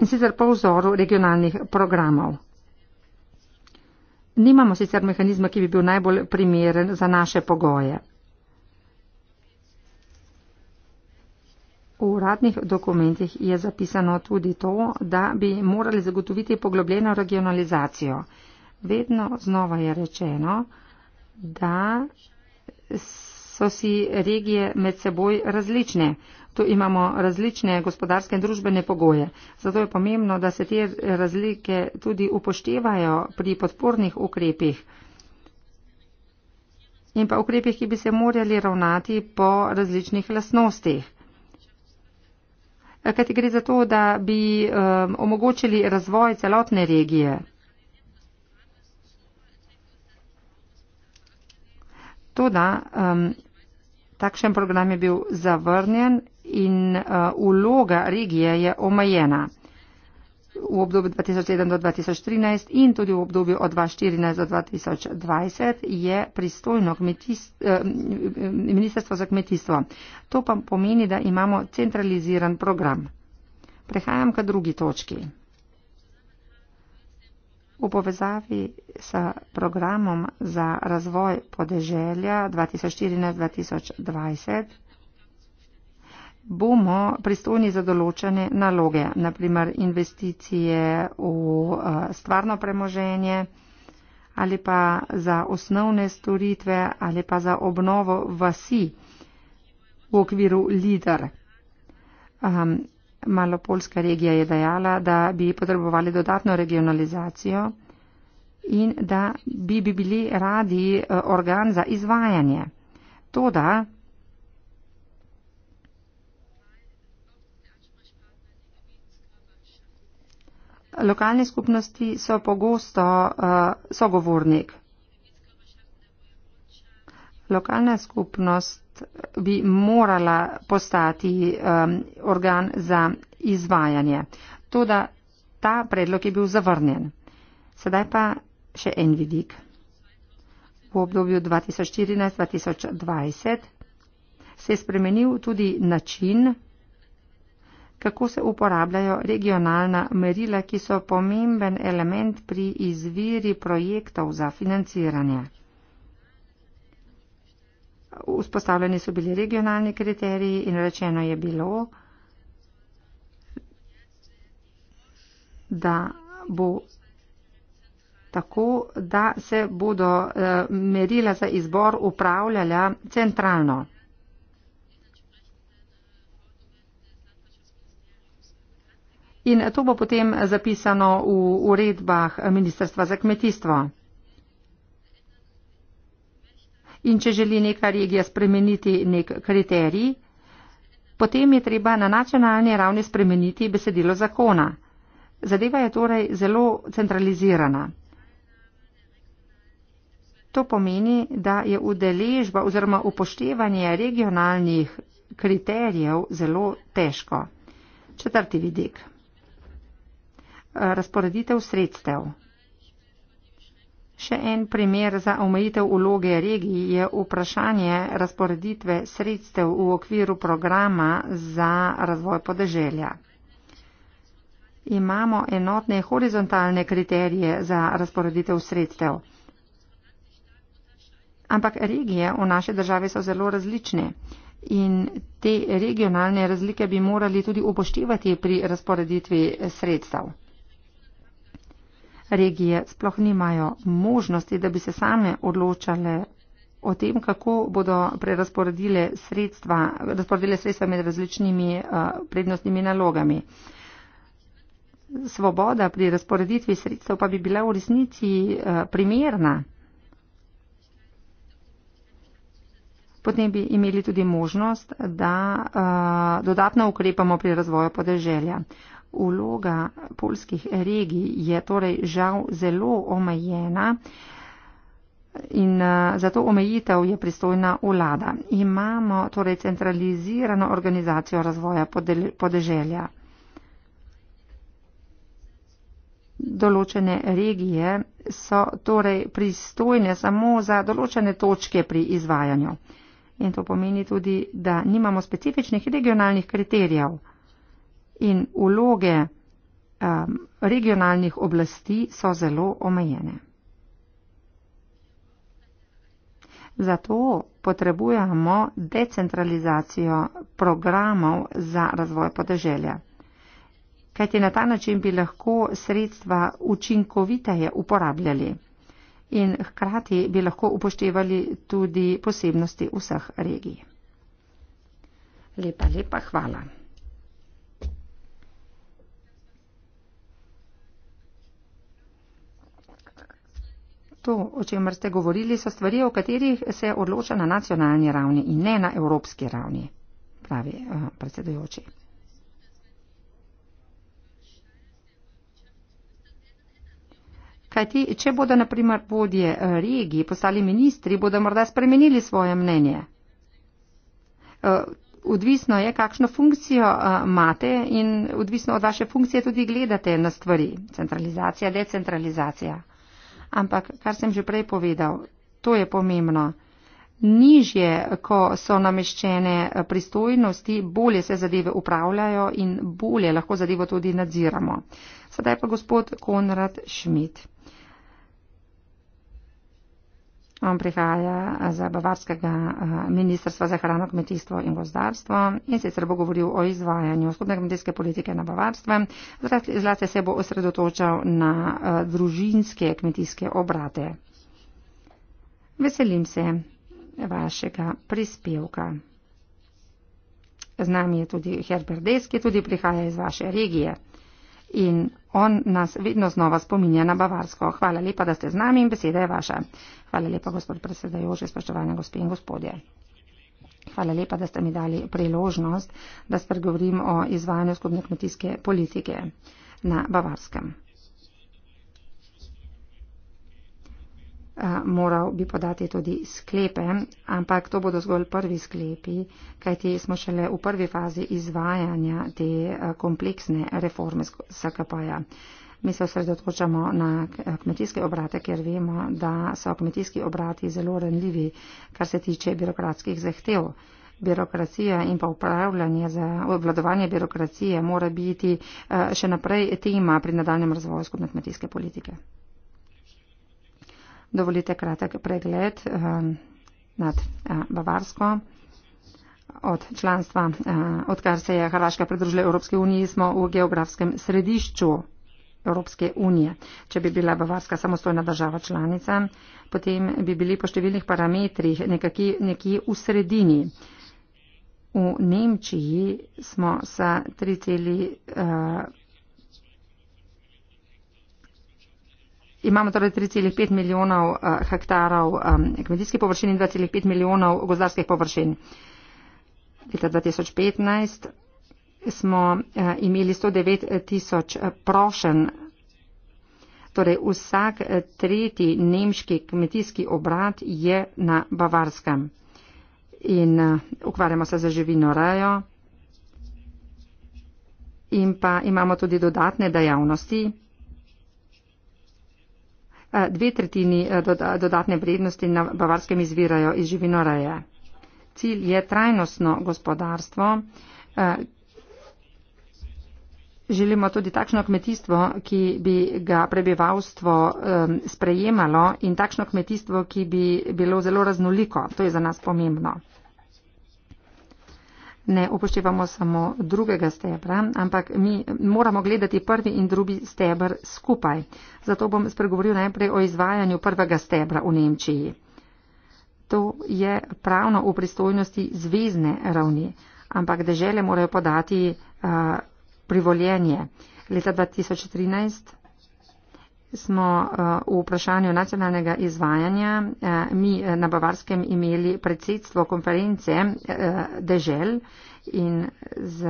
In sicer po vzoru regionalnih programov. Nimamo sicer mehanizma, ki bi bil najbolj primeren za naše pogoje. V uradnih dokumentih je zapisano tudi to, da bi morali zagotoviti poglobljeno regionalizacijo. Vedno znova je rečeno, da so si regije med seboj različne. Tu imamo različne gospodarske in družbene pogoje. Zato je pomembno, da se te razlike tudi upoštevajo pri podpornih ukrepih in pa ukrepih, ki bi se morali ravnati po različnih lasnostih kajti gre za to, da bi um, omogočili razvoj celotne regije. Toda um, takšen program je bil zavrnjen in uh, vloga regije je omejena v obdobju 2007 do 2013 in tudi v obdobju od 2014 do 2020 je pristojno kmetist, eh, ministrstvo za kmetijstvo. To pa pomeni, da imamo centraliziran program. Prehajam k drugi točki. V povezavi s programom za razvoj podeželja 2014-2020 bomo pristojni za določene naloge, naprimer investicije v eh, stvarno premoženje ali pa za osnovne storitve ali pa za obnovo vasi v okviru LIDER. Um, ehm, Malopolska regija je dejala, da bi potrebovali dodatno regionalizacijo in da bi, bi bili radi eh, organ za izvajanje. To da lokalne skupnosti so pogosto uh, sogovornik. Lokalna skupnost bi morala postati um, organ za izvajanje. Toda ta predlog je bil zavrnjen. Sedaj pa še en vidik. V obdobju 2014-2020 se je spremenil tudi način kako se uporabljajo regionalna merila, ki so pomemben element pri izviri projektov za financiranje. Vzpostavljeni so bili regionalni kriteriji in rečeno je bilo, da bo tako, da se bodo eh, merila za izbor upravljala centralno. in to bo potem zapisano v uredbah Ministrstva za kmetijstvo. In če želi neka regija spremeniti nek kriterij, potem je treba na nacionalni ravni spremeniti besedilo zakona. Zadeva je torej zelo centralizirana. To pomeni, da je udeležba oziroma upoštevanje regionalnih kriterijev zelo težko. Četrti vidik razporeditev sredstev. Še en primer za omejitev vloge regij je vprašanje razporeditve sredstev v okviru programa za razvoj podeželja. Imamo enotne horizontalne kriterije za razporeditev sredstev. Ampak regije v naši državi so zelo različne in te regionalne razlike bi morali tudi upoštevati pri razporeditvi sredstev regije sploh nimajo možnosti, da bi se same odločale o tem, kako bodo prerasporedile sredstva, razporedile sredstva med različnimi eh, prednostnimi nalogami. Svoboda pri razporeditvi sredstev pa bi bila v resnici eh, primerna. Potem bi imeli tudi možnost, da eh, dodatno ukrepamo pri razvoju podeželja. Uloga polskih regij je torej žal zelo omejena in eh, za to omejitev je pristojna vlada. Imamo torej centralizirano organizacijo razvoja podeželja. Določene regije so torej pristojne samo za določene točke pri izvajanju. In to pomeni tudi, da nimamo specifičnih regionalnih kriterijev in vloge um, regionalnih oblasti so zelo omejene. Zato potrebujemo decentralizacijo programov za razvoj podeželja. Kajti na ta način bi lahko sredstva učinkoviteje uporabljali in hkrati bi lahko upoštevali tudi posebnosti vseh regij. Lepa, lepa, hvala. to, o čemer ste govorili, so stvari, o katerih se odloča na nacionalni ravni in ne na evropski ravni, pravi eh, predsedujoči. Kajti, če bodo, naprimer, vodje eh, regiji postali ministri, bodo morda spremenili svoje mnenje. Eh, odvisno je, kakšno funkcijo imate in odvisno od vaše funkcije tudi gledate na stvari. Centralizacija, decentralizacija. Ampak, kar sem že prej povedal, to je pomembno. Nižje, ko so nameščene eh, pristojnosti, bolje se zadeve upravljajo in bolje lahko zadevo tudi nadziramo. Sedaj pa gospod Konrad Schmidt. On prihaja z bavarskega eh, ministrstva za hrano, kmetijstvo in gozdarstvo in sicer bo govoril o izvajanju skupne kmetijske politike na bavarstvo. Zlasti se bo osredotočal na eh, družinske kmetijske obrate. Veselim se vašega prispevka. Z nami je tudi Herbert Des, ki tudi prihaja iz vaše regije. In on nas vedno znova spominja na Bavarsko. Hvala lepa, da ste z nami in beseda je vaša. Hvala lepa, gospod predsedajoče, spoštovane gospe in gospodje. Hvala lepa, da ste mi dali priložnost, da spregovorim o izvajanju skupne kmetijske politike na Bavarskem. moral bi podati tudi sklepe, ampak to bodo zgolj prvi sklepi, kajti smo šele v prvi fazi izvajanja te kompleksne reforme SKP-ja. Mi se osredotočamo na kmetijske obrate, ker vemo, da so kmetijski obrati zelo renljivi, kar se tiče birokratskih zahtev. Birokracija in pa upravljanje za obvladovanje birokracije mora biti še naprej tema pri nadaljem razvoju skupne kmetijske politike. Dovolite kratek pregled eh, nad eh, Bavarsko. Od članstva, eh, odkar se je Hrvaška pridružila Evropske unije, smo v geografskem središču Evropske unije. Če bi bila Bavarska samostojna država članica, potem bi bili po številnih parametrih nekaki, nekje v sredini. V Nemčiji smo sa 3,5 Imamo torej 3,5 milijonov eh, hektarov kmetijskih površin in 2,5 milijonov gozdarskih površin. Leta 2015 smo eh, imeli 109 eh, tisoč prošen. Torej vsak tretji nemški kmetijski obrat je na Bavarskem in ukvarjamo se za živino rajo. In pa imamo tudi dodatne dejavnosti. Eh, dve tretjini eh, dodatne vrednosti na Bavarskem izvirajo iz živinoreje. Cilj je trajnostno gospodarstvo. Eh, želimo tudi takšno kmetijstvo, ki bi ga prebivalstvo ehm, sprejemalo in takšno kmetijstvo, ki bi bilo zelo raznoliko. To je za nas pomembno ne upoštevamo samo drugega stebra, ampak mi moramo gledati prvi in drugi stebr skupaj. Zato bom spregovoril najprej o izvajanju prvega stebra v Nemčiji. To je pravno v pristojnosti zvezne ravni, ampak dežele morajo podati uh, privoljenje. Leta 2013 smo eh, v vprašanju nacionalnega izvajanja eh, mi eh, na Bavarskem imeli predsedstvo konference dežel in z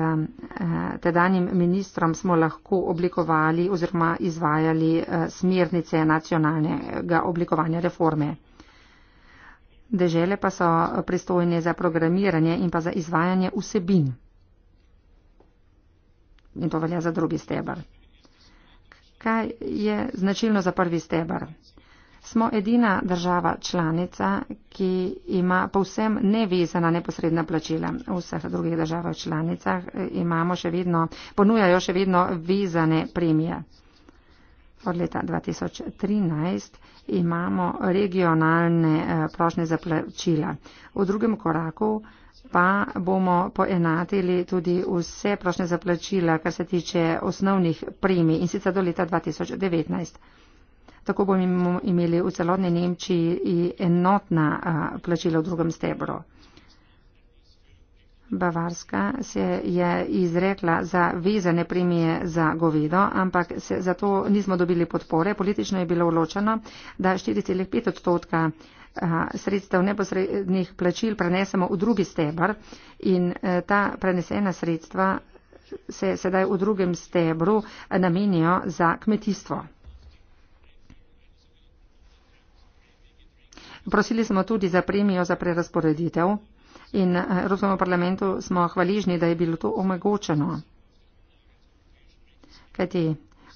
tedanjim ministrom smo lahko oblikovali oziroma izvajali smernice nacionalnega oblikovanja reforme. Dežele pa so pristojne za programiranje in pa za izvajanje vsebin. In to velja za drugi stebr kaj je značilno za prvi stebr. Smo edina država članica, ki ima povsem nevezana neposredna plačila. V vseh drugih državah članicah eh, imamo še vedno, ponujajo še vedno vezane premije. Od leta 2013 imamo regionalne eh, prošnje za plačila. V drugem koraku pa bomo poenatili tudi vse prošnje za plačila, kar se tiče osnovnih primij in sicer do leta 2019. Tako bomo imeli v celotni Nemčiji enotna plačila v drugem stebru. Bavarska se je izrekla za vezane premije za govedo, ampak zato nismo dobili podpore. Politično je bilo vločeno, da 4,5 odstotka sredstev neposrednih plačil prenesemo v drugi stebr in eh, ta prenesena sredstva se sedaj v drugem stebru eh, namenijo za kmetijstvo. Prosili smo tudi za premijo za prerasporeditev in eh, Evropskemu parlamentu smo hvaližni, da je bilo to omogočeno. Kajti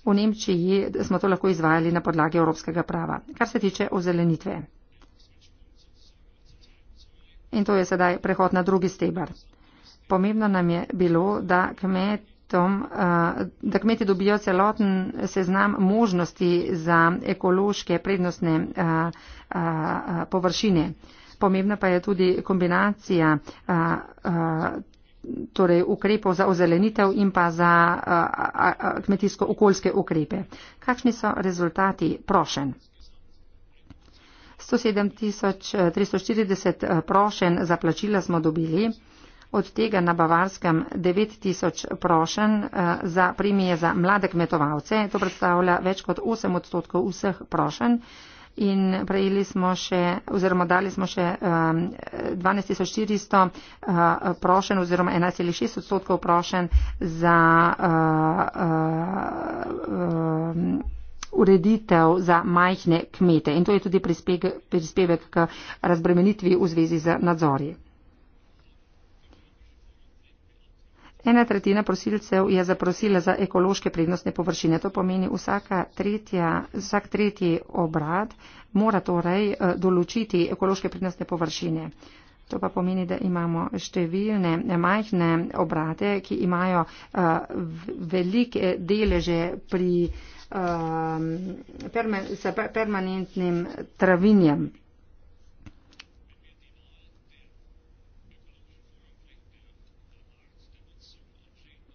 v Nemčiji smo to lahko izvajali na podlagi evropskega prava, kar se tiče ozelenitve. In to je sedaj prehod na drugi stebr. Pomembno nam je bilo, da kmet eh, da kmeti dobijo celoten seznam možnosti za ekološke prednostne eh, eh, površine. Pomembna pa je tudi kombinacija torej ukrepov za ozelenitev in pa za kmetijsko-okoljske ukrepe. Kakšni so rezultati prošen? 340 eh, eh, prošen za plačila smo dobili, od tega na Bavarskem 9000 prošen eh, za premije za mlade kmetovalce. To predstavlja več kot 8 odstotkov vseh prošen. In prejeli smo še, oziroma dali smo še 12400 prošen, oziroma 11,6 odstotkov prošen za. Uh, uh, uh, ureditev za majhne kmete in to je tudi prispevek k razbremenitvi v zvezi z nadzori. Ena tretjina prosilcev je zaprosila za ekološke prednostne površine. To pomeni, tretja, vsak tretji obrad mora torej eh, določiti ekološke prednostne površine. To pa pomeni, da imamo številne majhne obrate, ki imajo uh, velike deleže pri uh, ehm, perme, permanentnim travinjem.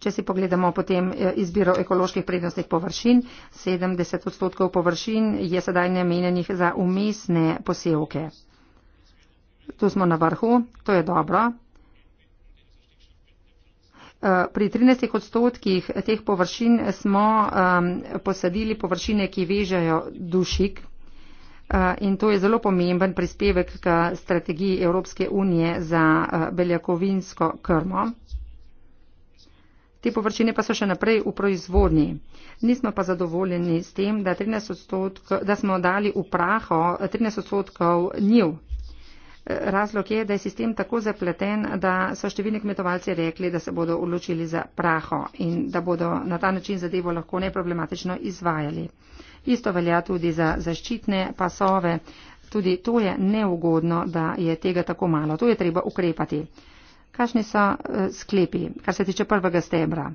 Če si pogledamo potem eh, izbiro ekoloških prednostnih površin, 70 odstotkov površin je sedaj namenjenih za umestne posevke. Tu smo na vrhu, to je dobro. Eh, pri 13 odstotkih teh površin smo ehm, posadili površine, ki vežejo dušik. Eh, in to je zelo pomemben prispevek k strategiji Evropske unije za eh, beljakovinsko krmo. Te površine pa so še naprej v proizvodnji. Nismo pa zadovoljeni s tem, da, da smo dali v praho 13 odstotkov njiv. Razlog je, da je sistem tako zapleten, da so številni kmetovalci rekli, da se bodo odločili za praho in da bodo na ta način zadevo lahko neproblematično izvajali. Isto velja tudi za zaščitne pasove. Tudi to je neugodno, da je tega tako malo. To je treba ukrepati. Kakšni so eh, sklepi, kar se tiče prvega stebra?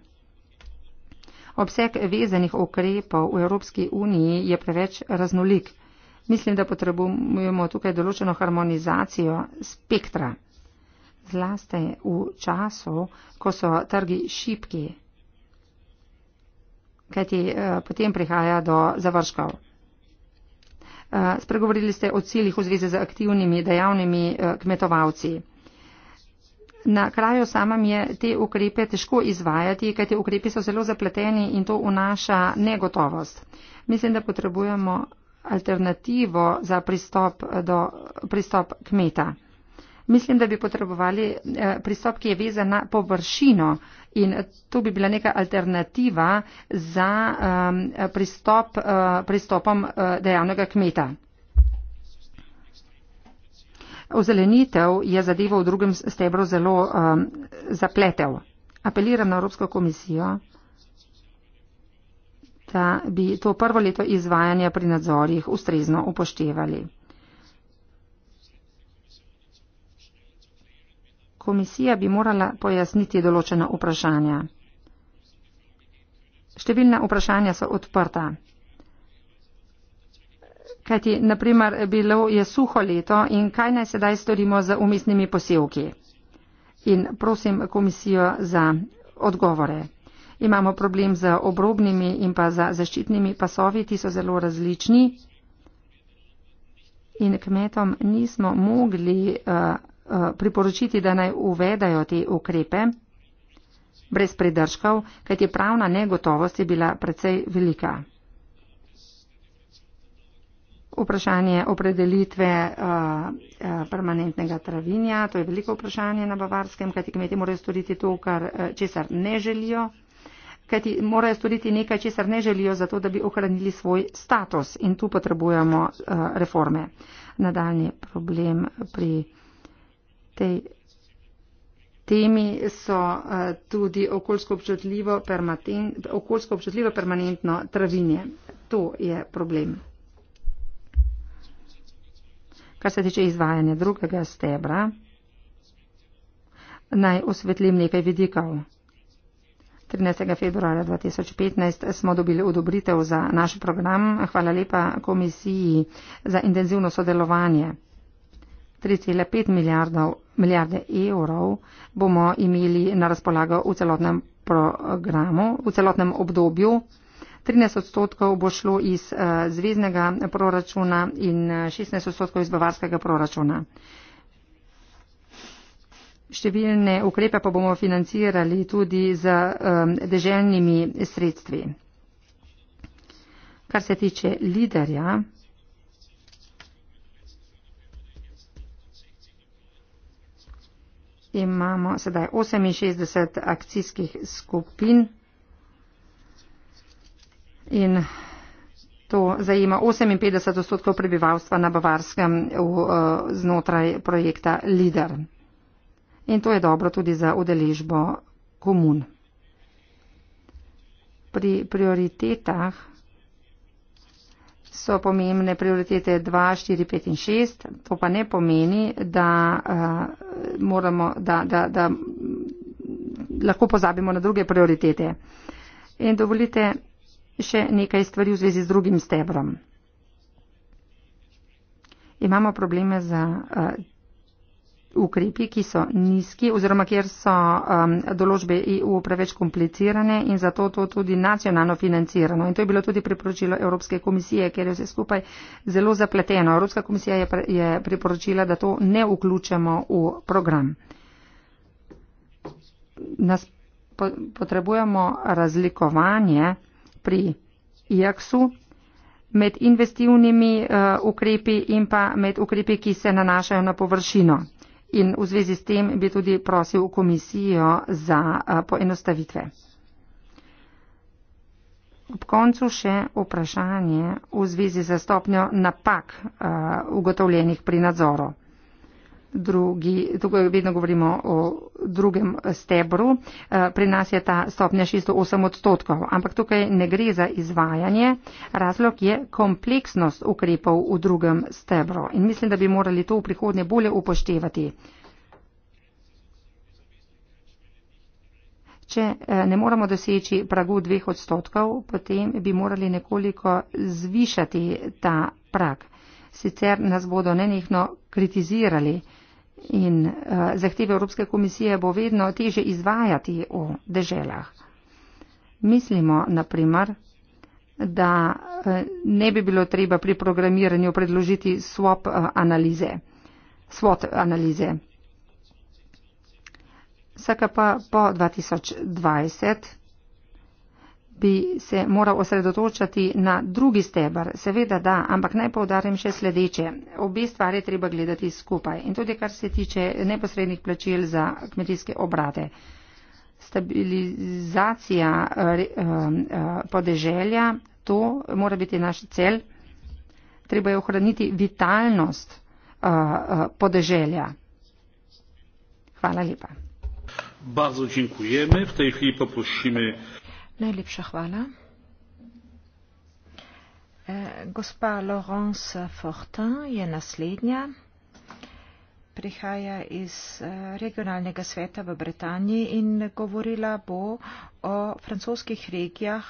Obseg vezanih ukrepov v Evropski uniji je preveč raznolik. Mislim, da potrebujemo tukaj določeno harmonizacijo spektra, zlasti v času, ko so trgi šipki, kajti eh, potem prihaja do završkov. Eh, spregovorili ste o ciljih v zvezi z aktivnimi dejavnimi eh, kmetovalci. Na kraju samem je te ukrepe težko izvajati, kaj te ukrepe so zelo zapleteni in to vnaša negotovost. Mislim, da potrebujemo alternativo za pristop, do, pristop kmeta. Mislim, da bi potrebovali eh, pristop, ki je vezan na površino in to bi bila neka alternativa za um, pristop, uh, pristopom uh, dejavnega kmeta. Ozelenitev je zadevo v drugem stebru zelo um, zapletel. Apeliram na Evropsko komisijo da bi to prvo leto izvajanja pri nadzorjih ustrezno upoštevali. Komisija bi morala pojasniti določena vprašanja. Številna vprašanja so odprta. Kajti, naprimer, bilo je suho leto in kaj naj sedaj storimo z umestnimi posevki? In prosim komisijo za odgovore. Imamo problem z obrobnimi in pa za zaščitnimi pasovi, ti so zelo različni. In kmetom nismo mogli uh, uh, priporočiti, da naj uvedajo te ukrepe brez pridržkov, kajti pravna negotovost je bila precej velika. Vprašanje opredelitve uh, uh, permanentnega travinja, to je veliko vprašanje na Bavarskem, kajti kmeti morajo storiti to, kar, uh, česar ne želijo kajti morajo storiti nekaj, česar ne želijo, zato da bi ohranili svoj status. In tu potrebujemo eh, reforme. Nadaljni problem pri tej. Temi so eh, tudi okoljsko občutljivo, okoljsko občutljivo permanentno travinje. To je problem. Kar se tiče izvajanja drugega stebra, naj osvetlim nekaj vidikov. 13. februarja 2015 smo dobili odobritev za naš program. Hvala lepa komisiji za intenzivno sodelovanje. 3,5 milijarde evrov bomo imeli na razpolago v celotnem programu, v celotnem obdobju. 13 odstotkov bo šlo iz eh, zvezdnega proračuna in 16 eh, odstotkov iz bavarskega proračuna številne ukrepe pa bomo financirali tudi z um, deželjnimi sredstvi. Kar se tiče liderja, imamo sedaj 68 akcijskih skupin in to zajema 58 odstotkov prebivalstva na Bavarskem v, uh, znotraj projekta Lider in to je dobro tudi za udeležbo komun. Pri prioritetah so pomembne prioritete 2, 4, 5 in 6. To pa ne pomeni, da, uh, moramo, da, da, da lahko pozabimo na druge prioritete. In dovolite še nekaj stvari v zvezi z drugim stebrom. Imamo probleme z uh, ukrepi, ki so nizki oziroma kjer so um, določbe EU preveč komplicirane in zato to tudi nacionalno financirano. In to je bilo tudi priporočilo Evropske komisije, ker je vse skupaj zelo zapleteno. Evropska komisija je, je priporočila, da to ne vključemo v program. Nas potrebujemo razlikovanje pri IAKS-u med investivnimi uh, ukrepi in pa med ukrepi, ki se nanašajo na površino in v zvezi s tem bi tudi prosil komisijo za eh, poenostavitve. Ob koncu še vprašanje v zvezi za stopnjo napak eh, ugotovljenih pri nadzoru drugi, tukaj vedno govorimo o drugem stebru, eh, pri nas je ta stopnja 608 odstotkov, ampak tukaj ne gre za izvajanje, razlog je kompleksnost ukrepov v drugem stebru in mislim, da bi morali to v prihodnje bolje upoštevati. Če eh, ne moramo doseči pragu dveh odstotkov, potem bi morali nekoliko zvišati ta prag. Sicer nas bodo nenehno kritizirali in eh, zahteve Evropske komisije bo vedno teže izvajati v deželah. Mislimo, na primer, da eh, ne bi bilo treba pri programiranju predložiti SWOT eh, analize. SWOT analize. Vsaka pa po 2020 bi se moral osredotočati na drugi stebr. Seveda da, ampak naj povdarim še sledeče. Obe stvari treba gledati skupaj in tudi kar se tiče neposrednih plačil za kmetijske obrate. Stabilizacija um, uh, podeželja, to mora biti naš cel. Treba je ohraniti vitalnost uh, uh, podeželja. Hvala lepa. Bardzo dziękujemy. W tej chwili poprosimy Najlepša hvala. E, gospa Laurence Fortin je naslednja. Prihaja iz e, regionalnega sveta v Britaniji in govorila bo o francoskih regijah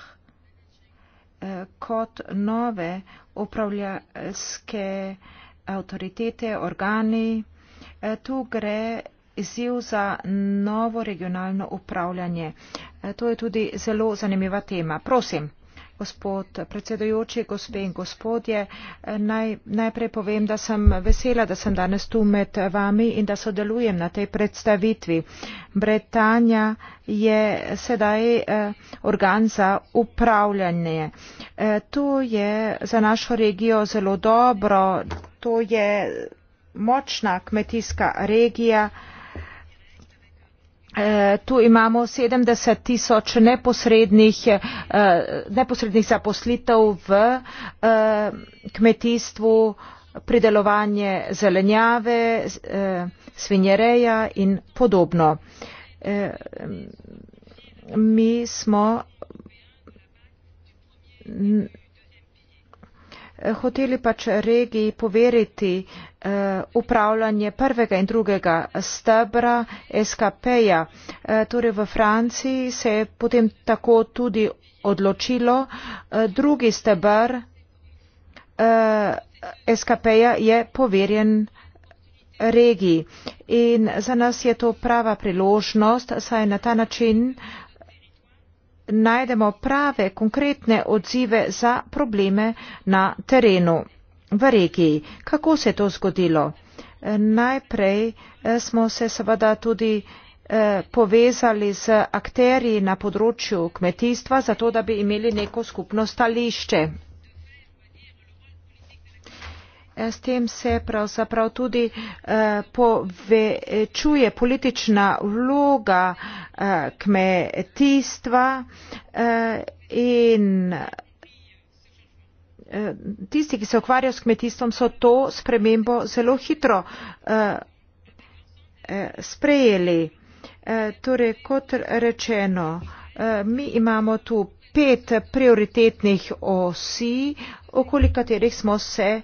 e, kot nove upravljalske avtoritete, organi. Tu gre izziv za novo regionalno upravljanje. E, to je tudi zelo zanimiva tema. Prosim. Gospod predsedojoči, gospe in gospodje, e, naj, najprej povem, da sem vesela, da sem danes tu med vami in da sodelujem na tej predstavitvi. Bretanja je sedaj e, organ za upravljanje. To je za našo regijo zelo dobro, to je močna kmetijska regija. Eh, tu imamo sedemdeset tisoč neposrednih eh, zaposlitev v eh, kmetijstvu pridelovanje zelenjave svinjereja in podobno mi smo hoteli pač regiji poveriti eh, upravljanje prvega in drugega stebra SKP-ja. Eh, torej v Franciji se je potem tako tudi odločilo. Eh, drugi stebr SKP-ja je poverjen regiji. In za nas je to prava priložnost, saj na ta način najdemo prave, konkretne odzive za probleme na terenu v regiji. Kako se je to zgodilo? Najprej eh, smo se seveda tudi eh, povezali z akterji na področju kmetijstva, zato da bi imeli neko skupno stališče. S tem se pravzaprav tudi eh, povečuje politična vloga eh, kmetijstva eh, in tisti, ki se ukvarjajo s kmetijstvom, so to spremembo zelo hitro sprejeli. Torej, kot rečeno, mi imamo tu pet prioritetnih osi, okoli katerih smo se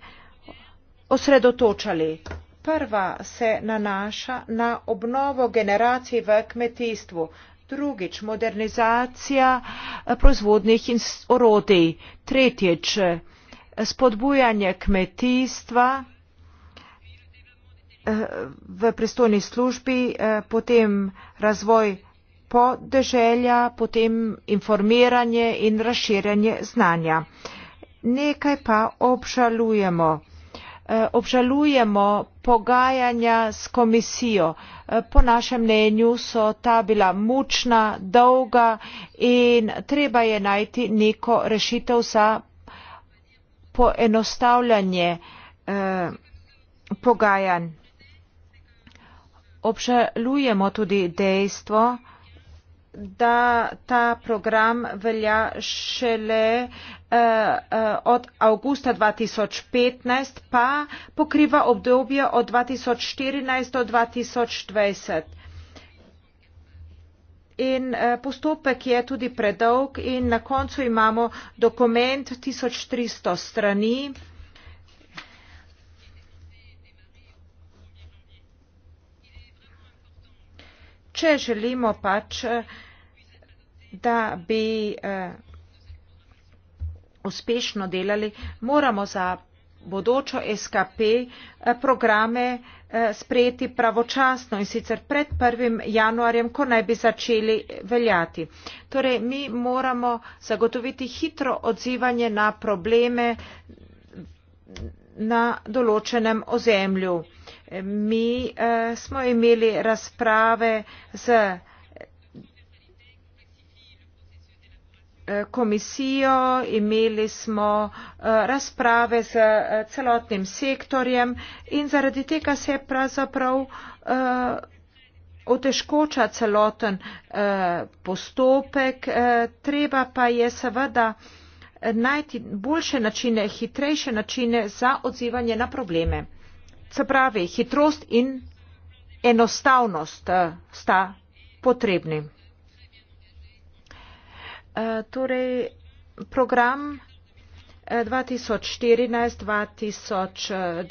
osredotočali. Prva se nanaša na obnovo generacij v kmetijstvu, drugič modernizacija eh, proizvodnih orodij, tretjič eh, spodbujanje kmetijstva eh, v pristojni službi, potem razvoj podeželja, potem informiranje in razširjanje znanja. Nekaj pa obžalujemo. Eh, obžalujemo pogajanja s komisijo eh, po našem mnenju so ta bila mučna dolga in treba je najti neko rešitev za poenostavljanje eh, pogajanj. obžalujemo tudi dejstvo da ta program velja šele eh, eh, od avgusta 2015, pa pokriva obdobje od 2014 do 2020. In eh, postopek je tudi predolg in na koncu imamo dokument 1300 strani. Če želimo pač da bi eh, uspešno delali, moramo za bodočo SKP eh, programe eh, sprejeti pravočasno in sicer pred 1. januarjem, ko naj bi začeli veljati. Torej, mi moramo zagotoviti hitro odzivanje na probleme na določenem ozemlju. Mi eh, smo imeli razprave z eh, Eh, komisijo, imeli smo eh, razprave z eh, celotnim sektorjem in zaradi tega se je pravzaprav otežkoča celoten postopek, treba pa je seveda najti boljše načine, hitrejše načine za odzivanje na probleme. Se pravi, hitrost in enostavnost sta potrebni. Eh, torej program 2014-2020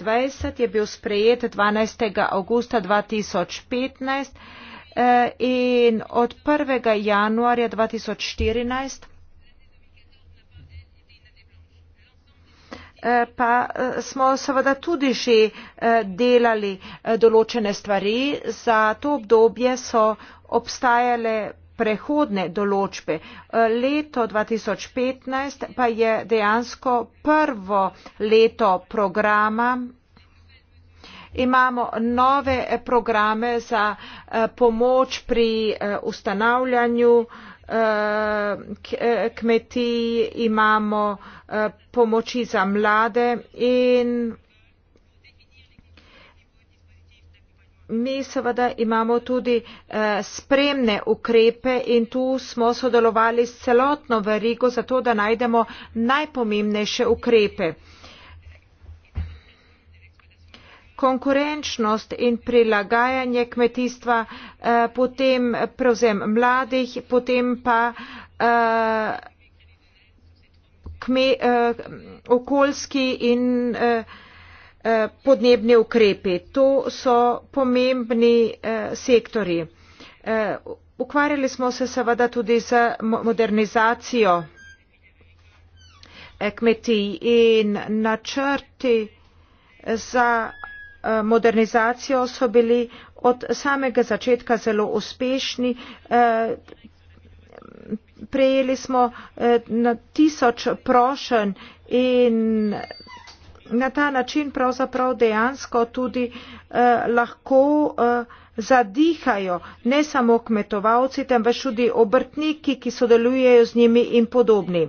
eh, je bil sprejet 12. augusta 2015 in od 1. januarja 2014 eh, pa smo seveda tudi že delali določene stvari. Za to obdobje so obstajale prehodne določbe. E, leto 2015 pa je dejansko prvo leto programa. Imamo nove programe za e, pomoč pri e, ustanavljanju kmetij, imamo pomoči za mlade in Mi seveda imamo tudi eh, spremne ukrepe in tu smo sodelovali s celotno verigo, zato da najdemo najpomembnejše ukrepe. Konkurenčnost in prilagajanje kmetijstva, eh, potem prevzem mladih, potem pa eh, kme, eh, okoljski in. Eh, podnebni ukrepi. To so pomembni eh, sektori. Eh, ukvarjali smo se seveda tudi z modernizacijo eh, kmetij in načrti za modernizacijo so bili od samega začetka zelo uspešni. Prejeli smo na tisoč prošen in na ta način pravzaprav dejansko tudi eh, lahko eh, zadihajo ne samo kmetovalci, temveč tudi obrtniki, ki sodelujejo z njimi in podobni.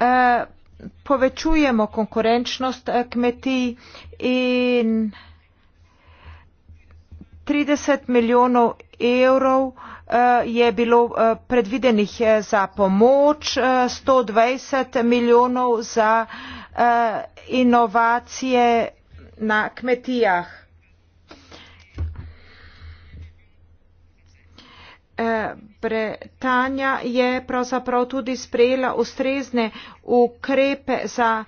Eh, povečujemo konkurenčnost eh, kmetij in 30 milijonov evrov Eh, je bilo eh, predvidenih eh, za pomoč, 120 milijonov za inovacije na kmetijah. Bretanja je pravzaprav tudi sprejela ustrezne ukrepe za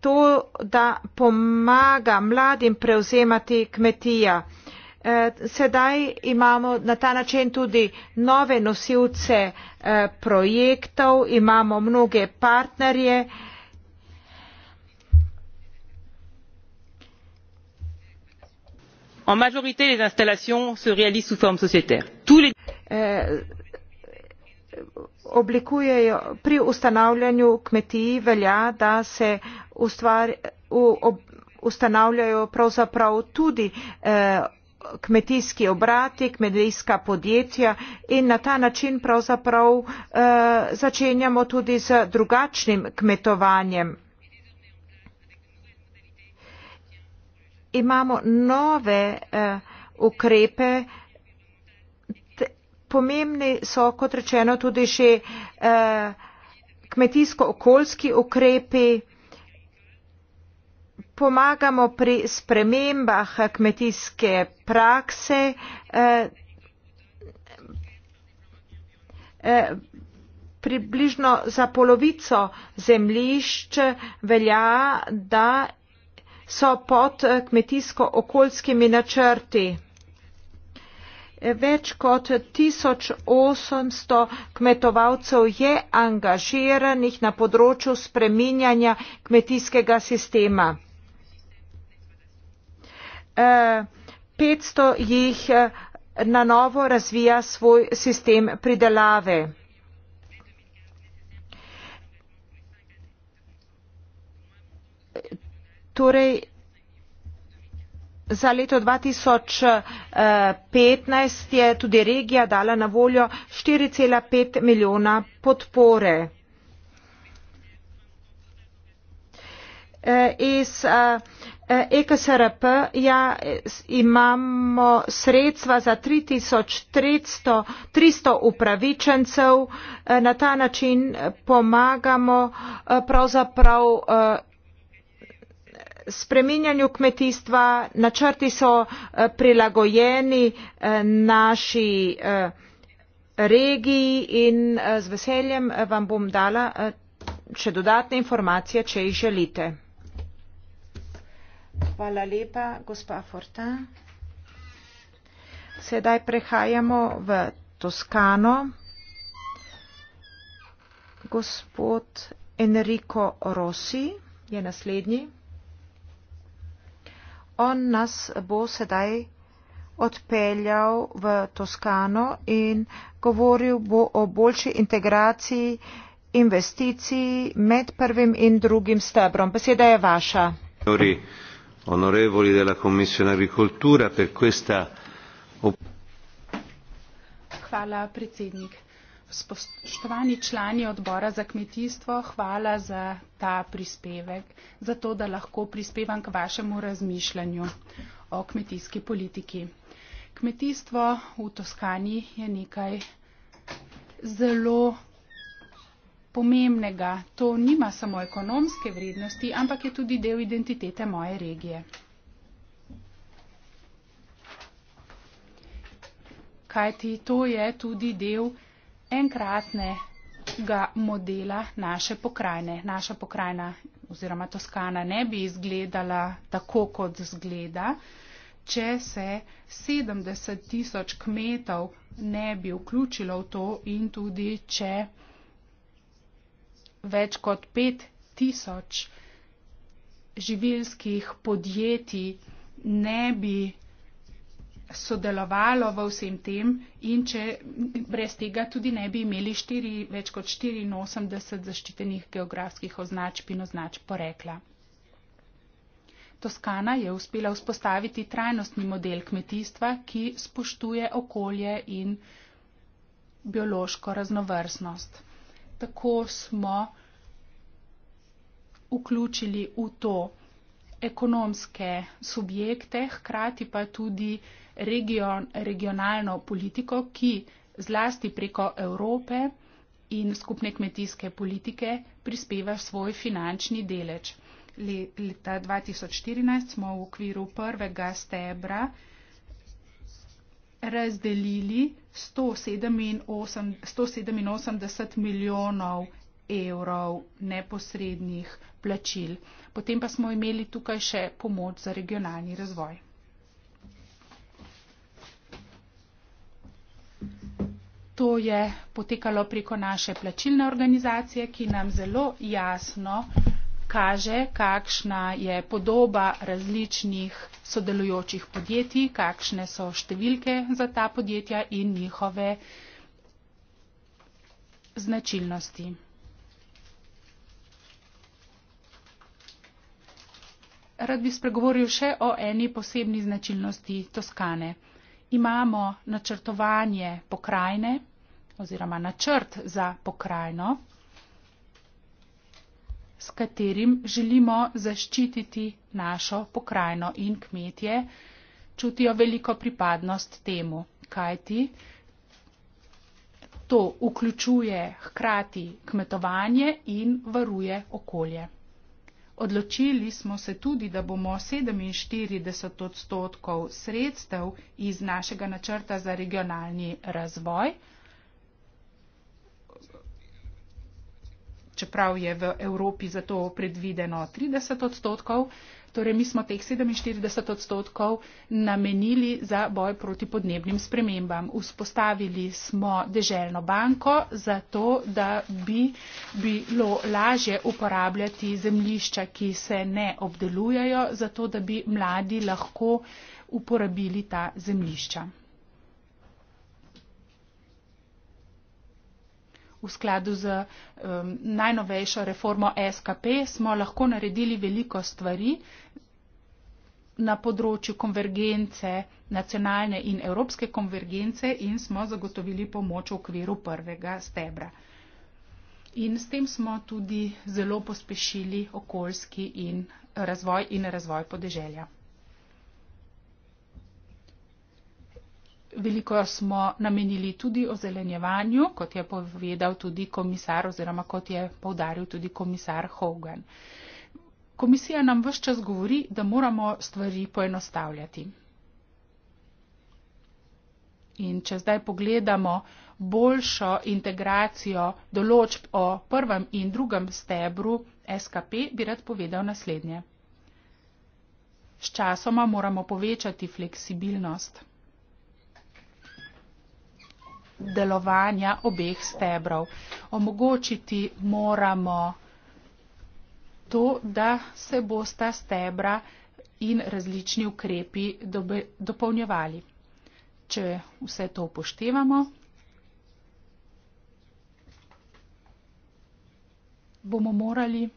to, da pomaga mladim prevzemati kmetija. Eh, sedaj imamo na ta način tudi nove nosilce eh, projektov, imamo mnoge partnerje. En majorité, les installations se réalisent sous forme sociétaire. Tous les... Eh, oblikujejo, pri ustanavljanju kmetij velja, da se ustvar, u, ob, ustanavljajo pravzaprav tudi eh, kmetijski obrati kmetijska podjetja in na ta način pravzaprav eh, začenjamo tudi z drugačnim kmetovanjem imamo nove eh, ukrepe pomembni so kot rečeno tudi že eh, kmetijsko okoljski ukrepi pomagamo pri spremembah kmetijske prakse, eh, eh, približno za polovico zemljišč velja, da so pod eh, kmetijsko-okoljskimi načrti. Več kot 1800 kmetovalcev je angažiranih na področju spreminjanja kmetijskega sistema. Eh, petsto jih eh, na novo razvija svoj sistem pridelave. Torej, za leto 2015 je tudi regija dala na voljo 4,5 milijona podpore. Eh, iz EKSRP, ja, imamo sredstva za 3300 upravičencev, e, na ta način pomagamo e, pravzaprav e, spreminjanju kmetijstva, načrti so prilagojeni naši regiji in z veseljem vam bom dala še dodatne informacije, če jih želite. Hvala lepa, gospa Fortan. Sedaj prehajamo v Toskano. Gospod Enrico Rossi je naslednji. On nas bo sedaj odpeljal v Toskano in govoril bo o boljši integraciji investicij med prvim in drugim stebrom. Beseda je vaša. Juri onorevoli della commissione agricoltura per questa Hvala, predsednik. Spoštovani člani odbora za kmetijstvo, hvala za ta prispevek, za to, da lahko prispevam k vašemu razmišljanju o kmetijski politiki. Kmetijstvo v Toskani je nekaj zelo pomembnega. To nima samo ekonomske vrednosti, ampak je tudi del identitete moje regije. Kajti to je tudi del enkratnega modela naše pokrajine. Naša pokrajina oziroma Toskana ne bi izgledala tako, kot zgleda, če se 70 tisoč kmetov ne bi vključilo v to in tudi če več kot pet tisoč živilskih podjetij ne bi sodelovalo v vsem tem in če brez tega tudi ne bi imeli štiri, več kot 84 zaščitenih geografskih označb in označb porekla. Toskana je uspela vzpostaviti trajnostni model kmetijstva, ki spoštuje okolje in biološko raznovrstnost. Tako smo vključili v to ekonomske subjekte, hkrati pa tudi region, regionalno politiko, ki zlasti preko Evrope in skupne kmetijske politike prispeva svoj finančni delež. Leta 2014 smo v okviru prvega stebra razdelili 187, 187 milijonov evrov neposrednih plačil. Potem pa smo imeli tukaj še pomoč za regionalni razvoj. To je potekalo preko naše plačilne organizacije, ki nam zelo jasno kaže, kakšna je podoba različnih sodelujočih podjetij, kakšne so številke za ta podjetja in njihove značilnosti. Rad bi spregovoril še o eni posebni značilnosti Toskane. Imamo načrtovanje pokrajine oziroma načrt za pokrajino, s katerim želimo zaščititi našo pokrajino in kmetje čutijo veliko pripadnost temu, kajti to vključuje hkrati kmetovanje in varuje okolje. Odločili smo se tudi, da bomo 47 odstotkov sredstev iz našega načrta za regionalni razvoj, čeprav je v Evropi za to predvideno 30 odstotkov, Torej, mi smo teh 47 odstotkov namenili za boj proti podnebnim spremembam. Vzpostavili smo deželno banko za to, da bi bilo lažje uporabljati zemlišča, ki se ne obdelujejo, zato da bi mladi lahko uporabili ta zemlišča. v skladu z um, najnovejšo reformo SKP smo lahko naredili veliko stvari na področju konvergence, nacionalne in evropske konvergence in smo zagotovili pomoč v okviru prvega stebra. In s tem smo tudi zelo pospešili okoljski in razvoj in razvoj podeželja. veliko smo namenili tudi ozelenjevanju, kot je povedal tudi komisar oziroma kot je povdaril tudi komisar Hogan. Komisija nam vse čas govori, da moramo stvari poenostavljati. In če zdaj pogledamo boljšo integracijo določb o prvem in drugem stebru SKP, bi rad povedal naslednje. S časoma moramo povečati fleksibilnost delovanja obeh stebrov. Omogočiti moramo to, da se bosta stebra in različni ukrepi dopolnjevali. Če vse to upoštevamo, bomo morali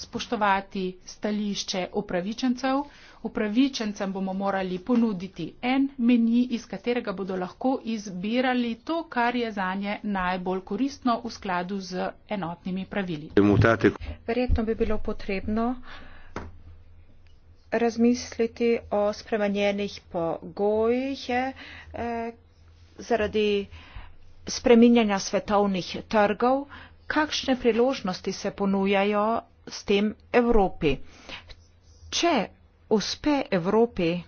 spoštovati stališče upravičencev, upravičencem bomo morali ponuditi en meni, iz katerega bodo lahko izbirali to, kar je za nje najbolj koristno v skladu z enotnimi pravili. Verjetno bi bilo potrebno razmisliti o spremenjenih pogojih eh, zaradi spreminjanja svetovnih trgov, kakšne priložnosti se ponujajo s tem Evropi. Če uspe Evropi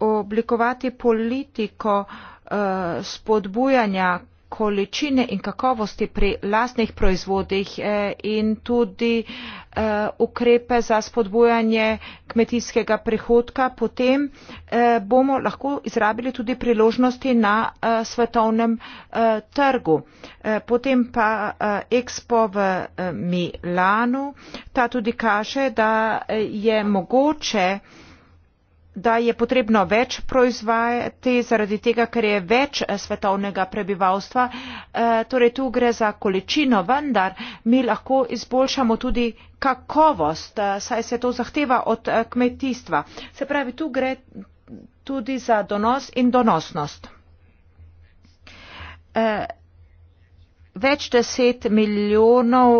oblikovati politiko eh, spodbujanja količine in kakovosti pri lastnih proizvodih eh, in tudi eh, ukrepe za spodbujanje kmetijskega prihodka potem eh, bomo lahko izrabili tudi priložnosti na svetovnem trgu potem pa expo v milanu ta tudi kaže da je mogoče da je potrebno več proizvajati zaradi tega ker je več eh, svetovnega prebivalstva eh, torej tu gre za količino vendar mi lahko izboljšamo tudi kakovost eh, saj se to zahteva od kmetijstva se pravi tu gre tudi za donos in donosnost več deset milijonov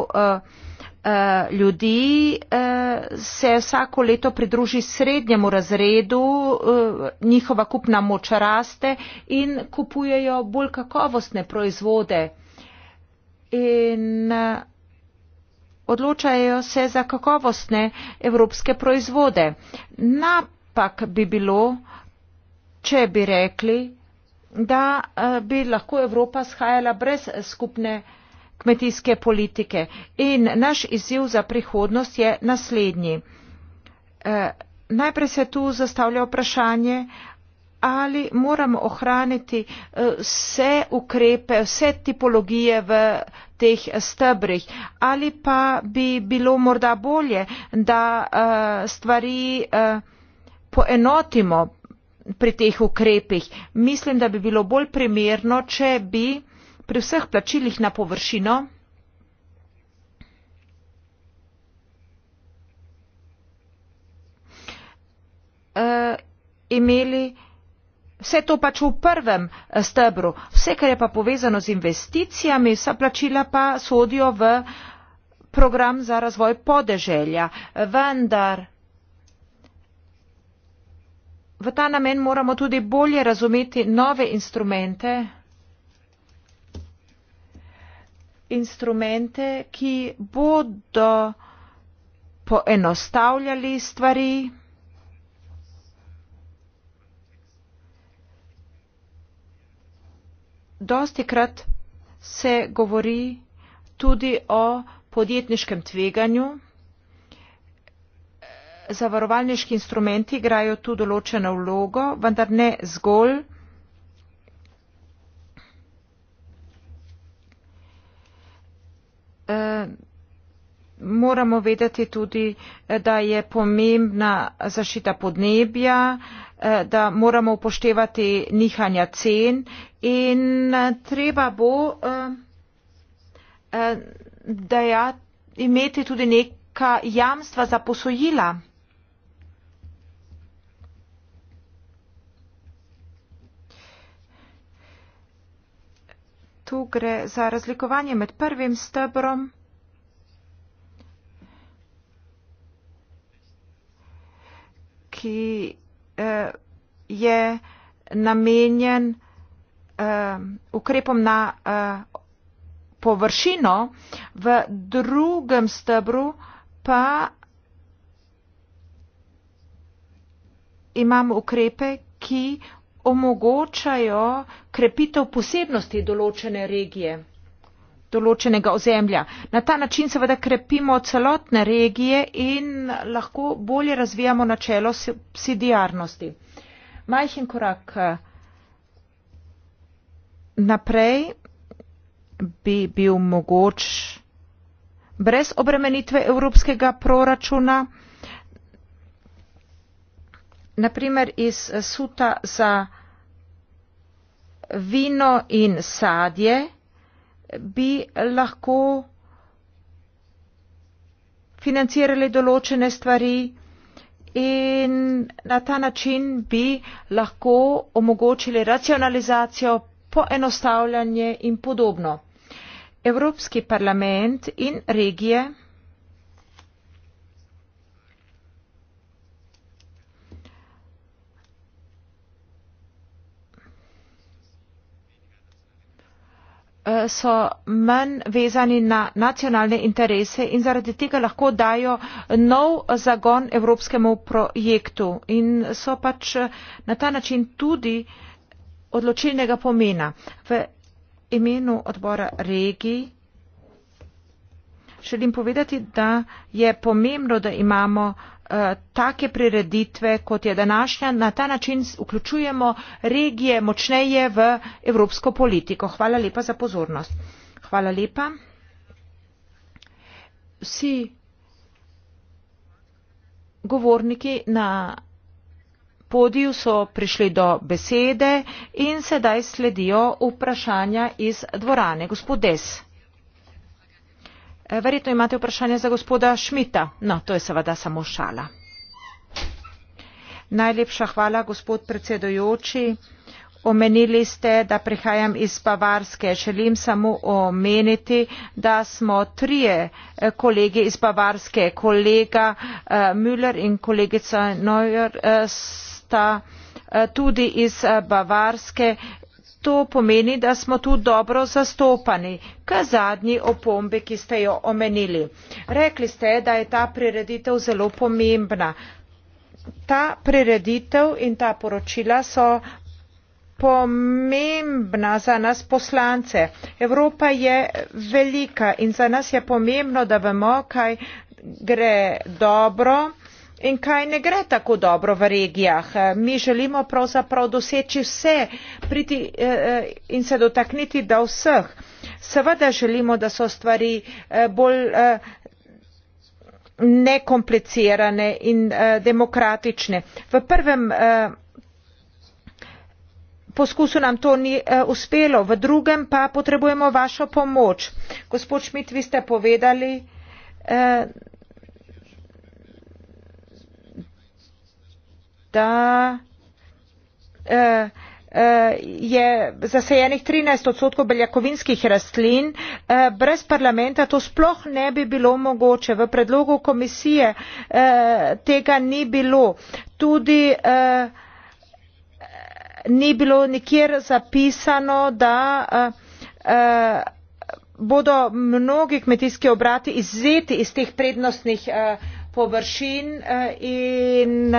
Eh, ljudi eh, se vsako leto pridruži srednjemu razredu, eh, njihova kupna moč raste in kupujejo bolj kakovostne proizvode. In odločajo se za kakovostne evropske proizvode. Napak bi bilo, če bi rekli, da bi lahko Evropa shajala brez skupne proizvode kmetijske politike in naš izziv za prihodnost je naslednji. Eh, najprej se tu zastavlja vprašanje, ali moramo ohraniti eh, vse ukrepe, vse tipologije v teh eh, stebrih, ali pa bi bilo morda bolje, da stvari poenotimo pri teh ukrepih. Mislim, da bi bilo bolj primerno, če bi pri vseh plačilih na površino e, imeli vse to pač v prvem e, stebru. Vse, kar je pa povezano z investicijami, vsa plačila pa sodijo v program za razvoj podeželja. E, vendar v ta namen moramo tudi bolje razumeti nove instrumente, instrumente, ki bodo poenostavljali stvari Dosti krat se govori tudi o podjetniškem tveganju. Zavarovalniški instrumenti igrajo tu določeno vlogo, vendar ne zgolj. moramo vedeti tudi, eh, da je pomembna zaščita podnebja, eh, da moramo upoštevati nihanja cen in eh, treba bo da ja, imeti tudi neka jamstva za posojila. Tu gre za razlikovanje med prvim stebrom ki eh, je namenjen eh, ukrepom na eh, površino, v drugem stebru pa. imamo ukrepe, ki omogočajo krepitev posebnosti določene regije določenega ozemlja. Na ta način seveda krepimo celotne regije in lahko bolje razvijamo načelo subsidijarnosti. Majhen korak eh, naprej bi bil mogoč brez obremenitve evropskega proračuna. Naprimer iz eh, suta za vino in sadje bi lahko financirali določene stvari in na ta način bi lahko omogočili racionalizacijo, poenostavljanje in podobno. Evropski parlament in regije Eh, so manj vezani na nacionalne interese in zaradi tega lahko dajo nov zagon evropskemu projektu in so pač eh, na ta način tudi odločilnega pomena. v imenu odbora regi želim povedati, da je pomembno, da imamo eh, take prireditve, kot je današnja. Na ta način vključujemo regije močneje v evropsko politiko. Hvala lepa za pozornost. Hvala lepa. Vsi govorniki na podiju so prišli do besede in sedaj sledijo vprašanja iz dvorane. Gospod Des. Eh, verjetno imate vprašanje za gospoda Šmita. No, to je seveda samo šala. Najlepša hvala, gospod predsedojoči. Omenili ste, da prihajam iz Bavarske. Želim samo omeniti, da smo trije eh, kolegi iz Bavarske, kolega eh, Müller in kolegica Neuer, sta tudi iz Bavarske to pomeni da smo tu dobro zastopani k zadnji opombi ki ste jo omenili rekli ste da je ta prireditev zelo pomembna ta prireditev in ta poročila so pomembna za nas poslance. Evropa je velika in za nas je pomembno, da vemo, kaj gre dobro, In kaj ne gre tako dobro v regijah? Eh, mi želimo pravzaprav doseči vse, priti eh, eh, in se dotakniti do vseh. Seveda želimo, da so stvari bolj nekomplicirane in demokratične. V prvem poskusu nam to ni uspelo, v drugem pa potrebujemo vašo pomoč. Gospod Šmit, vi ste povedali, da eh, eh, je zasejenih 13 odstotkov beljakovinskih rastlin. Eh, brez parlamenta to sploh ne bi bilo mogoče. V predlogu komisije tega ni bilo. Tudi ni bilo nikjer zapisano, da bodo mnogi kmetijski obrati izzeti iz teh prednostnih površin in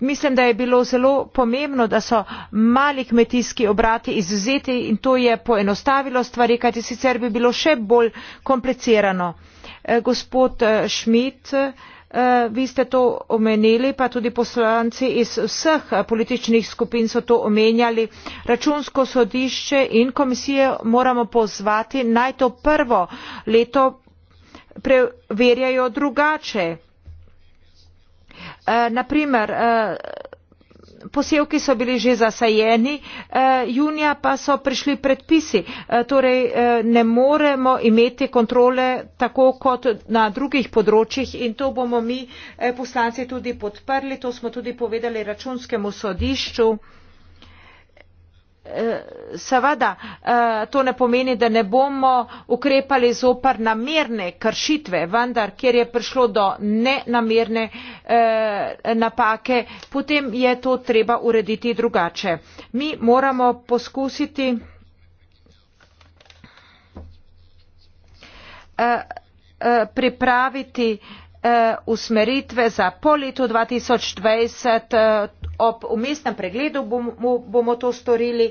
mislim da je bilo zelo pomembno da so mali kmetijski obrati izvzeti in to je poenostavilo stvari kajti sicer bi bilo še bolj komplicirano. Eh, gospod eh, schmidt eh, vi ste to omenili pa tudi poslanci iz vseh političnih skupin so to omenjali računsko sodišče in komisijo moramo pozvati naj to prvo leto preverjajo drugače. Eh, naprimer, eh, posevki so bili že zasajeni, eh, junija pa so prišli predpisi, torej ne moremo imeti kontrole tako kot na drugih področjih in to bomo mi poslanci tudi podprli, to smo tudi povedali računskemu sodišču. Eh, seveda eh, to ne pomeni, da ne bomo ukrepali zopr namerne kršitve, vendar, kjer je prišlo do nenamerne eh, napake, potem je to treba urediti drugače. Mi moramo poskusiti pripraviti Eh, usmeritve za po letu dva tisoč dvajset eh, ob umestnem pregledu bomo to storili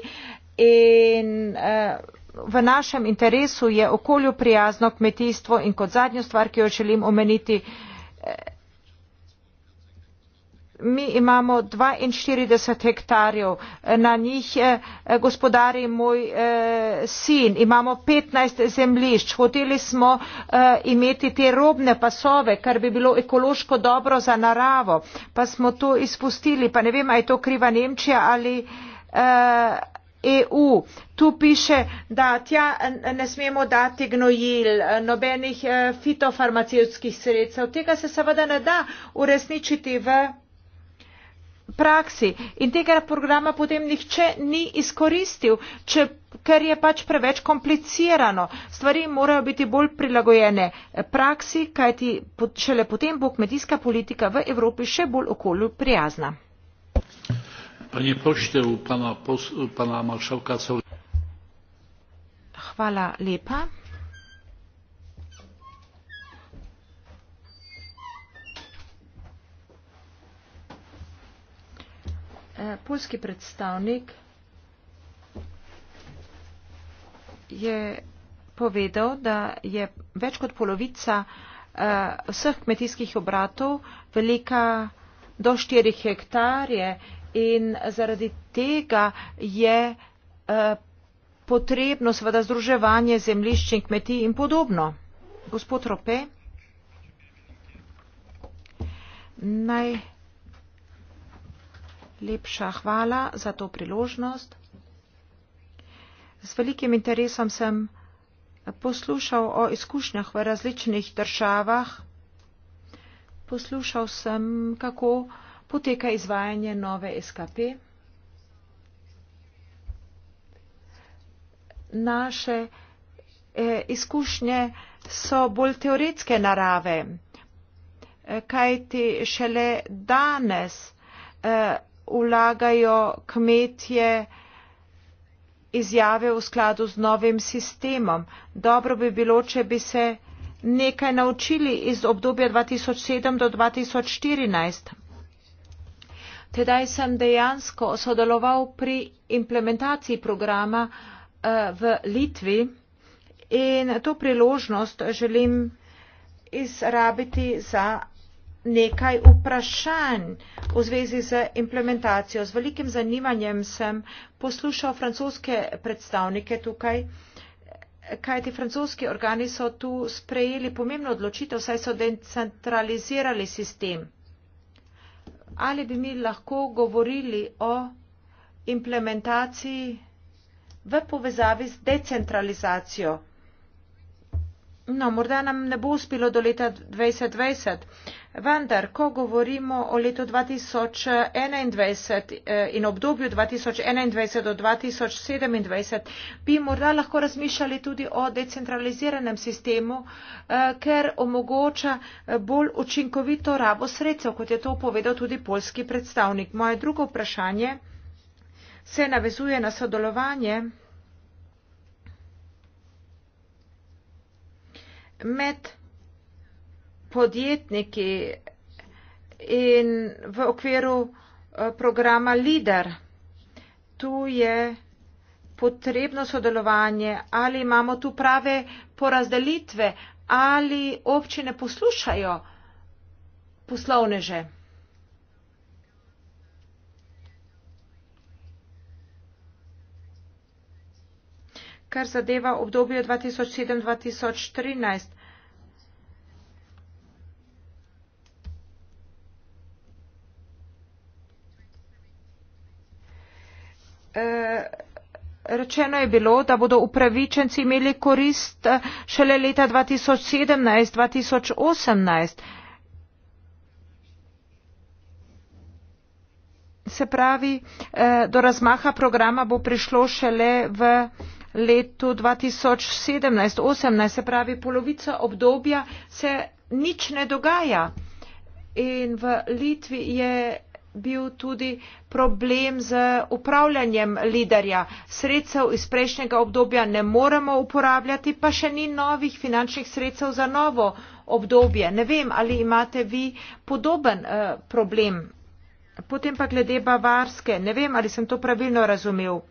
in eh, v našem interesu je okolju prijazno kmetijstvo in kot zadnjo stvar ki jo želim omeniti Mi imamo 42 hektarjev, na njih eh, gospodari moj eh, sin, imamo 15 zemlišč. Hoteli smo eh, imeti te robne pasove, kar bi bilo ekološko dobro za naravo, pa smo to izpustili, pa ne vem, ali je to kriva Nemčija ali. EU. E tu piše, da tja ne smemo dati gnojil, nobenih fitofarmacijskih sredstev. Tega se seveda ne da uresničiti v praksi in tega programa potem nihče ni izkoristil, če, ker je pač preveč komplicirano. Stvari morajo biti bolj prilagojene praksi, kajti šele potem bo kmetijska politika v Evropi še bolj okolju prijazna. Hvala lepa. Eh, Poljski predstavnik je povedal, da je več kot polovica eh, vseh kmetijskih obratov velika do 4 hektarje in zaradi tega je eh, potrebno seveda združevanje zemljišč in kmetij in podobno. Gospod Rope, naj Lepša hvala za to priložnost. Z velikim interesom sem poslušal o izkušnjah v različnih državah. Poslušal sem, kako poteka izvajanje nove SKP. Naše eh, izkušnje so bolj teoretske narave, eh, kajti šele danes eh, vlagajo kmetje izjave v skladu z novim sistemom. Dobro bi bilo, če bi se nekaj naučili iz obdobja 2007 do 2014. Tedaj sem dejansko sodeloval pri implementaciji programa eh, v Litvi in to priložnost želim izrabiti za nekaj vprašanj v zvezi z implementacijo. Z velikim zanimanjem sem poslušal francoske predstavnike tukaj, kaj ti francoski organi so tu sprejeli pomembno odločitev, saj so decentralizirali sistem. Ali bi mi lahko govorili o implementaciji v povezavi z decentralizacijo? No, morda nam ne bo uspelo do leta 2020, vendar, ko govorimo o letu 2021 eh, in obdobju 2021 do 2027, bi morda lahko razmišljali tudi o decentraliziranem sistemu, eh, ker omogoča eh, bolj učinkovito rabo sredstev, kot je to povedal tudi polski predstavnik. Moje drugo vprašanje se navezuje na sodelovanje med podjetniki in v okviru eh, programa LIDER. Tu je potrebno sodelovanje, ali imamo tu prave porazdelitve, ali občine poslušajo poslovneže. Kar zadeva obdobje 2007-2013, Eh, rečeno je bilo, da bodo upravičenci imeli korist eh, šele leta 2017-2018. Se pravi, eh, do razmaha programa bo prišlo šele v letu 2017-2018. Se pravi, polovica obdobja se nič ne dogaja. In v Litvi je bil tudi problem z upravljanjem liderja. Sredstev iz prejšnjega obdobja ne moremo uporabljati, pa še ni novih finančnih sredstev za novo obdobje. Ne vem, ali imate vi podoben uh, problem. Potem pa glede Bavarske. Ne vem, ali sem to pravilno razumel.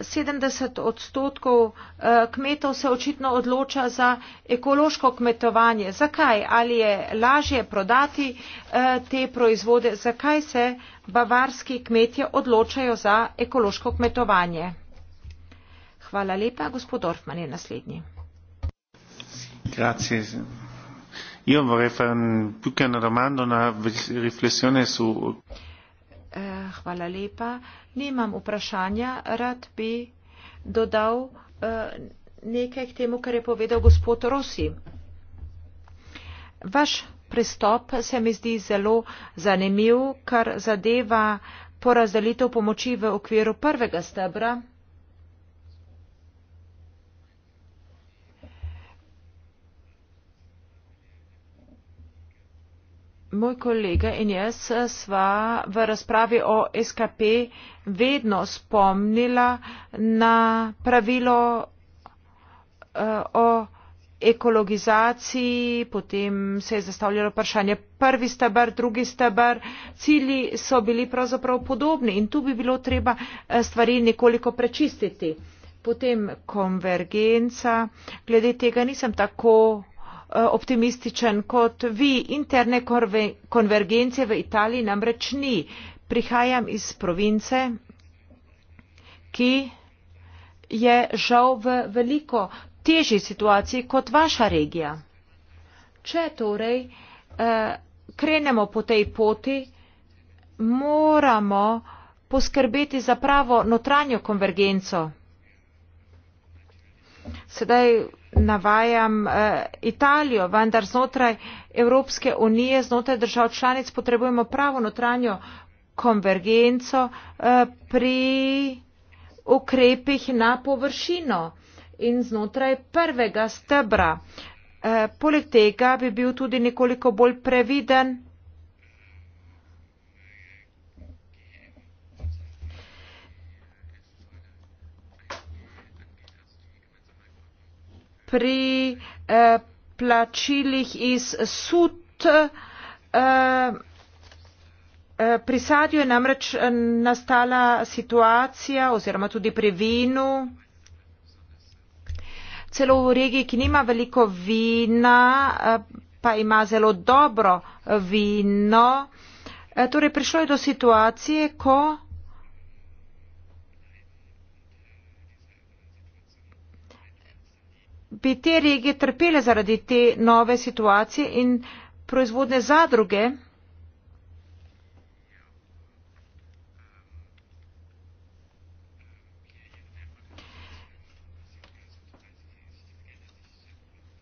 70 odstotkov eh, kmetov se očitno odloča za ekološko kmetovanje. Zakaj? Ali je lažje prodati eh, te proizvode? Zakaj se bavarski kmetje odločajo za ekološko kmetovanje? Hvala lepa. Gospod Orfman je naslednji. Grazie. Io vorrei fare un, più che una domanda, una riflessione su. Eh, hvala lepa. Nimam vprašanja. Rad bi dodal eh, nekaj k temu, kar je povedal gospod Rosi. Vaš pristop se mi zdi zelo zanimiv, kar zadeva porazdelitev pomoči v okviru prvega stebra moj kolega in jaz eh, sva v razpravi o SKP vedno spomnila na pravilo eh, o ekologizaciji, potem se je zastavljalo vprašanje prvi stebr, drugi stebr, cilji so bili pravzaprav podobni in tu bi bilo treba eh, stvari nekoliko prečistiti. Potem konvergenca, glede tega nisem tako Eh, optimističen kot vi. Interne konvergencije v Italiji namreč ni. Prihajam iz province, ki je žal v veliko težji situaciji kot vaša regija. Če torej eh, krenemo po tej poti, moramo poskrbeti za pravo notranjo konvergenco. Sedaj navajam eh, italijo vendar znotraj evropske unije znotraj držav članic potrebujemo pravo notranjo konvergenco eh, pri ukrepih na površino in znotraj prvega stebra eh, poleg tega bi bil tudi nekoliko bolj previden pri eh, plačilih iz sud. Eh, eh Pri sadju je namreč eh, nastala situacija oziroma tudi pri vinu. Celo v regiji, ki nima veliko vina, eh, pa ima zelo dobro vino, torej prišlo je do situacije, ko bi te regije trpele zaradi te nove situacije in proizvodne zadruge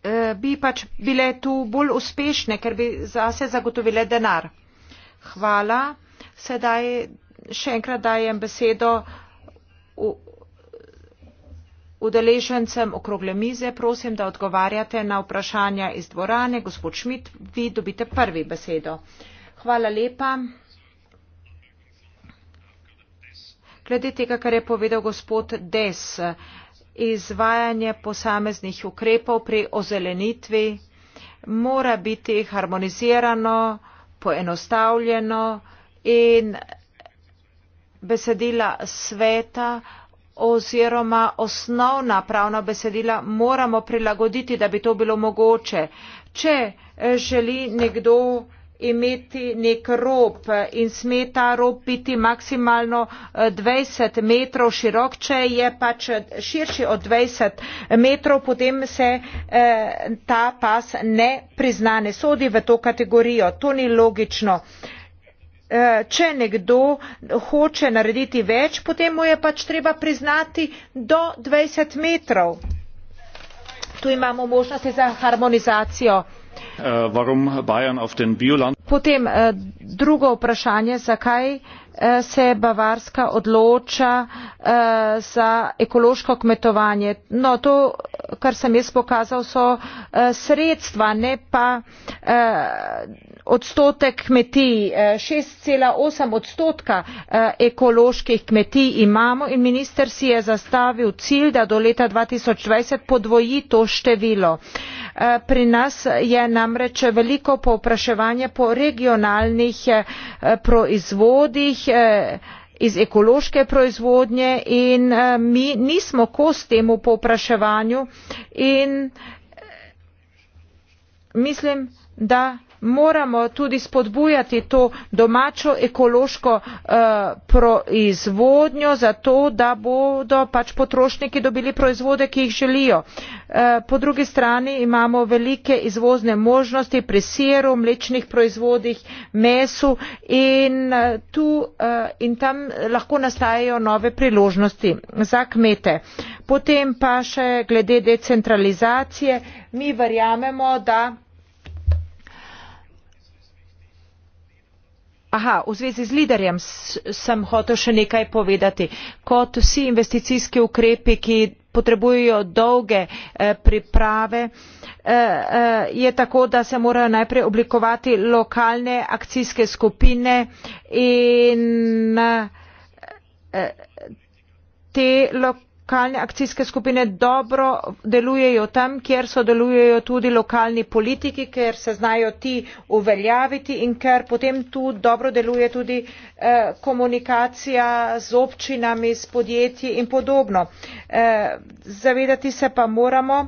eh, bi pač bile tu bolj uspešne, ker bi zase zagotovile denar. Hvala. Sedaj še enkrat dajem besedo udeležencem okrogle mize prosim da odgovarjate na vprašanja iz dvorane gospod schmidt vi dobite prvi besedo hvala lepa glede tega kar je povedal gospod des izvajanje posameznih ukrepov pri ozelenitvi mora biti harmonizirano poenostavljeno in besedila sveta oziroma osnovna pravna besedila moramo prilagoditi da bi to bilo mogoče če eh, želi nekdo imeti nek rob in sme ta rob biti maksimalno eh, dvajset metrov širok če je pač eh, širši od dvajset metrov potem se ta pas ne prizna ne sodi v to kategorijo to ni logično. Eh, če nekdo hoče narediti več potem mu je pač treba priznati do dvajset metrov tu imamo možnosti za harmonizacijo eh, potem eh, drugo vprašanje zakaj se bavarska odloča za ekološko kmetovanje no to kar sem jaz pokazal so sredstva ne pa odstotek kmetij eh, šest osem odstotka eh, ekoloških kmetij imamo in minister si je zastavil cilj da do leta dva tisoč dvajset podvoji to število eh, pri nas je namreč veliko povpraševanje po regionalnih proizvodih iz ekološke proizvodnje in mi nismo kos temu povpraševanju in mislim da moramo tudi spodbujati to domačo ekološko eh, proizvodnjo zato da bodo pač potrošniki dobili proizvode ki jih želijo. Eh, po drugi strani imamo velike izvozne možnosti pri siru mlečnih proizvodih mesu in eh, tu in tam lahko nastajajo nove priložnosti za kmete. potem pa še glede decentralizacije mi verjamemo da Aha, v zvezi z liderjem sem hotel še nekaj povedati. Kot vsi investicijski ukrepi, ki potrebujejo dolge eh, priprave, eh, eh, je tako, da se morajo najprej oblikovati lokalne akcijske skupine in eh, te lokalne lokalne akcijske skupine dobro delujejo tam, kjer sodelujejo tudi lokalni politiki, ker se znajo ti uveljaviti in ker potem tu dobro deluje tudi eh, komunikacija z občinami, s podjetji in podobno. Eh, zavedati se pa moramo,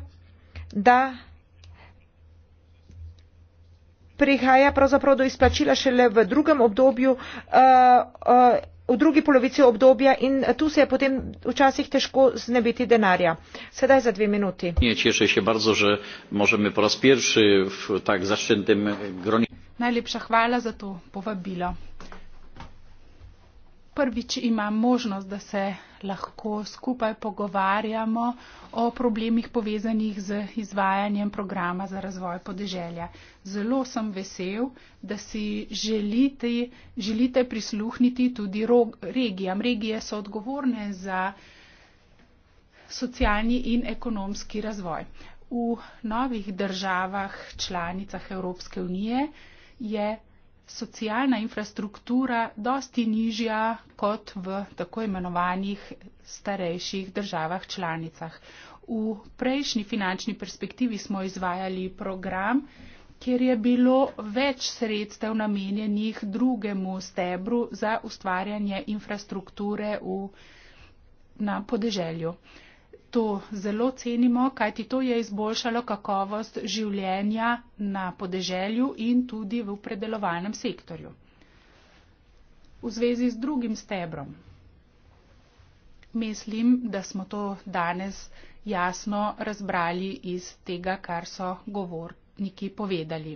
da prihaja pravzaprav do izplačila šele v drugem obdobju. Eh, eh, v drugi polovici obdobja in eh, tu se je potem včasih težko znebiti denarja. Sedaj za dve minuti. Najlepša hvala za to povabilo. Prvič imam možnost, da se lahko skupaj pogovarjamo o problemih povezanih z izvajanjem programa za razvoj podeželja. Zelo sem vesel, da si želite, želite prisluhniti tudi regijam. Regije so odgovorne za socialni in ekonomski razvoj. V novih državah članicah Evropske unije je socialna infrastruktura dosti nižja kot v tako imenovanih starejših državah članicah. V prejšnji finančni perspektivi smo izvajali program, kjer je bilo več sredstev namenjenih drugemu stebru za ustvarjanje infrastrukture v, na podeželju to zelo cenimo, kajti to je izboljšalo kakovost življenja na podeželju in tudi v predelovalnem sektorju. V zvezi z drugim stebrom. Mislim, da smo to danes jasno razbrali iz tega, kar so govorniki povedali.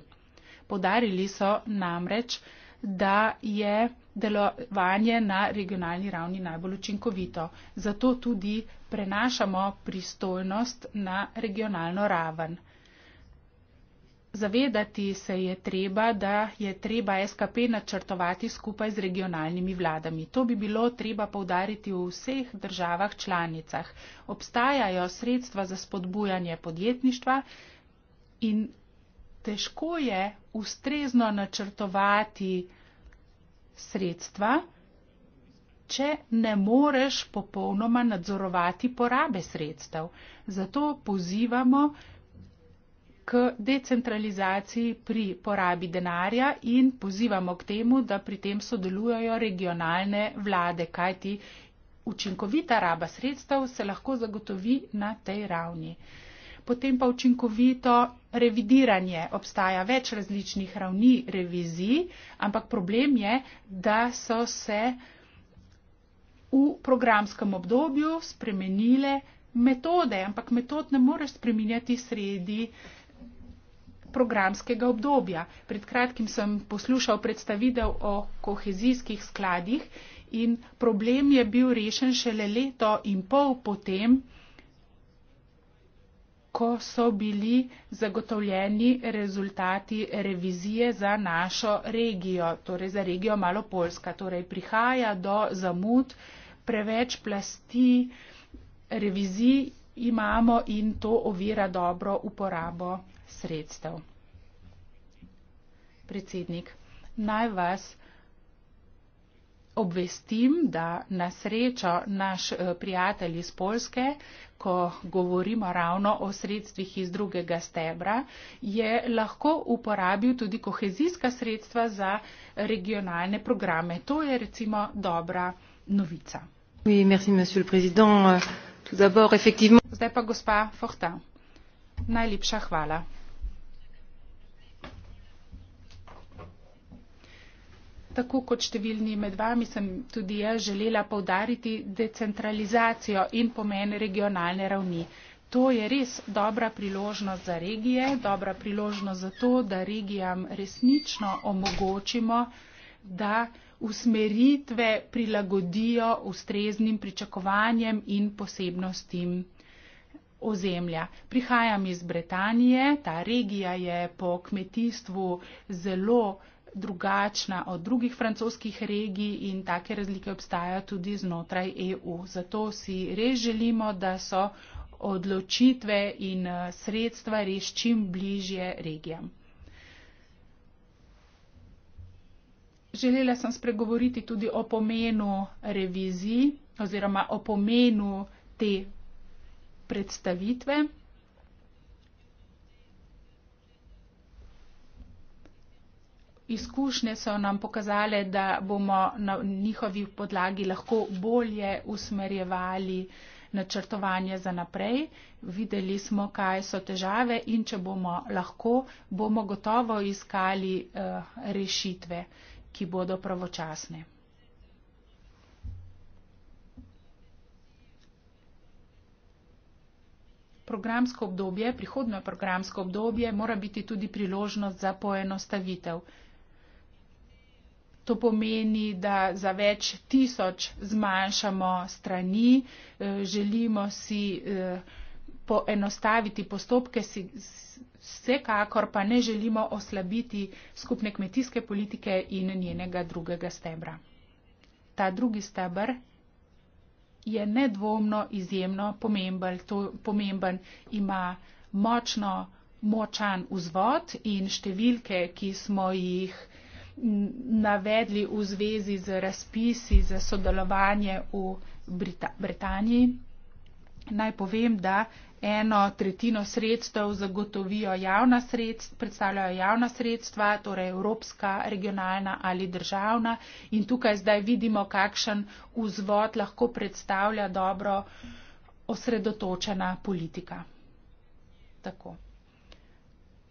Podarili so namreč, da je delovanje na regionalni ravni najbolj učinkovito. Zato tudi prenašamo pristojnost na regionalno raven. Zavedati se je treba, da je treba SKP načrtovati skupaj z regionalnimi vladami. To bi bilo treba povdariti v vseh državah članicah. Obstajajo sredstva za spodbujanje podjetništva in težko je ustrezno načrtovati sredstva če ne moreš popolnoma nadzorovati porabe sredstev. Zato pozivamo k decentralizaciji pri porabi denarja in pozivamo k temu, da pri tem sodelujejo regionalne vlade, kajti učinkovita raba sredstev se lahko zagotovi na tej ravni. Potem pa učinkovito revidiranje. Obstaja več različnih ravni revizij, ampak problem je, da so se v programskem obdobju spremenile metode, ampak metod ne moreš spreminjati sredi programskega obdobja. Pred kratkim sem poslušal predstavitev o kohezijskih skladih in problem je bil rešen šele leto in pol potem, ko so bili zagotovljeni rezultati revizije za našo regijo, torej za regijo Malopolska. Torej prihaja do zamud, preveč plasti revizij imamo in to ovira dobro uporabo sredstev. Predsednik, naj vas obvestim, da na srečo naš eh, prijatelj iz Polske, ko govorimo ravno o sredstvih iz drugega stebra, je lahko uporabil tudi kohezijska sredstva za regionalne programe. To je recimo dobra novica monsieur le président euh, tout d'abord effectivement je voudrais tako kot številni med vami sem tudi jaz želela poudariti decentralizacijo in pomen regionalne ravni. To je res dobra priložnost za regije, dobra priložnost za to, da regijam resnično omogočimo, da usmeritve prilagodijo ustreznim pričakovanjem in posebnostim ozemlja. Prihajam iz Bretanije, ta regija je po kmetijstvu zelo drugačna od drugih francoskih regij in take razlike obstajajo tudi znotraj EU. Zato si res želimo, da so odločitve in eh, sredstva res čim bližje regijam. Želela sem spregovoriti tudi o pomenu reviziji oziroma o pomenu te predstavitve. Izkušnje so nam pokazale, da bomo na njihovi podlagi lahko bolje usmerjevali načrtovanje za naprej. Videli smo, kaj so težave in če bomo lahko, bomo gotovo iskali uh, rešitve. Uh, ki bodo pravočasne. Programsko obdobje, prihodno programsko obdobje mora biti tudi priložnost za poenostavitev. To pomeni, da za več tisoč zmanjšamo strani, eh, želimo si eh, poenostaviti postopke, si, vsekakor pa ne želimo oslabiti skupne kmetijske politike in njenega drugega stebra. Ta drugi stebr je nedvomno izjemno pomemben, to pomemben ima močno močan vzvod in številke, ki smo jih navedli v zvezi z razpisi za sodelovanje v Brita Britaniji, naj povem, da eno tretjino sredstev zagotovijo javna sredstva, predstavljajo javna sredstva, torej evropska, regionalna ali državna. In tukaj zdaj vidimo, kakšen vzvod lahko predstavlja dobro osredotočena politika. Tako.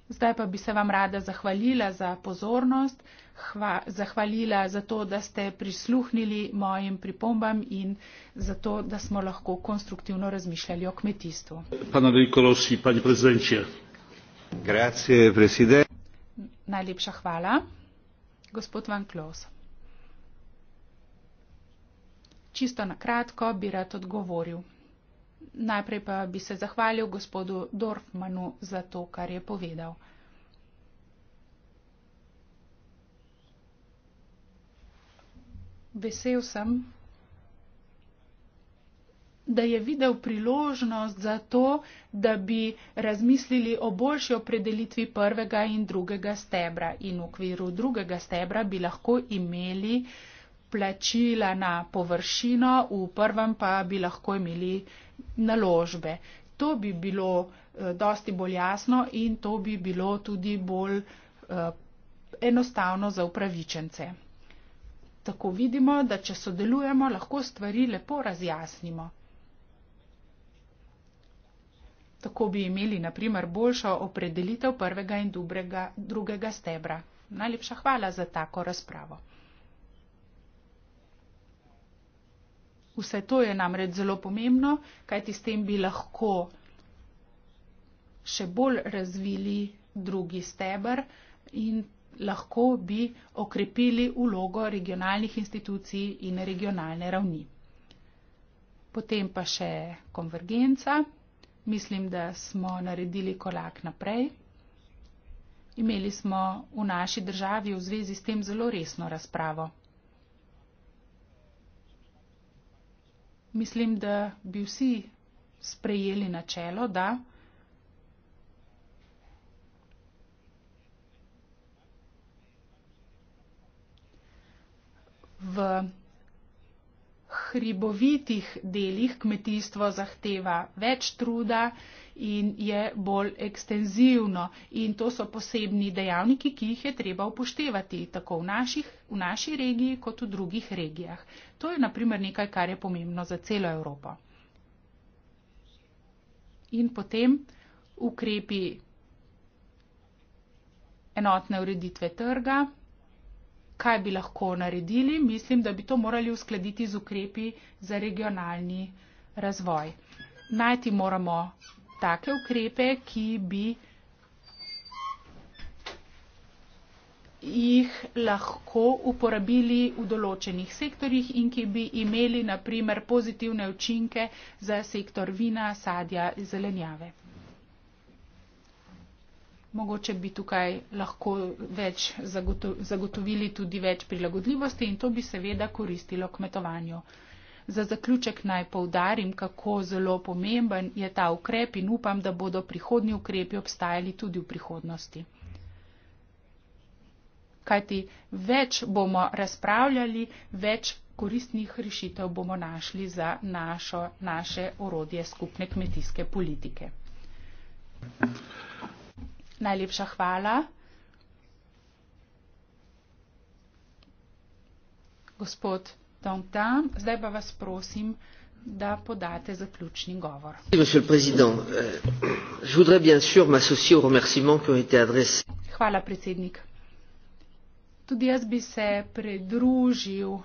Zdaj pa bi se vam rada zahvalila za pozornost, hva, zahvalila za to, da ste prisluhnili mojim pripombam in za to, da smo lahko konstruktivno razmišljali o kmetijstvu. Najlepša hvala. Gospod Van Klos. Čisto na kratko bi rad odgovoril. Najprej pa bi se zahvalil gospodu Dorfmanu za to, kar je povedal. Vesel sem, da je videl priložnost za to, da bi razmislili o boljši opredelitvi prvega in drugega stebra in v okviru drugega stebra bi lahko imeli uh, plačila na površino, v prvem pa bi lahko imeli naložbe. To bi bilo eh, dosti bolj jasno in to bi bilo tudi bolj eh, enostavno za upravičence. Tako vidimo, da če sodelujemo, lahko stvari lepo razjasnimo. Tako bi imeli naprimer boljšo opredelitev prvega in drugega stebra. Najlepša hvala za tako razpravo. Vse to je namreč zelo pomembno, kajti s tem bi lahko še bolj razvili drugi stebr in lahko bi okrepili ulogo regionalnih institucij in regionalne ravni. Potem pa še konvergenca. Mislim, da smo naredili korak naprej. Imeli smo v naši državi v zvezi s tem zelo resno razpravo. mislim, da bi vsi sprejeli načelo, da v hribovitih delih kmetijstvo zahteva več truda in je bolj ekstenzivno. In to so posebni dejavniki, ki jih je treba upoštevati tako v, naših, v naši regiji kot v drugih regijah. To je naprimer nekaj, kar je pomembno za celo Evropo. In potem ukrepi enotne ureditve trga kaj bi lahko naredili, mislim, da bi to morali uskladiti z ukrepi za regionalni razvoj. Najti moramo take ukrepe, ki bi jih lahko uporabili v določenih sektorjih in ki bi imeli naprimer pozitivne učinke za sektor vina, sadja in zelenjave mogoče bi tukaj lahko več zagotov zagotovili tudi več prilagodljivosti in to bi seveda koristilo kmetovanju. Za zaključek naj povdarim, kako zelo pomemben je ta ukrep in upam, da bodo prihodnji ukrepi obstajali tudi v prihodnosti. Kajti več bomo razpravljali, več koristnih rešitev bomo našli za našo, naše orodje skupne kmetijske politike. Najlepša hvala. Gospod Tongtam, zdaj pa vas prosim, da podate zaključni govor. Euh, hvala, predsednik. Tudi jaz bi se predružil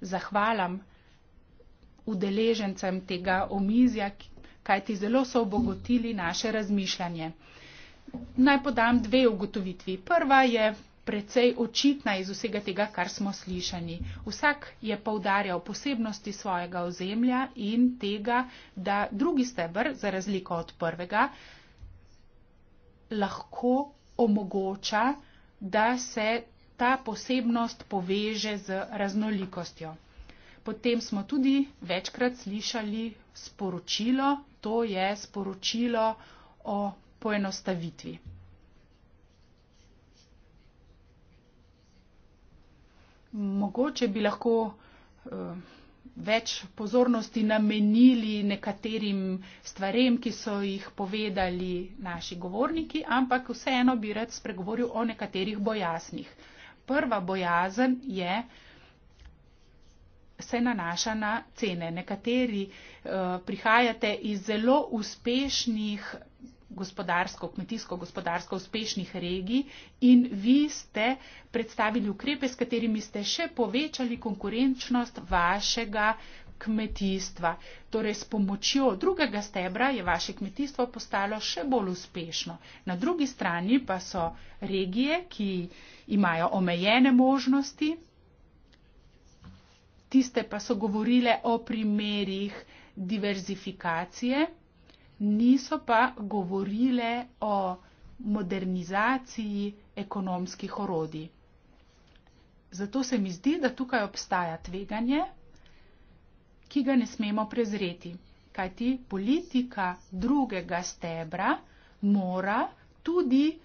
zahvalam udeležencem tega omizja, kajti zelo so obogotili naše razmišljanje. Naj podam dve ugotovitvi. Prva je precej očitna iz vsega tega, kar smo slišani. Vsak je povdarjal posebnosti svojega ozemlja in tega, da drugi stebr, za razliko od prvega, lahko omogoča, da se ta posebnost poveže z raznolikostjo. Potem smo tudi večkrat slišali sporočilo, to je sporočilo o poenostavitvi. Mogoče bi lahko uh, več pozornosti namenili nekaterim stvarem, ki so jih povedali naši govorniki, ampak vseeno bi rad spregovoril o nekaterih bojasnih. Prva bojazen je, se nanaša na cene. Nekateri uh, prihajate iz zelo uspešnih gospodarsko, kmetijsko, gospodarsko uspešnih regij in vi ste predstavili ukrepe, s katerimi ste še povečali konkurenčnost vašega kmetijstva. Torej, s pomočjo drugega stebra je vaše kmetijstvo postalo še bolj uspešno. Na drugi strani pa so regije, ki imajo omejene možnosti, tiste pa so govorile o primerih diverzifikacije niso pa govorile o modernizaciji ekonomskih orodij. Zato se mi zdi, da tukaj obstaja tveganje, ki ga ne smemo prezreti, kajti politika drugega stebra mora tudi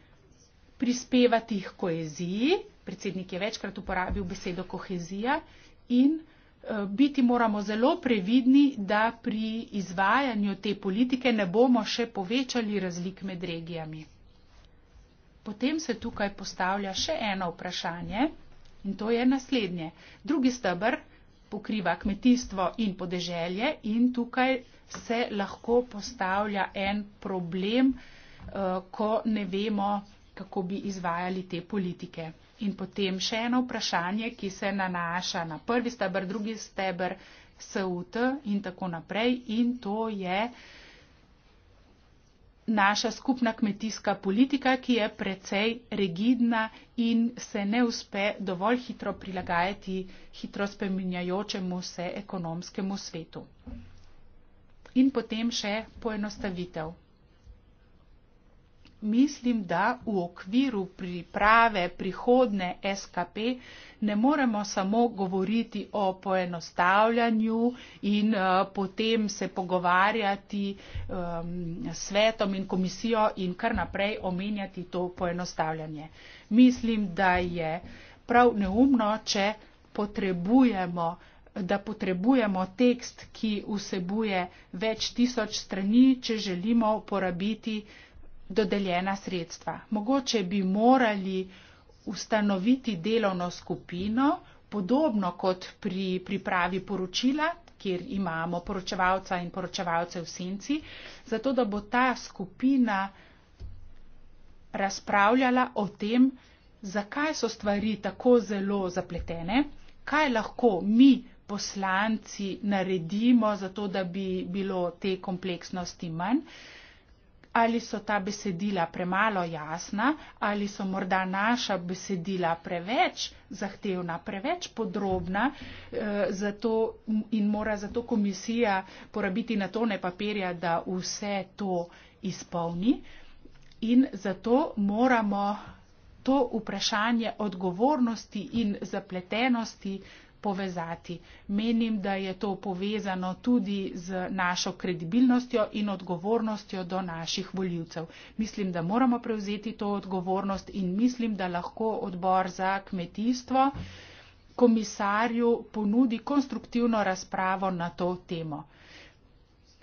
prispevati k koheziji, predsednik je večkrat uporabil besedo kohezija in Eh, biti moramo zelo previdni, da pri izvajanju te politike ne bomo še povečali razlik med regijami. Potem se tukaj postavlja še eno vprašanje in to je naslednje. Drugi stebr pokriva kmetijstvo in podeželje in tukaj se lahko postavlja en problem, eh, ko ne vemo, kako bi izvajali te politike. In potem še eno vprašanje, ki se nanaša na prvi stebr, drugi stebr, SUT in tako naprej. In to je naša skupna kmetijska politika, ki je precej rigidna in se ne uspe dovolj hitro prilagajati hitro spreminjajočemu se ekonomskemu svetu. In potem še poenostavitev mislim, da v okviru priprave prihodne SKP ne moremo samo govoriti o poenostavljanju in uh, potem se pogovarjati um, s svetom in komisijo in kar naprej omenjati to poenostavljanje. Mislim, da je prav neumno, če potrebujemo da potrebujemo tekst, ki vsebuje več tisoč strani, če želimo uporabiti dodeljena sredstva. Mogoče bi morali ustanoviti delovno skupino, podobno kot pri pripravi poročila, kjer imamo poročevalca in poročevalce v senci, zato da bo ta skupina razpravljala o tem, zakaj so stvari tako zelo zapletene, kaj lahko mi poslanci naredimo, zato da bi bilo te kompleksnosti manj ali so ta besedila premalo jasna, ali so morda naša besedila preveč zahtevna, preveč podrobna eh, zato, in mora zato komisija porabiti na tone papirja, da vse to izpolni. In zato moramo to vprašanje odgovornosti in zapletenosti eh, povezati. Menim, da je to povezano tudi z našo kredibilnostjo in odgovornostjo do naših voljivcev. Mislim, da moramo prevzeti to odgovornost in mislim, da lahko odbor za kmetijstvo komisarju ponudi konstruktivno razpravo na to temo.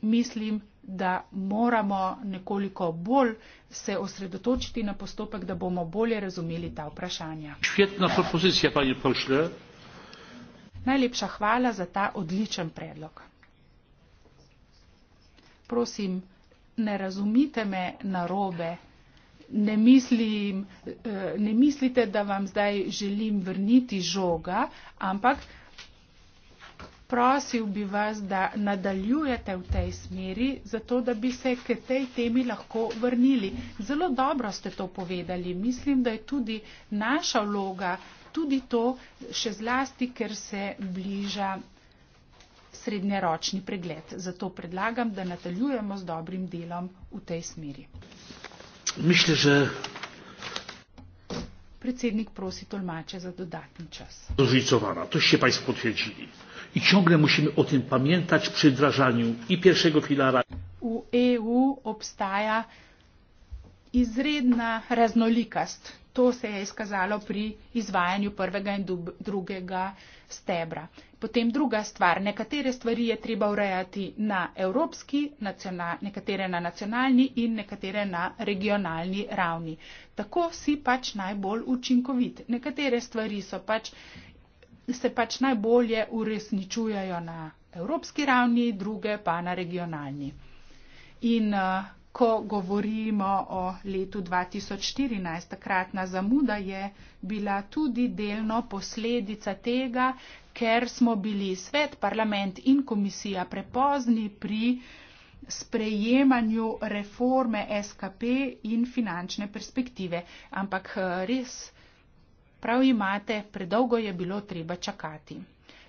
Mislim, da moramo nekoliko bolj se osredotočiti na postopek, da bomo bolje razumeli ta vprašanja. Švetna propozicija, pani pošle. Najlepša hvala za ta odličen predlog. Prosim, ne razumite me narobe. Ne, mislim, eh, ne mislite, da vam zdaj želim vrniti žoga, ampak prosil bi vas, da nadaljujete v tej smeri, zato da bi se k tej temi lahko vrnili. Zelo dobro ste to povedali. Mislim, da je tudi naša vloga tudi to, še zlasti, ker se bliža srednjeročni pregled. Zato predlagam, da nadaljujemo z dobrim delom v tej smeri. Mišlja, že. Predsednik prosi tolmače za dodatni čas. Zrečovana, to še pa je potvrdili. In čemu moramo o tem pamjentač pri dražanju in prvega filara? V EU obstaja izredna raznolikost to se je izkazalo pri izvajanju prvega in drugega stebra. Potem druga stvar, nekatere stvari je treba urejati na evropski, nekatere na nacionalni in nekatere na regionalni ravni. Tako si pač najbolj učinkovit. Nekatere stvari pač, se pač najbolje uresničujajo na evropski ravni, druge pa na regionalni. In uh, ko govorimo o letu 2014. Takratna zamuda je bila tudi delno posledica tega, ker smo bili svet, parlament in komisija prepozni pri sprejemanju reforme SKP in finančne perspektive. Ampak eh, res, prav imate, predolgo je bilo treba čakati.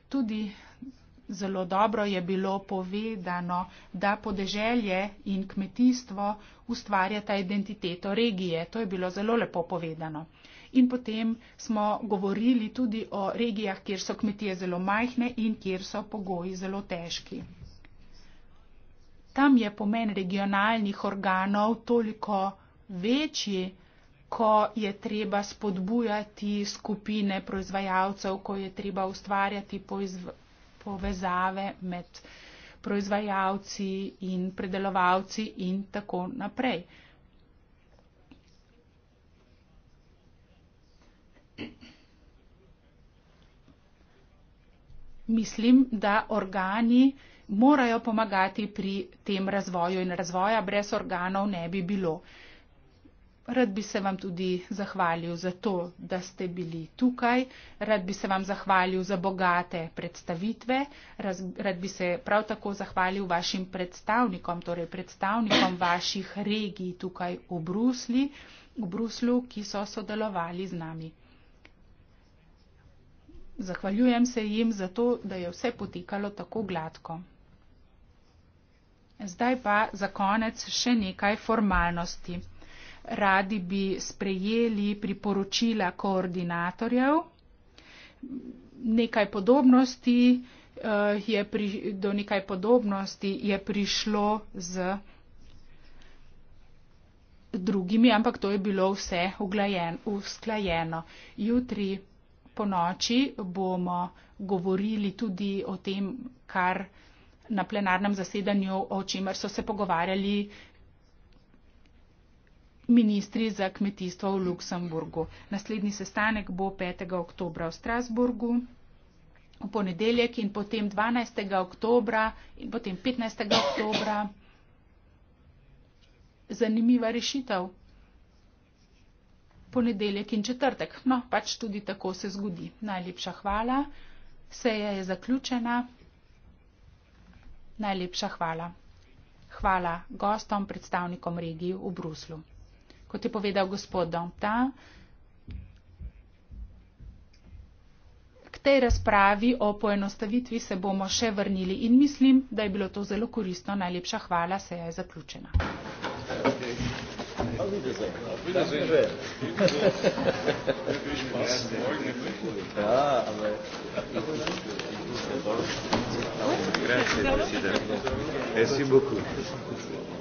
Tudi zelo dobro je bilo povedano, da podeželje in kmetijstvo ustvarjata identiteto regije. To je bilo zelo lepo povedano. In potem smo govorili tudi o regijah, kjer so kmetije zelo majhne in kjer so pogoji zelo težki. Tam je pomen regionalnih organov toliko večji, ko je treba spodbujati skupine proizvajalcev, ko je treba ustvarjati povezave med proizvajalci in predelovalci in tako naprej. Mislim, da organi morajo pomagati pri tem razvoju in razvoja brez organov ne bi bilo. Rad bi se vam tudi zahvalil za to, da ste bili tukaj, rad bi se vam zahvalil za bogate predstavitve, Raz, rad bi se prav tako zahvalil vašim predstavnikom, torej predstavnikom vaših regij tukaj v, Brusli, v Bruslu, ki so sodelovali z nami. Zahvaljujem se jim za to, da je vse potekalo tako gladko. Zdaj pa za konec še nekaj formalnosti radi bi sprejeli priporočila koordinatorjev. Nekaj podobnosti eh, je, do nekaj podobnosti je prišlo z drugimi, ampak to je bilo vse usklajeno. Jutri po noči bomo govorili tudi o tem, kar na plenarnem zasedanju, o čemer so se pogovarjali ministri za kmetijstvo v Luksemburgu. Naslednji sestanek bo 5. oktobra v Strasburgu v ponedeljek in potem 12. oktobra in potem 15. oktobra. Zanimiva rešitev. Ponedeljek in četrtek. No, pač tudi tako se zgodi. Najlepša hvala. Seja je zaključena. Najlepša hvala. Hvala gostom, predstavnikom regij v Bruslu kot je povedal gospod Domta, k tej razpravi o poenostavitvi se bomo še vrnili in mislim, da je bilo to zelo koristno. Najlepša hvala, se je zaključena. Okay.